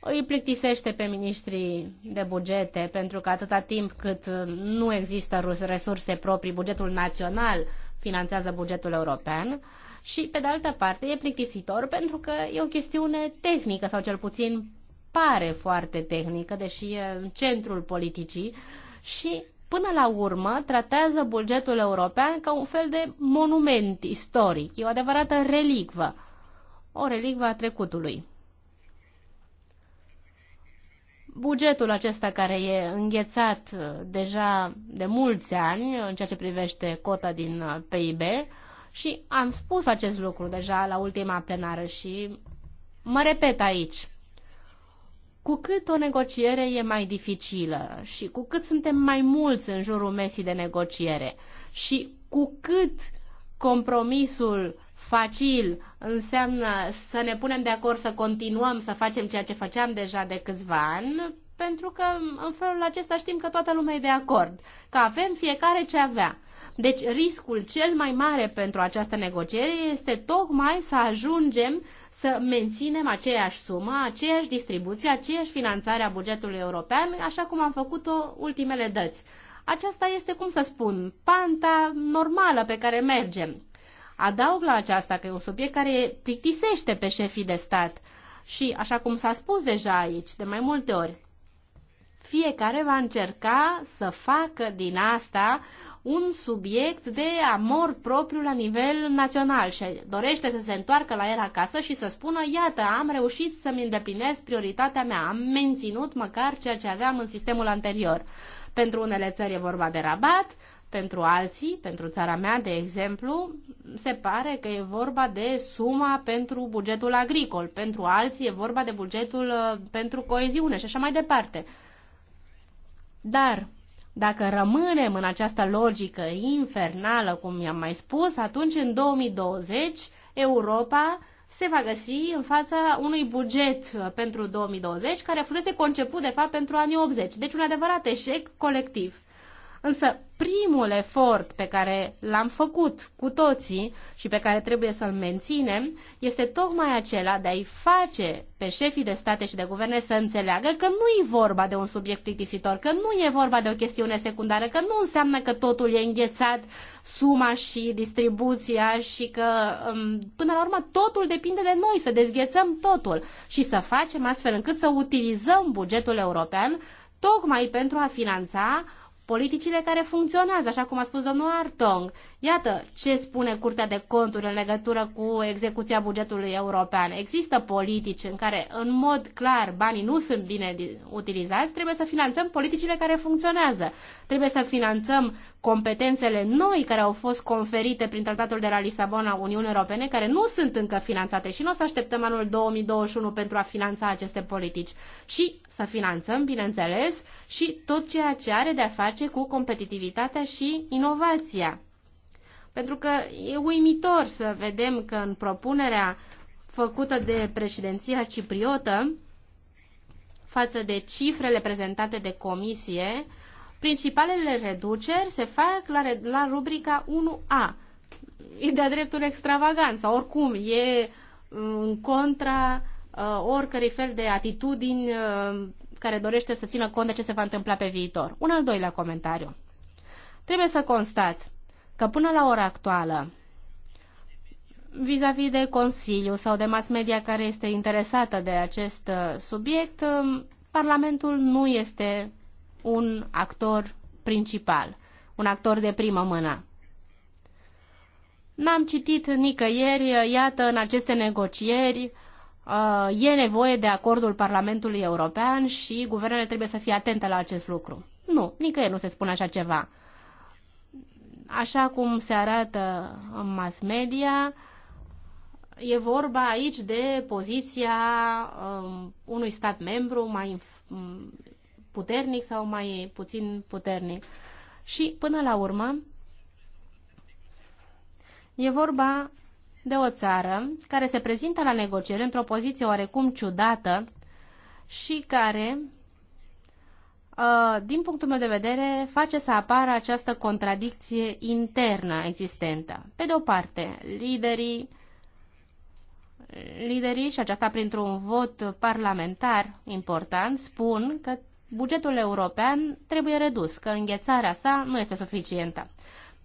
Îi plictisește pe ministrii de bugete pentru că atâta timp cât nu există resurse proprii, bugetul național finanțează bugetul european și, pe de altă parte, e plictisitor pentru că e o chestiune tehnică sau cel puțin pare foarte tehnică, deși e în centrul politicii și până la urmă tratează bugetul european ca un fel de monument istoric, e o adevărată relicvă, o relicvă a trecutului. Bugetul acesta care e înghețat uh, deja de mulți ani în ceea ce privește cota din uh, PIB, și am spus acest lucru deja la ultima plenară și mă repet aici. Cu cât o negociere e mai dificilă și cu cât suntem mai mulți în jurul mesii de negociere și cu cât compromisul facil înseamnă să ne punem de acord să continuăm să facem ceea ce făceam deja de câțiva ani, pentru că în felul acesta știm că toată lumea e de acord, că avem fiecare ce avea. Deci riscul cel mai mare pentru această negociere este tocmai să ajungem să menținem aceeași sumă, aceeași distribuție, aceeași finanțare a bugetului european, așa cum am făcut-o ultimele dăți. Aceasta este, cum să spun, panta normală pe care mergem. Adaug la aceasta că e un subiect care plictisește pe șefii de stat și, așa cum s-a spus deja aici de mai multe ori, fiecare va încerca să facă din asta un subiect de amor propriu la nivel național și dorește să se întoarcă la el acasă și să spună, iată, am reușit să-mi îndeplinesc prioritatea mea, am menținut măcar ceea ce aveam în sistemul anterior. Pentru unele țări e vorba de rabat, pentru alții, pentru țara mea, de exemplu, se pare că e vorba de suma pentru bugetul agricol, pentru alții e vorba de bugetul uh, pentru coeziune și așa mai departe. Dar dacă rămânem în această logică infernală, cum i-am mai spus, atunci în 2020 Europa se va găsi în fața unui buget pentru 2020 care fusese conceput de fapt pentru anii 80. Deci un adevărat eșec colectiv. Însă primul efort pe care l-am făcut cu toții și pe care trebuie să-l menținem este tocmai acela de a-i face pe șefii de state și de guverne să înțeleagă că nu e vorba de un subiect plictisitor, că nu e vorba de o chestiune secundară, că nu înseamnă că totul e înghețat, suma și distribuția și că um, până la urmă totul depinde de noi, să dezghețăm totul și să facem astfel încât să utilizăm bugetul european tocmai pentru a finanța politicile care funcționează, așa cum a spus domnul Artong. Iată ce spune Curtea de Conturi în legătură cu execuția bugetului european. Există politici în care, în mod clar, banii nu sunt bine utilizați, trebuie să finanțăm politicile care funcționează. Trebuie să finanțăm competențele noi care au fost conferite prin tratatul de la Lisabona Uniunii Europene, care nu sunt încă finanțate și nu o să așteptăm anul 2021 pentru a finanța aceste politici. Și să finanțăm, bineînțeles, și tot ceea ce are de a face face cu competitivitatea și inovația. Pentru că e uimitor să vedem că în propunerea făcută de președinția cipriotă față de cifrele prezentate de comisie, principalele reduceri se fac la, la rubrica 1A. E de-a dreptul extravaganță, oricum, e în contra uh, oricărui fel de atitudini uh, care dorește să țină cont de ce se va întâmpla pe viitor. Un al doilea comentariu. Trebuie să constat că până la ora actuală, vis-a-vis -vis de Consiliu sau de mass media care este interesată de acest uh, subiect, um, Parlamentul nu este un actor principal, un actor de primă mână. N-am citit nicăieri, uh, iată, în aceste negocieri, Uh, e nevoie de acordul Parlamentului European și guvernele trebuie să fie atente la acest lucru. Nu, nicăieri nu se spune așa ceva. Așa cum se arată în mass media, e vorba aici de poziția um, unui stat membru mai puternic sau mai puțin puternic. Și, până la urmă, e vorba de o țară care se prezintă la negocieri într-o poziție oarecum ciudată și care, uh, din punctul meu de vedere, face să apară această contradicție internă existentă. Pe de o parte, liderii liderii, și aceasta printr-un vot parlamentar important, spun că bugetul european trebuie redus, că înghețarea sa nu este suficientă.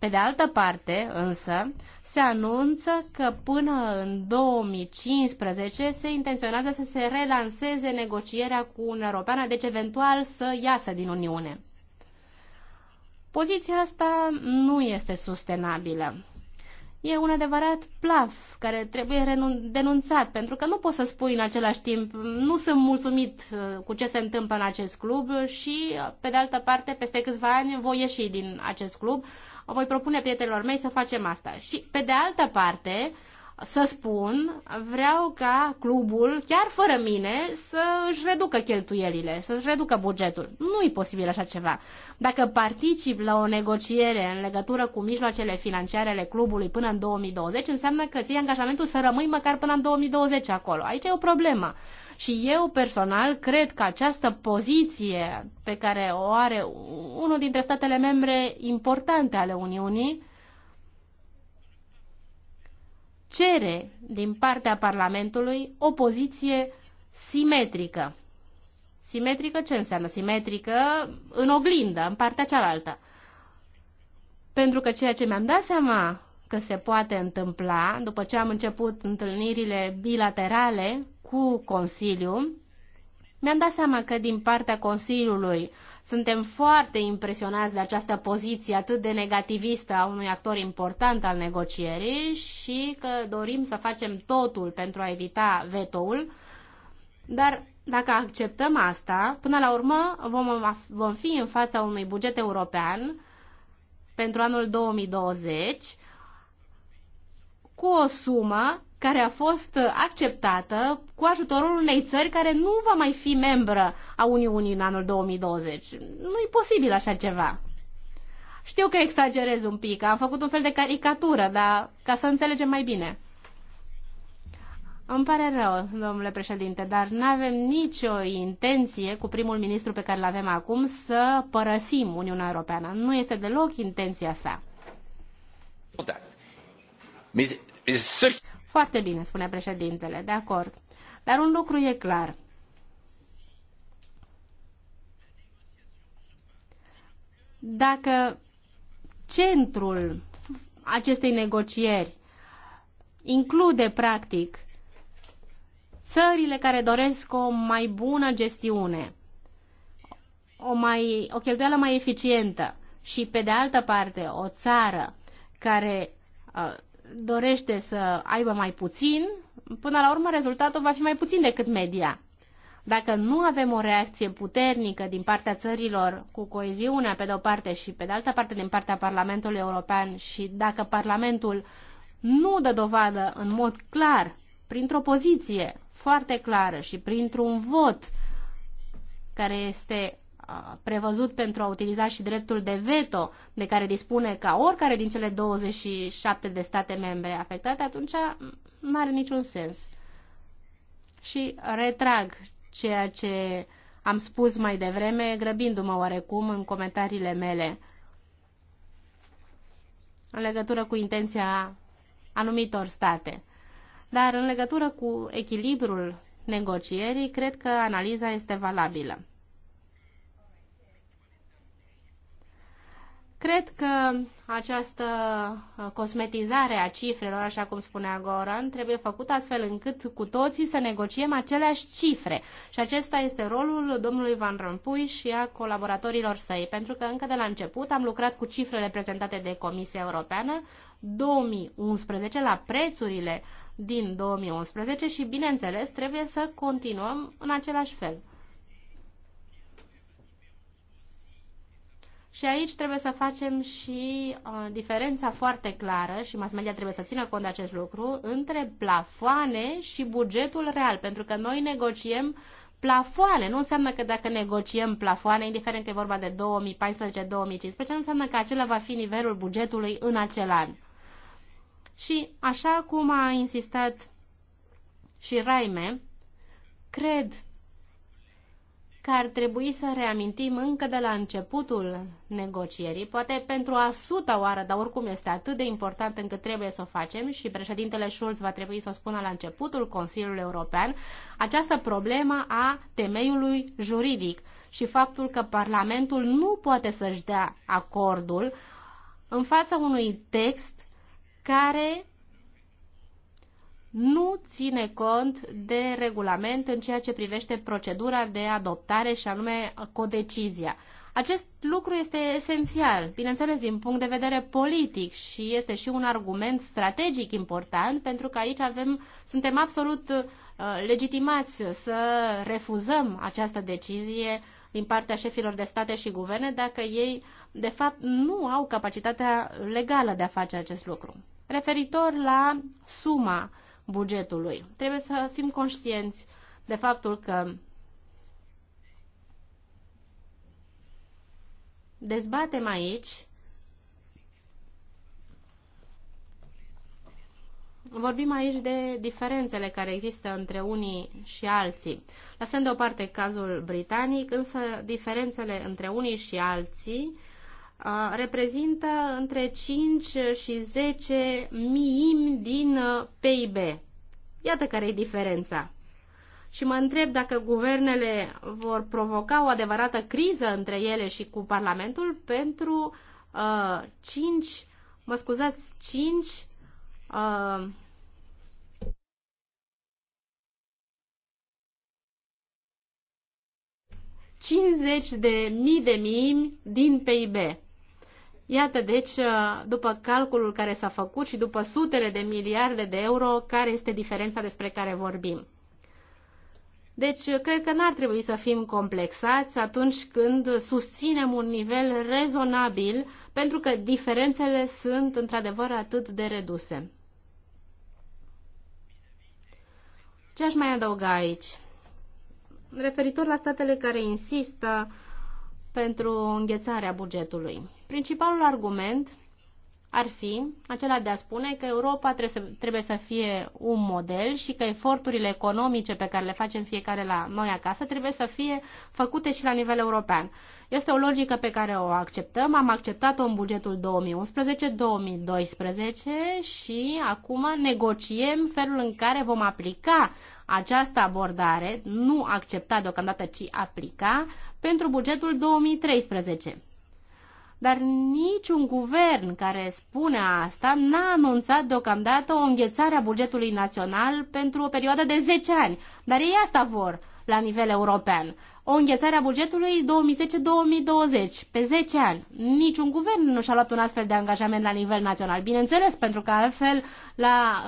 Pe de altă parte, însă, se anunță că până în 2015 se intenționează să se relanseze negocierea cu Uniunea Europeană, deci eventual să iasă din Uniune. Poziția asta nu este sustenabilă. E un adevărat plaf care trebuie denunțat, pentru că nu poți să spui în același timp nu sunt mulțumit uh, cu ce se întâmplă în acest club și, uh, pe de altă parte, peste câțiva ani voi ieși din acest club, o voi propune prietenilor mei să facem asta. Și pe de altă parte, să spun, vreau ca clubul, chiar fără mine, să își reducă cheltuielile, să își reducă bugetul. Nu e posibil așa ceva. Dacă particip la o negociere în legătură cu mijloacele financiare ale clubului până în 2020, înseamnă că ții angajamentul să rămâi măcar până în 2020 acolo. Aici e o problemă. Și eu personal cred că această poziție pe care o are unul dintre statele membre importante ale Uniunii cere din partea Parlamentului o poziție simetrică. Simetrică ce înseamnă? Simetrică în oglindă, în partea cealaltă. Pentru că ceea ce mi-am dat seama că se poate întâmpla, după ce am început întâlnirile bilaterale cu Consiliul, mi-am dat seama că din partea Consiliului suntem foarte impresionați de această poziție atât de negativistă a unui actor important al negocierii și că dorim să facem totul pentru a evita vetoul. Dar dacă acceptăm asta, până la urmă vom, vom fi în fața unui buget european pentru anul 2020 cu o sumă care a fost acceptată cu ajutorul unei țări care nu va mai fi membră a Uniunii în anul 2020. nu e posibil așa ceva. Știu că exagerez un pic, am făcut un fel de caricatură, dar ca să înțelegem mai bine. Îmi pare rău, domnule președinte, dar nu avem nicio intenție cu primul ministru pe care îl avem acum să părăsim Uniunea Europeană. Nu este deloc intenția sa. Foarte bine, spune președintele, de acord. Dar un lucru e clar. Dacă centrul acestei negocieri include, practic, țările care doresc o mai bună gestiune, o, mai, o cheltuială mai eficientă și, pe de altă parte, o țară care uh, dorește să aibă mai puțin, până la urmă rezultatul va fi mai puțin decât media. Dacă nu avem o reacție puternică din partea țărilor cu coeziunea pe de o parte și pe de altă parte din partea Parlamentului European și dacă Parlamentul nu dă dovadă în mod clar, printr-o poziție foarte clară și printr-un vot care este prevăzut pentru a utiliza și dreptul de veto de care dispune ca oricare din cele 27 de state membre afectate, atunci nu are niciun sens. Și retrag ceea ce am spus mai devreme, grăbindu-mă oarecum în comentariile mele în legătură cu intenția anumitor state. Dar în legătură cu echilibrul negocierii, cred că analiza este valabilă. Cred că această uh, cosmetizare a cifrelor, așa cum spunea Goran, trebuie făcută astfel încât cu toții să negociem aceleași cifre. Și acesta este rolul domnului Van Rompuy și a colaboratorilor săi, pentru că încă de la început am lucrat cu cifrele prezentate de Comisia Europeană 2011 la prețurile din 2011 și, bineînțeles, trebuie să continuăm în același fel. Și aici trebuie să facem și uh, diferența foarte clară, și mass media trebuie să țină cont de acest lucru, între plafoane și bugetul real, pentru că noi negociem plafoane. Nu înseamnă că dacă negociem plafoane, indiferent că e vorba de 2014-2015, nu înseamnă că acela va fi nivelul bugetului în acel an. Și așa cum a insistat și Raime, cred că ar trebui să reamintim încă de la începutul negocierii, poate pentru a suta oară, dar oricum este atât de important încât trebuie să o facem și președintele Schulz va trebui să o spună la începutul Consiliului European, această problemă a temeiului juridic și faptul că Parlamentul nu poate să-și dea acordul în fața unui text care nu ține cont de regulament în ceea ce privește procedura de adoptare și anume codecizia. Acest lucru este esențial, bineînțeles, din punct de vedere politic și este și un argument strategic important, pentru că aici avem, suntem absolut uh, legitimați să refuzăm această decizie din partea șefilor de state și guverne dacă ei, de fapt, nu au capacitatea legală de a face acest lucru. Referitor la suma bugetului. Trebuie să fim conștienți de faptul că dezbatem aici Vorbim aici de diferențele care există între unii și alții. Lăsând deoparte cazul britanic, însă diferențele între unii și alții reprezintă între 5 și 10 miimi din uh, PIB. Iată care e diferența. Și mă întreb dacă guvernele vor provoca o adevărată criză între ele și cu Parlamentul pentru uh, 5, mă scuzați, 5 uh, de mii de mii din PIB. Iată, deci, uh, după calculul care s-a făcut și după sutele de miliarde de euro, care este diferența despre care vorbim. Deci, uh, cred că n-ar trebui să fim complexați atunci când susținem un nivel rezonabil, pentru că diferențele sunt într-adevăr atât de reduse. Ce aș mai adăuga aici? Referitor la statele care insistă pentru înghețarea bugetului. Principalul argument ar fi acela de a spune că Europa trebuie să, trebuie să fie un model și că eforturile economice pe care le facem fiecare la noi acasă trebuie să fie făcute și la nivel european. Este o logică pe care o acceptăm. Am acceptat-o în bugetul 2011-2012 și acum negociem felul în care vom aplica această abordare, nu accepta deocamdată, ci aplica, pentru bugetul 2013. Dar niciun guvern care spune asta n-a anunțat deocamdată o înghețare a bugetului național pentru o perioadă de 10 ani. Dar ei asta vor la nivel european. O înghețare a bugetului 2010-2020, pe 10 ani. Niciun guvern nu și-a luat un astfel de angajament la nivel național. Bineînțeles, pentru că altfel la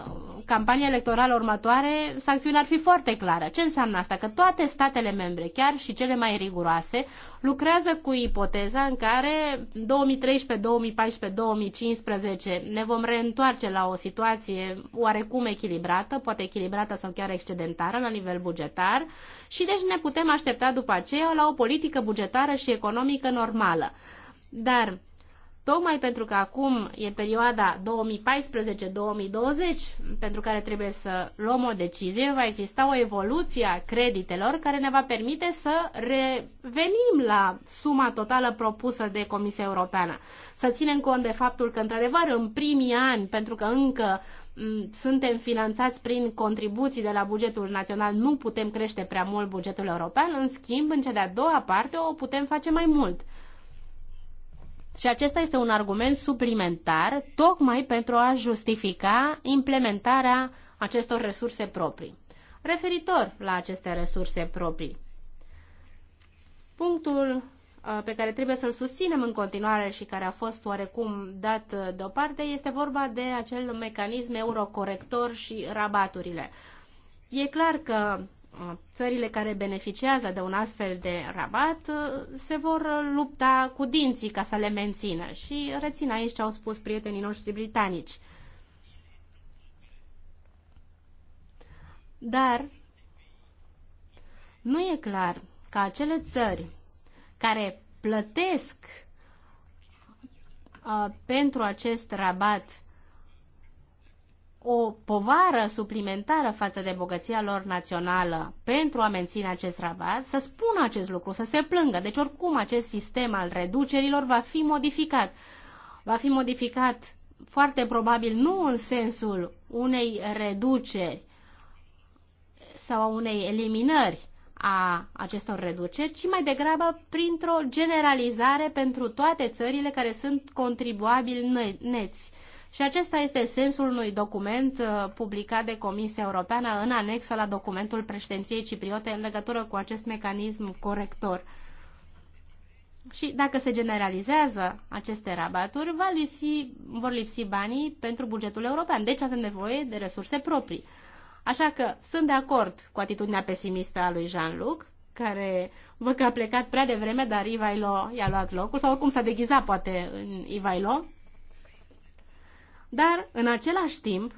campania electorală următoare sancțiunea ar fi foarte clară. Ce înseamnă asta? Că toate statele membre, chiar și cele mai riguroase, lucrează cu ipoteza în care 2013, 2014, 2015 ne vom reîntoarce la o situație oarecum echilibrată, poate echilibrată sau chiar excedentară la nivel bugetar și deci ne putem aștepta după aceea la o politică bugetară și economică normală. Dar Tocmai pentru că acum e perioada 2014-2020 pentru care trebuie să luăm o decizie, va exista o evoluție a creditelor care ne va permite să revenim la suma totală propusă de Comisia Europeană. Să ținem cont de faptul că, într-adevăr, în primii ani, pentru că încă mm, suntem finanțați prin contribuții de la bugetul național, nu putem crește prea mult bugetul european, în schimb, în cea de-a doua parte o putem face mai mult. Și acesta este un argument suplimentar tocmai pentru a justifica implementarea acestor resurse proprii. Referitor la aceste resurse proprii, punctul uh, pe care trebuie să-l susținem în continuare și care a fost oarecum dat uh, deoparte este vorba de acel mecanism eurocorector și rabaturile. E clar că țările care beneficiază de un astfel de rabat uh, se vor lupta cu dinții ca să le mențină. Și rețin aici ce au spus prietenii noștri britanici. Dar nu e clar că acele țări care plătesc uh, pentru acest rabat o povară suplimentară față de bogăția lor națională pentru a menține acest rabat, să spună acest lucru, să se plângă. Deci oricum acest sistem al reducerilor va fi modificat. Va fi modificat foarte probabil nu în sensul unei reduceri sau a unei eliminări a acestor reduceri, ci mai degrabă printr-o generalizare pentru toate țările care sunt contribuabili neți. Și acesta este sensul unui document uh, publicat de Comisia Europeană în anexă la documentul președinției cipriote în legătură cu acest mecanism corector. Și dacă se generalizează aceste rabaturi, va lipsi, vor lipsi banii pentru bugetul european. Deci avem nevoie de resurse proprii. Așa că sunt de acord cu atitudinea pesimistă a lui Jean-Luc, care văd că a plecat prea devreme, dar Ivailo i-a luat locul, sau oricum s-a deghizat poate în Ivailo. Dar, în același timp,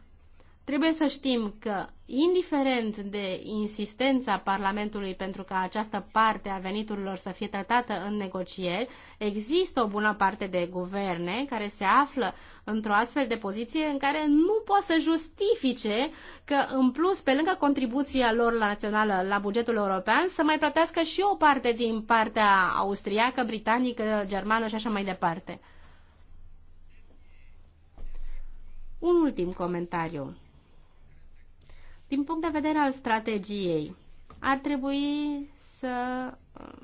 trebuie să știm că, indiferent de insistența Parlamentului pentru ca această parte a veniturilor să fie tratată în negocieri, există o bună parte de guverne care se află într-o astfel de poziție în care nu pot să justifice că, în plus, pe lângă contribuția lor la națională la bugetul european, să mai plătească și o parte din partea austriacă, britanică, germană și așa mai departe. Un ultim comentariu. Din punct de vedere al strategiei, ar trebui să uh,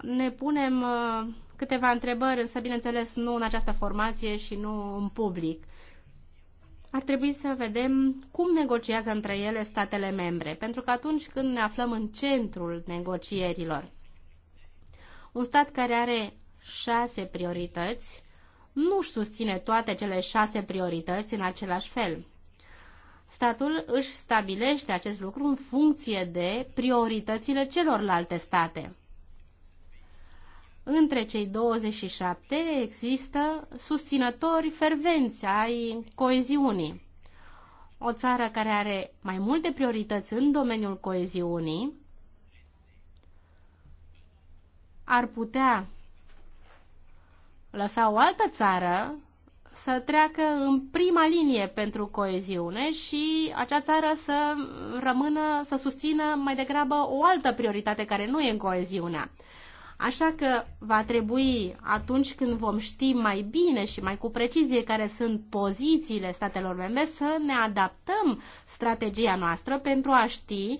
ne punem uh, câteva întrebări, însă, bineînțeles, nu în această formație și nu în public. Ar trebui să vedem cum negociază între ele statele membre, pentru că atunci când ne aflăm în centrul negocierilor, un stat care are șase priorități nu își susține toate cele șase priorități în același fel. Statul își stabilește acest lucru în funcție de prioritățile celorlalte state. Între cei 27 există susținători fervenți ai coeziunii. O țară care are mai multe priorități în domeniul coeziunii ar putea lăsa o altă țară să treacă în prima linie pentru coeziune și acea țară să rămână, să susțină mai degrabă o altă prioritate care nu e în coeziunea. Așa că va trebui, atunci când vom ști mai bine și mai cu precizie care sunt pozițiile statelor membre, să ne adaptăm strategia noastră pentru a ști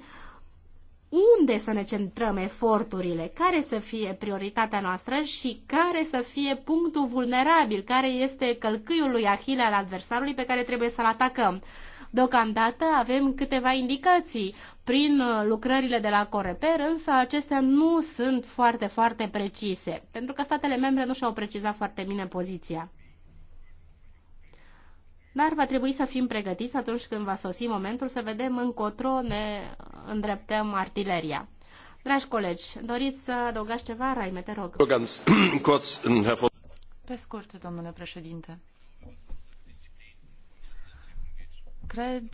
unde să ne centrăm eforturile, care să fie prioritatea noastră și care să fie punctul vulnerabil, care este călcâiul lui Ahile al adversarului pe care trebuie să-l atacăm. Deocamdată avem câteva indicații prin uh, lucrările de la Coreper, însă acestea nu sunt foarte, foarte precise, pentru că statele membre nu și-au precizat foarte bine poziția dar va trebui să fim pregătiți atunci când va sosi momentul să vedem încotro ne îndreptăm artileria. Dragi colegi, doriți să adăugați ceva, Raime, te rog. Hm, Pe scurt, domnule președinte. Cred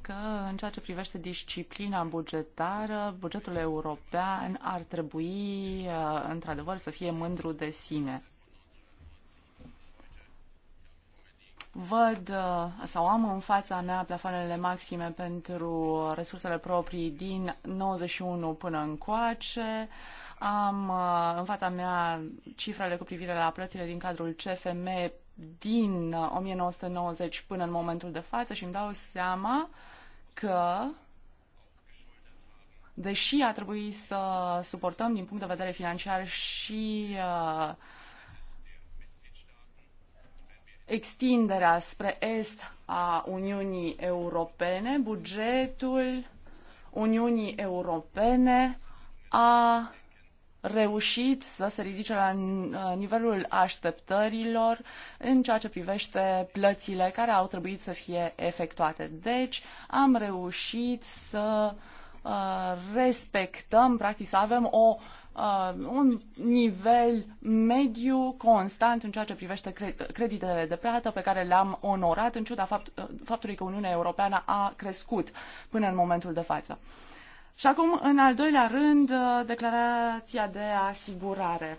că în ceea ce privește disciplina bugetară, bugetul european ar trebui uh, într-adevăr să fie mândru de sine. văd uh, sau am în fața mea plafoanele maxime pentru resursele proprii din 91 până încoace. Am uh, în fața mea cifrele cu privire la plățile din cadrul CFM din 1990 uh, până în momentul de față și îmi dau seama că deși a trebuit să suportăm din punct de vedere financiar și uh, extinderea spre est a Uniunii Europene, bugetul Uniunii Europene a reușit să se ridice la uh, nivelul așteptărilor în ceea ce privește plățile care au trebuit să fie efectuate. Deci am reușit să uh, respectăm, practic să avem o uh, Uh, un nivel mediu constant în ceea ce privește creditele de plată pe care le-am onorat în ciuda fapt, uh, faptului că Uniunea Europeană a crescut până în momentul de față. Și acum, în al doilea rând, uh, declarația de asigurare.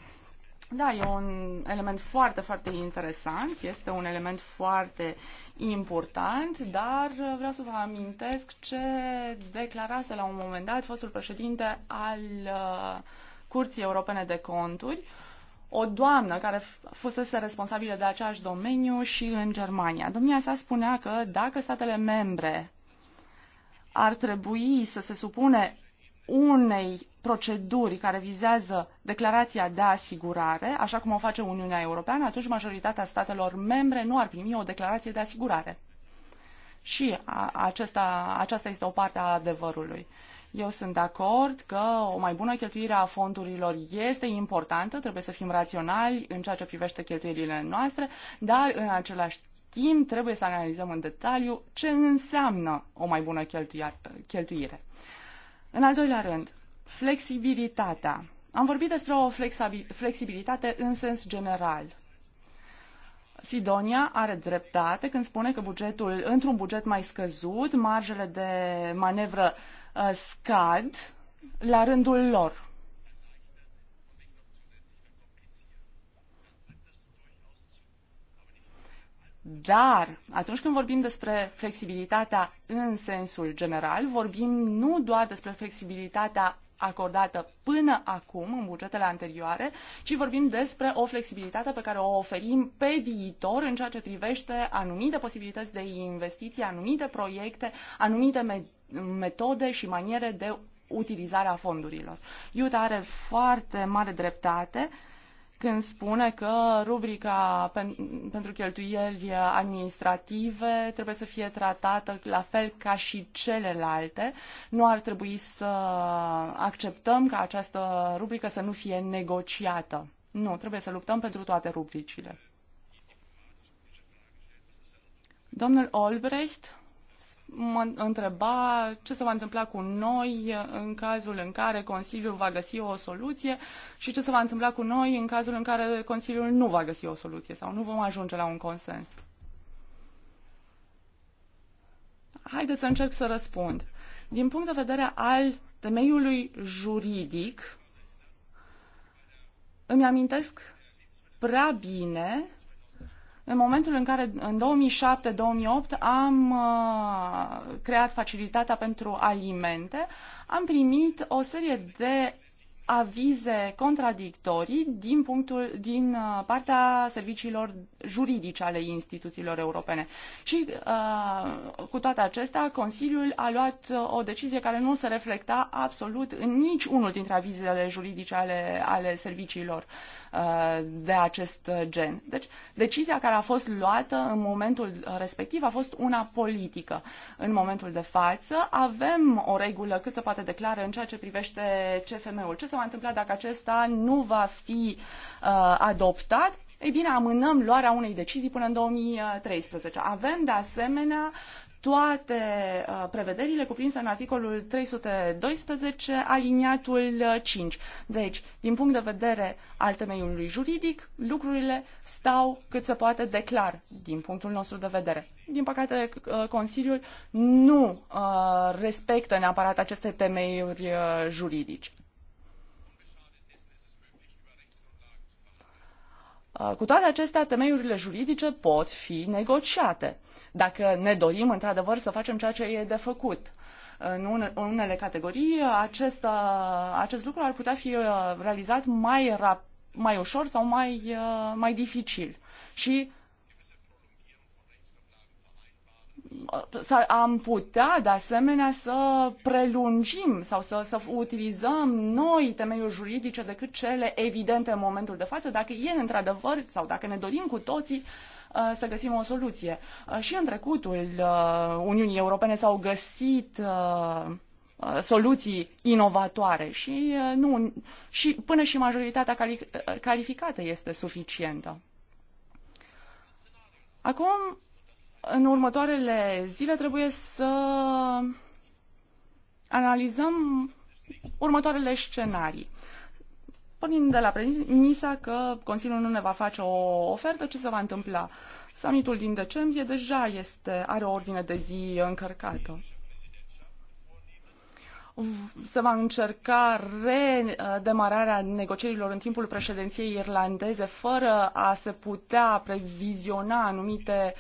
Da, e un element foarte, foarte interesant, este un element foarte important, dar vreau să vă amintesc ce declarase la un moment dat fostul președinte al uh, Curții Europene de Conturi o doamnă care fusese responsabilă de același domeniu și în Germania. Domnia sa spunea că dacă statele membre ar trebui să se supune unei proceduri care vizează declarația de asigurare, așa cum o face Uniunea Europeană, atunci majoritatea statelor membre nu ar primi o declarație de asigurare. Și a, acesta, aceasta este o parte a adevărului. Uh, eu sunt de acord că o mai bună cheltuire a fondurilor este importantă, trebuie să fim raționali în ceea ce privește cheltuielile noastre, dar în același timp trebuie să analizăm în detaliu ce înseamnă o mai bună cheltuire. În al doilea rând, flexibilitatea. Am vorbit despre o flexibilitate în sens general. Sidonia are dreptate când spune că bugetul, într-un buget mai scăzut, marjele de manevră uh, Uh, scad la rândul lor. Dar atunci când vorbim despre flexibilitatea în sensul general, vorbim nu doar despre flexibilitatea acordată până acum în bugetele anterioare, ci vorbim despre o flexibilitate pe care o oferim pe viitor în ceea ce privește anumite posibilități de investiții, anumite proiecte, anumite metode și maniere de utilizare a fondurilor. Iuta are foarte mare dreptate uh, când spune că rubrica pen, pentru cheltuieli administrative trebuie să fie tratată la fel ca și celelalte. Nu ar trebui să acceptăm ca această rubrică să nu fie negociată. Nu, trebuie să luptăm pentru toate rubricile. Domnul Olbrecht mă întreba ce se va întâmpla cu noi în cazul în care Consiliul va găsi o soluție și ce se va întâmpla cu noi în cazul în care Consiliul nu va găsi o soluție sau nu vom ajunge la un consens. Haideți să încerc să răspund. Din punct de vedere al temeiului juridic, îmi amintesc prea bine în momentul în care în 2007-2008 am uh, creat facilitatea pentru alimente, am primit o serie de avize contradictorii din, punctul, din uh, partea serviciilor juridice ale instituțiilor europene. Și uh, cu toate acestea, Consiliul a luat uh, o decizie care nu se reflecta absolut în nici unul dintre avizele juridice ale, ale serviciilor uh, de acest gen. Deci, decizia care a fost luată în momentul respectiv a fost una politică. În momentul de față avem o regulă cât se poate declară în ceea ce privește CFM-ul. Ce se va întâmpla dacă acesta nu va fi uh, adoptat? Ei bine, amânăm luarea unei decizii până în 2013. Avem, de asemenea, toate uh, prevederile cuprinse în articolul 312, aliniatul 5. Uh, deci, din punct de vedere al temeiului juridic, lucrurile stau cât se poate de clar din punctul nostru de vedere. Din păcate, uh, Consiliul nu respectă neapărat aceste temeiuri juridice. Uh, cu toate acestea, temeiurile juridice pot fi negociate, dacă ne dorim într-adevăr să facem ceea ce e de făcut. În unele categorii, acest, acest lucru ar putea fi uh, realizat mai, rap, mai ușor sau mai, uh, mai dificil. Și am putea, de asemenea, să prelungim sau să, să utilizăm noi temeiuri juridice decât cele evidente în momentul de față, dacă e într-adevăr sau dacă ne dorim cu toții uh, să găsim o soluție. Uh, și în trecutul uh, Uniunii Europene s-au găsit soluții inovatoare și, nu, și până și majoritatea calificată este suficientă. Acum în următoarele zile trebuie să analizăm următoarele scenarii. Pornind de la premisa că Consiliul nu ne va face o ofertă, ce se va întâmpla? Summitul din decembrie deja este, are o ordine de zi încărcată se va încerca redemararea negocierilor în timpul președinției irlandeze fără a se putea previziona anumite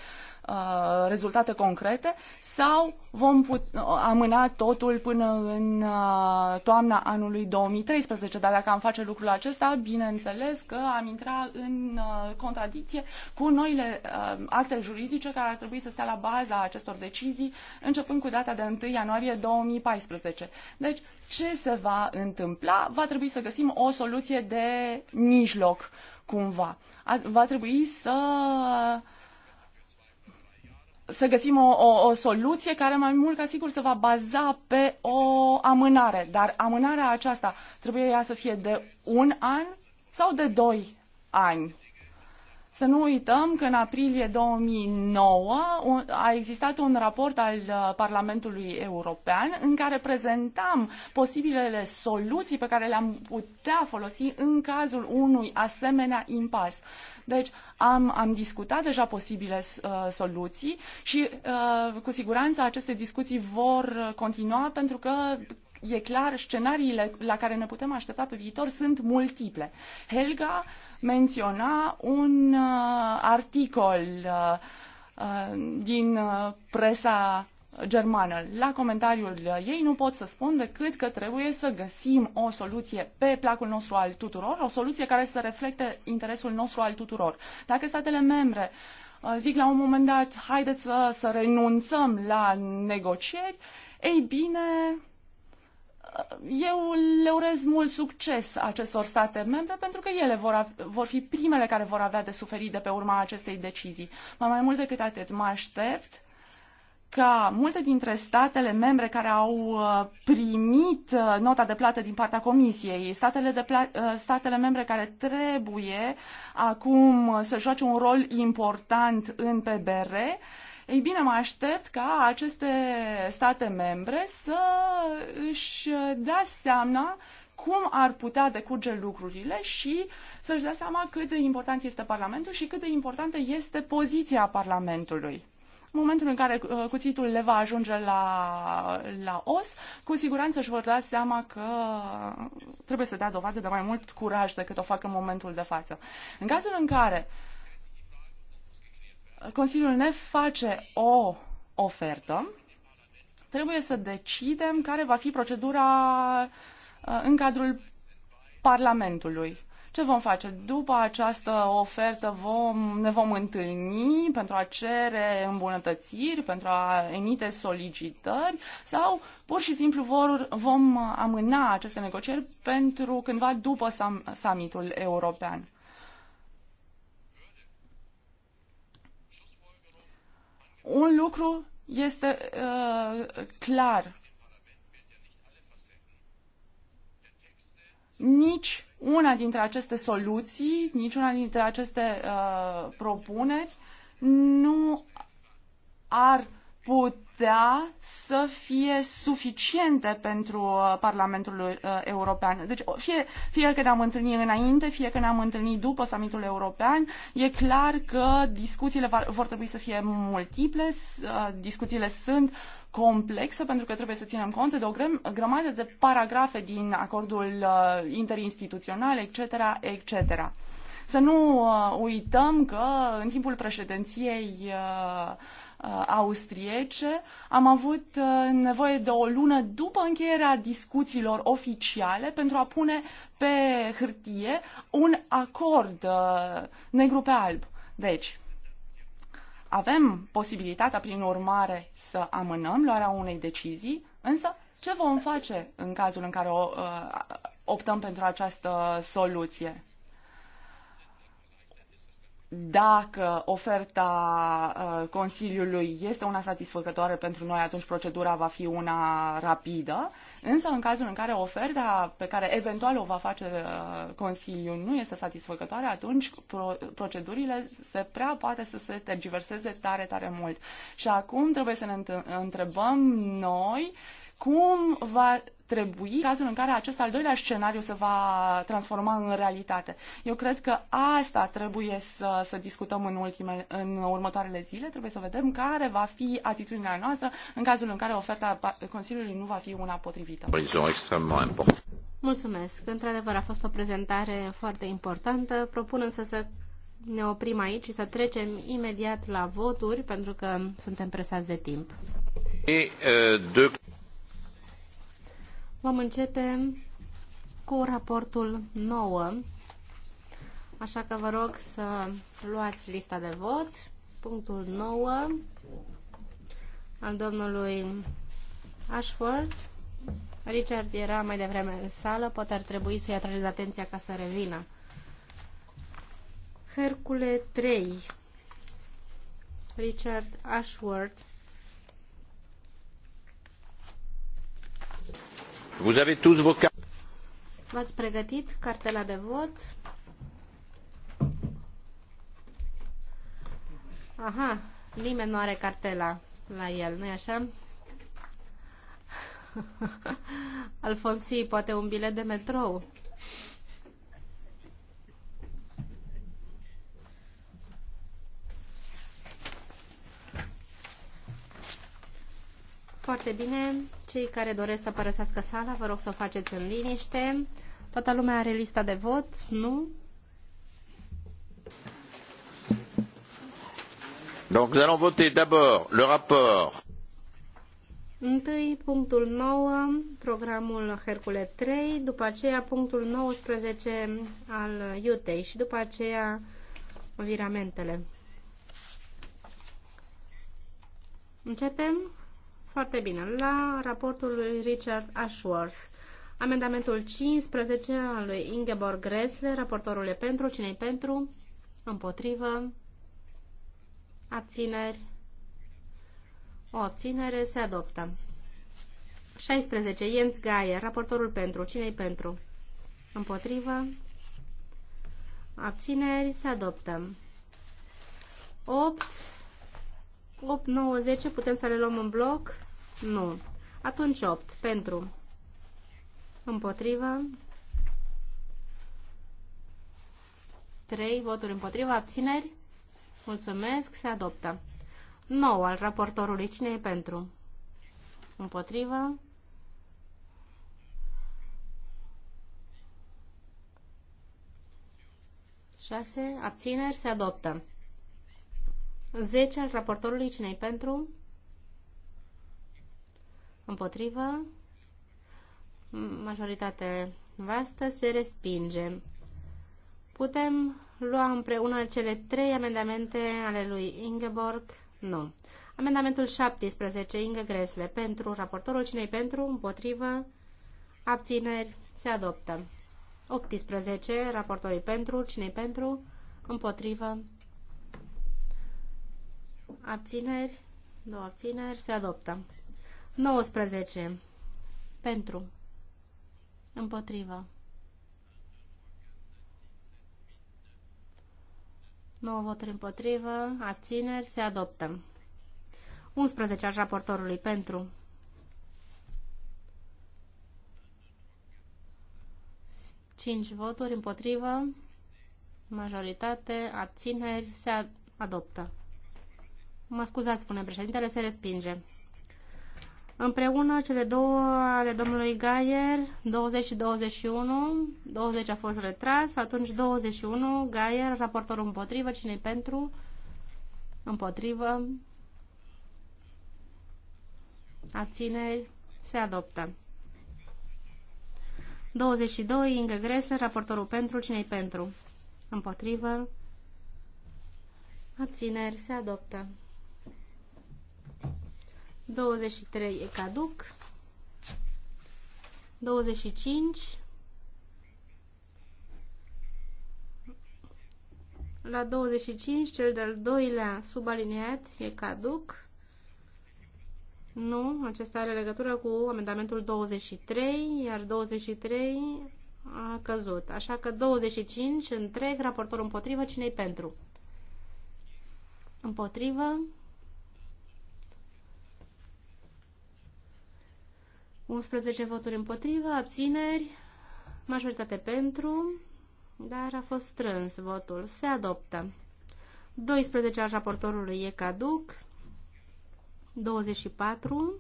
Uh, rezultate concrete sau vom put- uh, amâna totul până în uh, toamna anului 2013. Dar dacă am face lucrul acesta, bineînțeles că am intra în contradicție cu noile acte juridice care ar trebui să stea la baza acestor decizii, începând cu data de 1 ianuarie 2014. Deci, ce se va întâmpla? Va trebui să găsim o soluție de mijloc cumva. va trebui să să găsim o, o, o soluție care mai mult ca sigur se va baza pe o amânare. Dar amânarea aceasta trebuie ea să fie de un an sau de doi ani. Să nu uităm că în aprilie 2009 a existat un raport al uh, Parlamentului European în care prezentam posibilele soluții pe care le-am putea folosi în cazul unui asemenea impas. Deci am, am discutat deja posibile uh, soluții și uh, cu siguranță aceste discuții vor continua pentru că e clar, scenariile la care ne putem aștepta pe viitor sunt multiple. Helga menționa un uh, articol uh, uh din uh, presa germană. La comentariul uh, ei nu pot să spun decât că trebuie să găsim o soluție pe placul nostru al tuturor, o soluție care să reflecte interesul nostru al tuturor. Dacă statele membre zic la un moment dat, haideți să, să renunțăm la negocieri, ei bine, eu le urez mult succes acestor state membre pentru că ele vor, vor fi primele care vor avea de suferit de pe urma acestei decizii. Mai, mai mult decât atât, mă aștept ca multe dintre statele membre care au uh, primit uh, nota de plată din partea Comisiei, statele, de uh, statele membre care trebuie acum să joace un rol important în PBR, ei bine, mă aștept ca aceste state membre să își dea seama cum ar putea decurge lucrurile și să-și dea seama cât de important este Parlamentul și cât de importantă este poziția Parlamentului în momentul în care uh, cuțitul le va ajunge la, la os, cu siguranță își vor da seama că trebuie să dea dovadă de mai mult curaj decât o fac în momentul de față. În cazul în care uh, Consiliul ne face o ofertă, trebuie să decidem care va fi procedura uh, în cadrul Parlamentului. Ce vom face? După această ofertă vom, ne vom întâlni pentru a cere îmbunătățiri, pentru a emite solicitări sau pur și simplu vor, vom amâna aceste negocieri pentru cândva după summitul european. Un lucru este uh, clar. Nici una dintre aceste soluții, nici una dintre aceste uh, propuneri nu ar putea să fie suficiente pentru uh, Parlamentul uh, European. Deci fie, fie că ne-am întâlnit înainte, fie că ne-am întâlnit după summitul european, e clar că discuțiile vor trebui să fie multiple, uh, discuțiile sunt complexă pentru că trebuie să ținem cont de o grămadă de paragrafe din acordul interinstituțional, etc., etc. Să nu uităm că în timpul președinției uh, Uh, austriece, am avut uh, nevoie de o lună după încheierea discuțiilor oficiale pentru a pune pe hârtie un acord uh, negru pe alb. Deci, avem posibilitatea, prin urmare, să amânăm luarea unei decizii, însă ce vom face în cazul în care optăm pentru această soluție? dacă oferta uh, Consiliului este una satisfăcătoare pentru noi, atunci procedura va fi una rapidă, însă în cazul în care oferta pe care eventual o va face uh, Consiliul nu este satisfăcătoare, atunci procedurile se prea poate să se tergiverseze tare, tare mult. Și acum trebuie să ne întrebăm noi cum va trebui cazul în care acest al doilea scenariu se va transforma în realitate. Eu cred că asta trebuie să, să discutăm în, ultime, în următoarele zile. Trebuie să vedem care va fi atitudinea noastră în cazul în care oferta Consiliului nu va fi una potrivită. Mulțumesc. Într-adevăr, a fost o prezentare foarte importantă. Propun însă să ne oprim aici și să trecem imediat la voturi, pentru că suntem presați de timp. uh, de... Vom începe cu raportul 9, așa că vă rog să luați lista de vot. Punctul 9 al domnului Ashford. Richard era mai devreme în sală, poate ar trebui să-i atrageți atenția ca să revină. Hercule 3 Richard Ashworth Vous avez tous vos V-ați pregătit cartela de vot? Aha, nimeni nu are cartela la el, nu-i așa? Alfonsi, poate un bilet de metrou. Foarte bine. Cei care doresc să părăsească sala, vă rog să o faceți în liniște. Toată lumea are lista de vot, nu? Donc nous allons voter d'abord le rapport. Întâi punctul 9, programul Hercule 3, după aceea punctul 19 al Iutei și după aceea viramentele. Începem foarte bine. La raportul lui Richard Ashworth. Amendamentul 15 al lui Ingeborg Gresle, raportorul e pentru, cine pentru? Împotrivă. Abțineri. O abținere se adoptă. 16. Jens Gaier, raportorul pentru, cine pentru? Împotrivă. Abțineri se adoptă. 8 8, 9, 10 putem să le luăm în bloc? Nu. Atunci 8 pentru împotriva. 3 voturi împotriva, abțineri mulțumesc, se adoptă 9 al raportorului, cine e pentru? împotriva. șase, abțineri, se adoptă 10 al raportorului cinei pentru, împotrivă, majoritate vastă, se respinge. Putem lua împreună cele trei amendamente ale lui Ingeborg? Nu. Amendamentul 17, Inge Gresle, pentru raportorul cinei pentru, împotrivă, abțineri, se adoptă. 18, raportorii pentru, cinei pentru, împotrivă, Abțineri. Două abțineri. Se adoptă. 19. Pentru. Împotrivă. 9 voturi împotrivă. Abțineri. Se adoptă. 11 al raportorului. Pentru. Cinci voturi împotrivă, majoritate, abțineri, se adoptă. Mă scuzați, spune președintele, se respinge. Împreună cele două ale domnului Gaier, 20 și 21, 20 a fost retras, atunci 21, Gaier, raportorul împotrivă, cine pentru? Împotrivă. Abțineri. Se adoptă. 22, Inge Gresler, raportorul pentru, cine pentru? Împotrivă. Abțineri. Se adoptă. 23 e caduc. 25 La 25, cel de-al doilea subaliniat e caduc. Nu, acesta are legătură cu amendamentul 23, iar 23 a căzut. Așa că 25 întreg, raportor împotrivă, cine pentru? Împotrivă, 11 voturi împotrivă, abțineri, majoritate pentru, dar a fost strâns votul. Se adoptă. 12 al raportorului e caduc. 24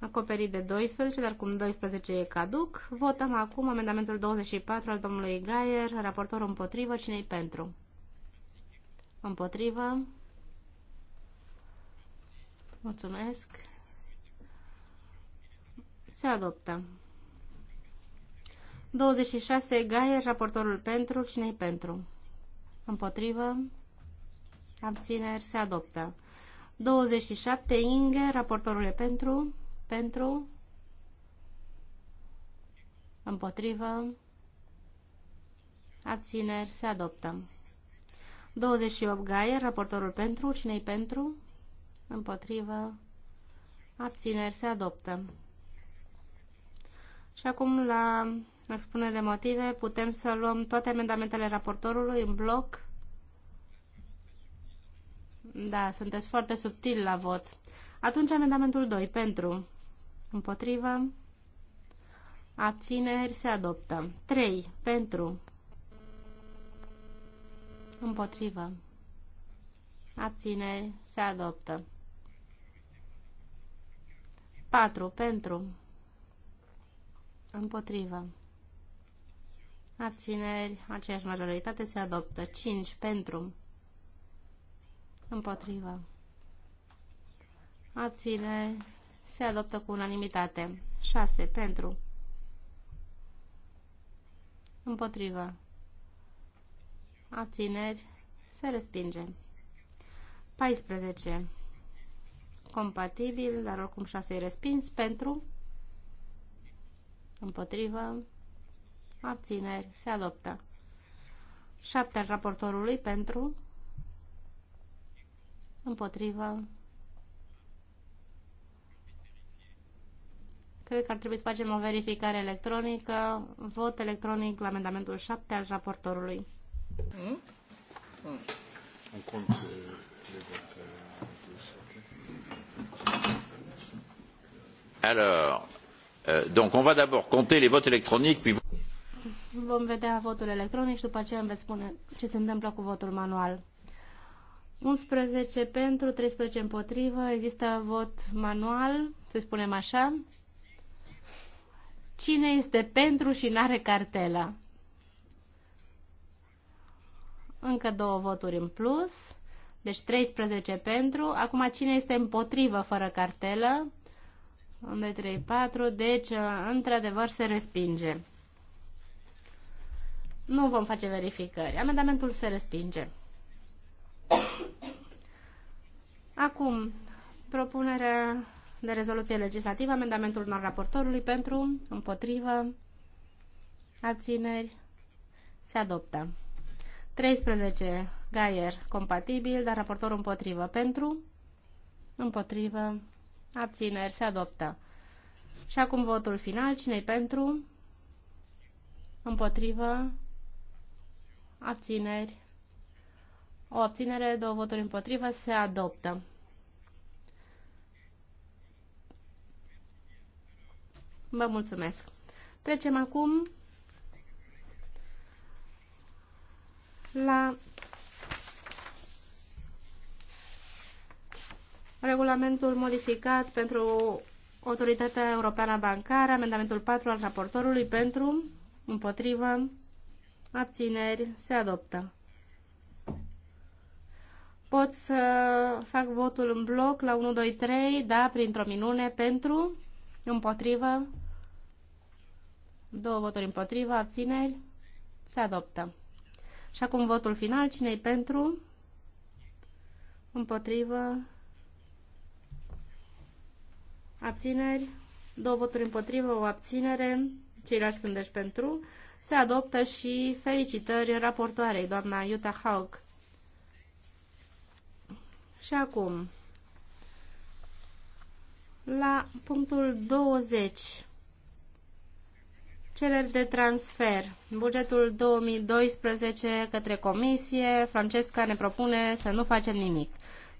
acoperit de 12, dar cum 12 e caduc, votăm acum amendamentul 24 al domnului Gaier, raportorul împotrivă, cine pentru? Împotrivă. Mulțumesc. Se adoptă. 26. Gaia raportorul pentru. cine pentru? Împotrivă. Abțineri. Se adoptă. 27. Inge, raportorul e pentru. Pentru. Împotrivă. Abțineri. Se adoptă. 28. Gaia raportorul pentru. cine pentru? Împotrivă. Abțineri. Se adoptă. Și acum, la expunere de motive, putem să luăm toate amendamentele raportorului în bloc. Da, sunteți foarte subtil la vot. Atunci amendamentul 2, pentru, împotrivă, abțineri, se adoptă. 3, pentru, împotrivă, abțineri, se adoptă. 4, pentru, Împotrivă. Abțineri. Aceeași majoritate se adoptă. 5 pentru. Împotrivă. Abține. Se adoptă cu unanimitate. 6 pentru. Împotrivă. Abțineri. Se respinge. 14. Compatibil, dar oricum 6 e respins. Pentru. Împotrivă. Abțineri. Se adoptă. 7 al raportorului pentru. Împotrivă. Cred că ar trebui să facem o verificare electronică. Vot electronic la amendamentul 7 al raportorului. Mm? Mm. Alors, Euh, donc on va d'abord compter les votes électroniques puis Vom vedea votul electronic și după aceea îmi veți spune ce se întâmplă cu votul manual. 11 pentru, 13 împotrivă, există vot manual, să spunem așa. Cine este pentru și n-are cartela? Încă două voturi în plus, deci 13 pentru. Acum cine este împotrivă fără cartelă? 1, 2, 3, 4, deci uh, într-adevăr se respinge. Nu vom face verificări. Amendamentul se respinge. Acum, propunerea de rezoluție legislativă, amendamentul non raportorului pentru, împotrivă, abțineri, se adoptă. 13, Gaier, compatibil, dar raportorul împotrivă, pentru, împotrivă, Abțineri. Se adoptă. Și acum votul final. cine pentru? Împotrivă. Abțineri. O abținere, două voturi împotrivă, se adoptă. Vă mulțumesc. Trecem acum la regulamentul modificat pentru Autoritatea Europeană Bancară, amendamentul 4 al raportorului pentru, împotrivă, abțineri, se adoptă. Pot să fac votul în bloc la 1, 2, 3, da, printr-o minune, pentru, împotrivă, două voturi împotrivă, abțineri, se adoptă. Și acum votul final, cine-i pentru, împotrivă, abțineri, două voturi împotrivă, o abținere, ceilalți sunt deci pentru, se adoptă și felicitări raportoarei, doamna Iuta Haug. Și acum, la punctul 20, cereri de transfer. Bugetul 2012 către comisie, Francesca ne propune să nu facem nimic.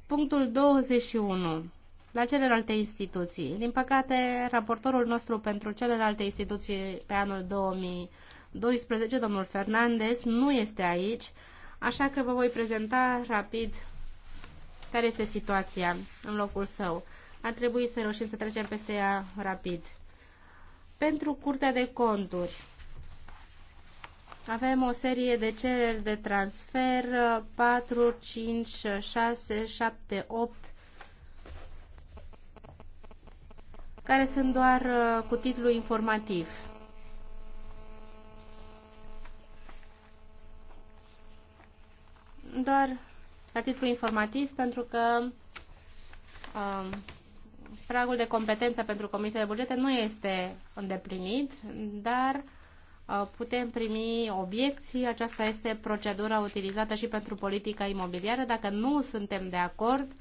Punctul 21 la celelalte instituții. Din păcate, raportorul nostru pentru celelalte instituții pe anul 2012, domnul Fernandez, nu este aici, așa că vă voi prezenta rapid care este situația în locul său. Ar trebui să reușim să trecem peste ea rapid. Pentru Curtea de Conturi, avem o serie de cereri de transfer 4, 5, 6, 7, 8, care sunt doar uh, cu titlu informativ. Doar la titlu informativ pentru că um, pragul de competență pentru Comisia de Bugete nu este îndeplinit, dar uh, putem primi obiecții. Aceasta este procedura utilizată și pentru politica imobiliară. Dacă nu suntem de acord,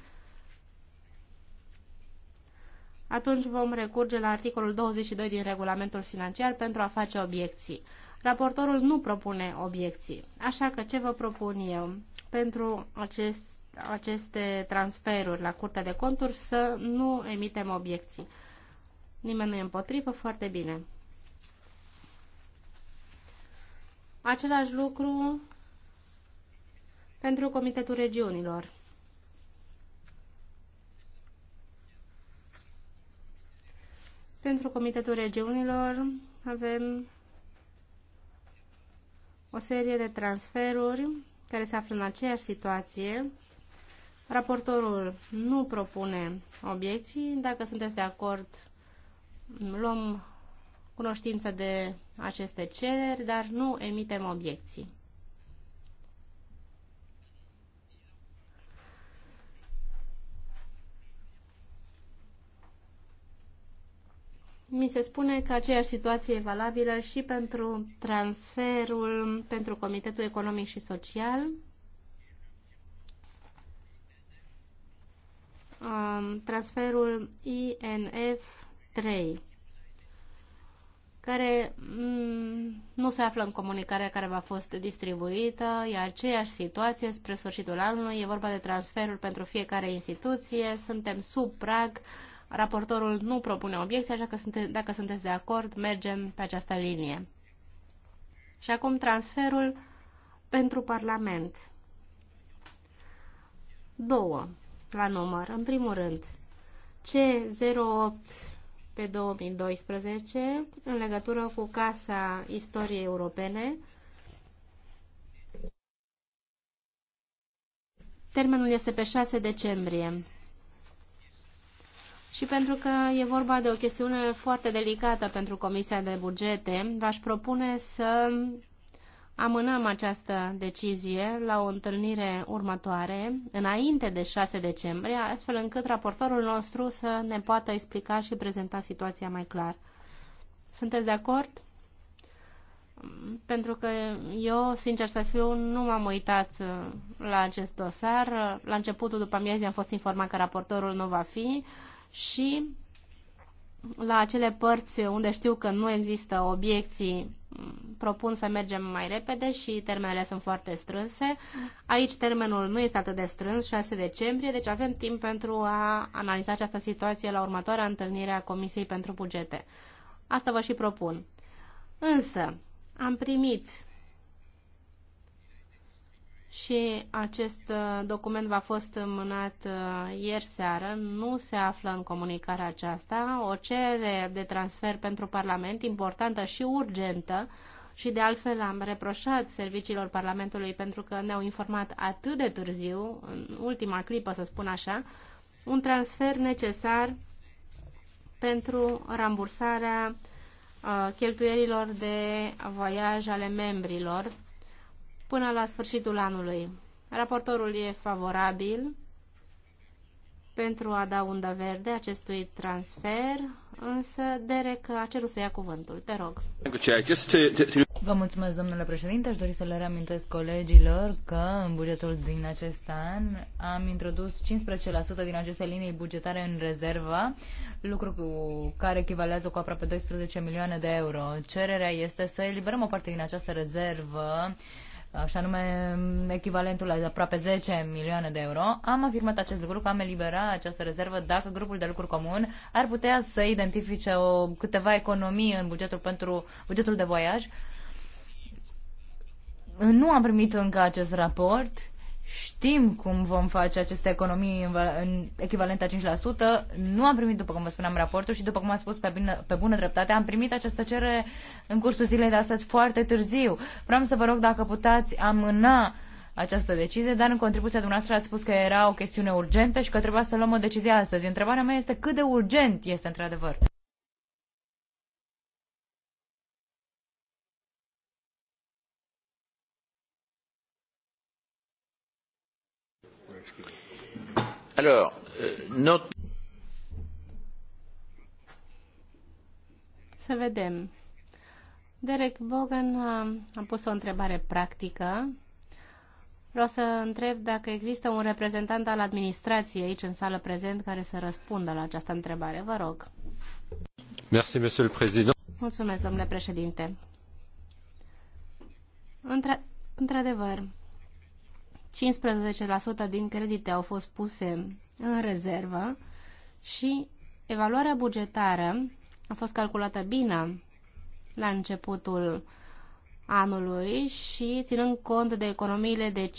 atunci vom recurge la articolul 22 din regulamentul financiar pentru a face obiecții. Raportorul nu propune obiecții, așa că ce vă propun eu pentru acest, aceste transferuri la Curtea de Conturi să nu emitem obiecții. Nimeni nu e împotrivă, foarte bine. Același lucru pentru Comitetul Regiunilor. Pentru Comitetul Regiunilor avem o serie de transferuri care se află în aceeași situație. Raportorul nu propune obiecții. Dacă sunteți de acord, luăm cunoștință de aceste cereri, dar nu emitem obiecții. mi se spune că aceeași situație e valabilă și pentru transferul pentru Comitetul Economic și Social, transferul INF 3, care mm, nu se află în comunicarea care v-a fost distribuită, e aceeași situație spre sfârșitul anului, e vorba de transferul pentru fiecare instituție, suntem sub prag, uh, Raportorul nu propune obiecții, așa că sunte, dacă sunteți de acord, mergem pe această linie. Și acum transferul pentru Parlament. Două la număr. În primul rând, C08 pe 2012 în legătură cu Casa Istoriei Europene. Termenul este pe 6 decembrie și pentru că e vorba de o chestiune foarte delicată pentru Comisia de Bugete, v-aș propune să amânăm această decizie la o întâlnire următoare, înainte de 6 decembrie, astfel încât raportorul nostru să ne poată explica și prezenta situația mai clar. Sunteți de acord? Pentru că eu, sincer să fiu, nu m-am uitat uh, la acest dosar. La începutul după amiezii am fost informat că raportorul nu va fi. Uh, și la acele părți unde știu că nu există obiecții, propun să mergem mai repede și termenele sunt foarte strânse. Aici termenul nu este atât de strâns, 6 decembrie, deci avem timp pentru a analiza această situație la următoarea întâlnire a Comisiei pentru Bugete. Asta vă și propun. Însă, am primit și acest uh, document va fost mânat uh, ieri seară, nu se află în comunicarea aceasta, o cerere de transfer pentru Parlament importantă și urgentă și de altfel am reproșat serviciilor Parlamentului pentru că ne-au informat atât de târziu, în ultima clipă să spun așa, un transfer necesar pentru rambursarea uh, cheltuierilor de voiaj ale membrilor până la sfârșitul anului. Raportorul e favorabil pentru a da undă verde acestui transfer, însă Derek a cerut să ia cuvântul. Te rog. Vă mulțumesc, domnule președinte. Aș dori să le reamintesc colegilor că în bugetul din acest an am introdus 15% din aceste linii bugetare în rezervă, lucru cu care echivalează cu aproape 12 milioane de euro. Cererea este să eliberăm o parte din această rezervă și anume mm, echivalentul la aproape 10 milioane de euro, am afirmat acest lucru că am eliberat această rezervă dacă grupul de lucruri comun ar putea să identifice o, câteva economii în bugetul pentru bugetul de voiaj. Nu am primit încă acest raport Știm cum vom face aceste economii în, în echivalent a 5%. Nu am primit, după cum vă spuneam, raportul și, după cum am spus pe, bine, pe bună dreptate, am primit această cerere în cursul zilei de astăzi foarte târziu. Vreau să vă rog dacă puteți amâna această decizie, dar în contribuția dumneavoastră ați spus că era o chestiune urgentă și că trebuia să luăm o decizie astăzi. Întrebarea mea este cât de urgent este într-adevăr. Alors, euh, not... Să vedem. Derek Bogan a, a pus o întrebare practică. Vreau să întreb dacă există un reprezentant al administrației aici în sală prezent care să răspundă la această întrebare. Vă rog. Merci, monsieur le président. Mulțumesc, domnule președinte. Într-adevăr, într adevăr 15% din credite au fost puse în rezervă și evaluarea bugetară a fost calculată bine la începutul anului și ținând cont de economiile de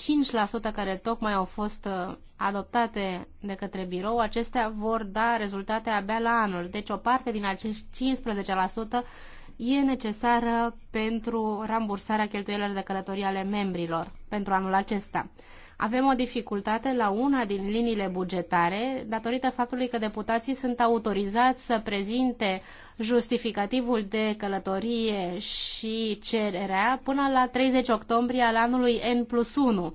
5% care tocmai au fost uh, adoptate de către birou, acestea vor da rezultate abia la anul. Deci o parte din acești 15% e necesară pentru rambursarea cheltuielor de călătorie ale membrilor pentru anul acesta. Avem o dificultate la una din liniile bugetare datorită faptului că deputații sunt autorizați să prezinte justificativul de călătorie și cererea până la 30 octombrie al anului N plus 1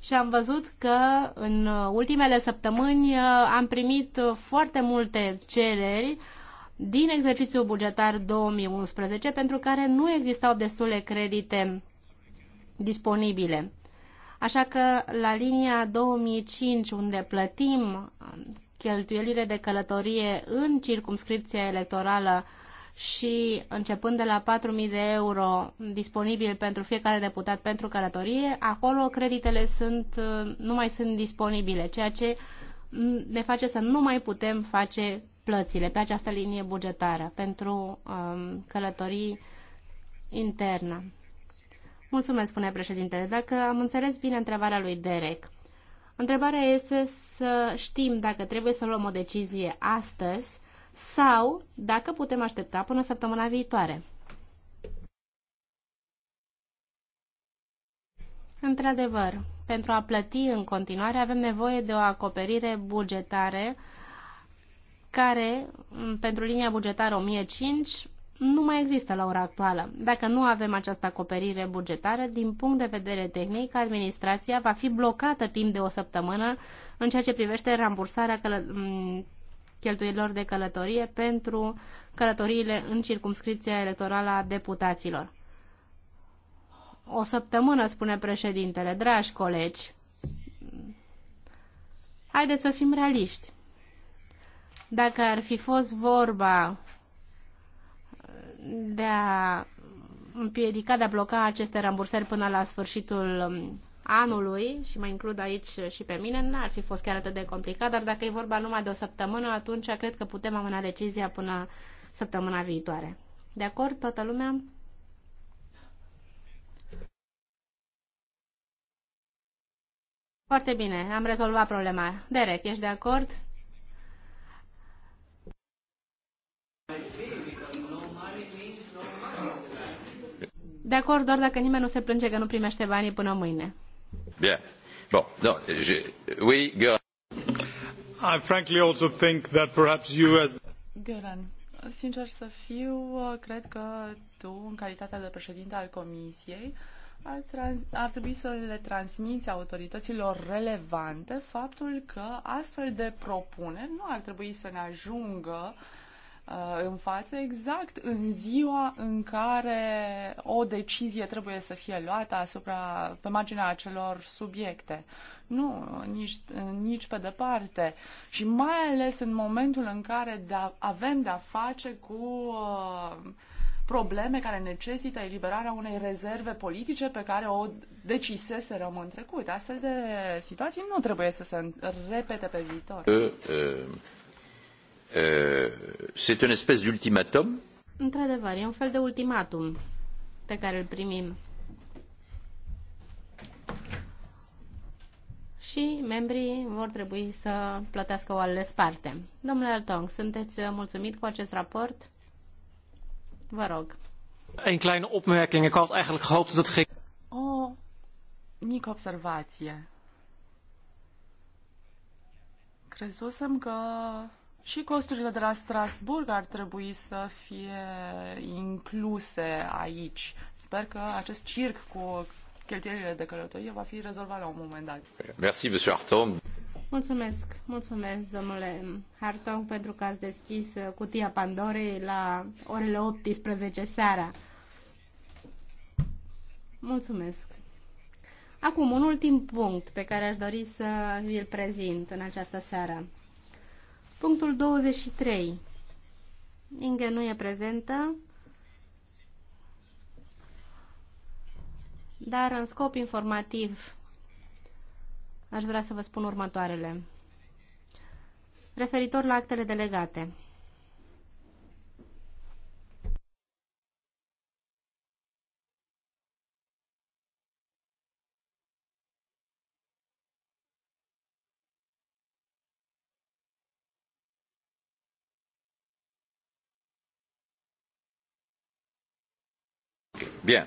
și am văzut că în ultimele săptămâni am primit foarte multe cereri din exercițiul bugetar 2011, pentru care nu existau destule credite disponibile. Așa că la linia 2005, unde plătim cheltuielile de călătorie în circumscripția electorală și începând de la 4.000 de euro disponibil pentru fiecare deputat pentru călătorie, acolo creditele sunt, nu mai sunt disponibile, ceea ce ne face să nu mai putem face plățile pe această linie bugetară pentru um, călătorii internă. Mulțumesc, spune președintele. Dacă am înțeles bine întrebarea lui Derek, întrebarea este să știm dacă trebuie să luăm o decizie astăzi sau dacă putem aștepta până săptămâna viitoare. Într-adevăr, pentru a plăti în continuare avem nevoie de o acoperire bugetare care mm, pentru linia bugetară 1005 nu mai există la ora actuală. Dacă nu avem această acoperire bugetară, din punct de vedere tehnic, administrația va fi blocată timp de o săptămână în ceea ce privește rambursarea căl- mm, cheltuielor de călătorie pentru călătoriile în circumscripția electorală a deputaților. O săptămână, spune președintele, dragi colegi. Haideți să fim realiști. Dacă ar fi fost vorba de a împiedica, de a bloca aceste rambursări până la sfârșitul um, anului, și mă includ aici și pe mine, n-ar fi fost chiar atât de complicat, dar dacă e vorba numai de o săptămână, atunci cred că putem amâna decizia până săptămâna viitoare. De acord, toată lumea? Foarte bine, am rezolvat problema. Derek, ești de acord? De acord doar dacă nimeni nu se plânge că nu primește banii până mâine. Bine. Bun. nu, je... Oui, Göran. I frankly also think that perhaps you as... Göran, sincer să fiu, cred că tu, în calitatea de președinte al Comisiei, ar, trans- ar trebui să le transmiți autorităților relevante faptul că astfel de propuneri nu ar trebui să ne ajungă uh, Uh, în față exact în ziua în care o decizie trebuie să fie luată asupra, pe marginea acelor subiecte. Nu, nici, nici pe departe. Și mai ales în momentul în care de avem de-a face cu uh, probleme care necesită eliberarea unei rezerve politice pe care o deciseserăm în trecut. Astfel de situații nu trebuie să se repete pe viitor. Uh, uh. Euh, c'est une espèce d'ultimatum. Într-adevăr, e un fel de ultimatum pe care îl primim. Și membrii vor trebui să plătească ales sparte. Domnule Altong, sunteți mulțumit cu acest raport? Vă rog. Een kleine opmerking. Ik had eigenlijk gehoopt dat ging. O mică observație. Crezusem că și costurile de la Strasburg ar trebui să fie incluse aici. Sper că acest circ cu cheltuielile de călătorie va fi rezolvat la un moment dat. Merci, monsieur Harton. Mulțumesc, mulțumesc, domnule Hartong, pentru că ați deschis uh, cutia Pandorei la orele 18 seara. Mulțumesc. Acum, un ultim punct pe care aș dori să vi-l prezint în această seară. Punctul 23. Inge nu e prezentă, dar în scop informativ aș vrea să vă spun următoarele. Referitor la actele delegate. Bien.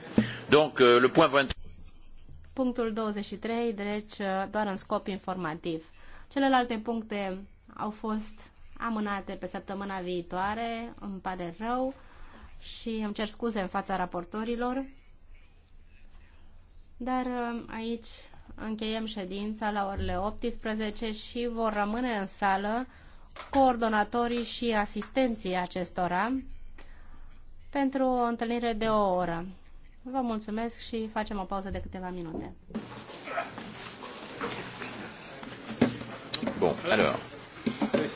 Donc, euh, le point 23... Punctul 23, deci uh, doar în scop informativ. Celelalte puncte au fost amânate pe săptămâna viitoare, îmi pare rău și îmi cer scuze în fața raportorilor. Dar uh, aici încheiem ședința la orele 18 și vor rămâne în sală coordonatorii și asistenții acestora pentru o întâlnire de o oră. Vă mulțumesc și facem o pauză de câteva minute. Bun, alors.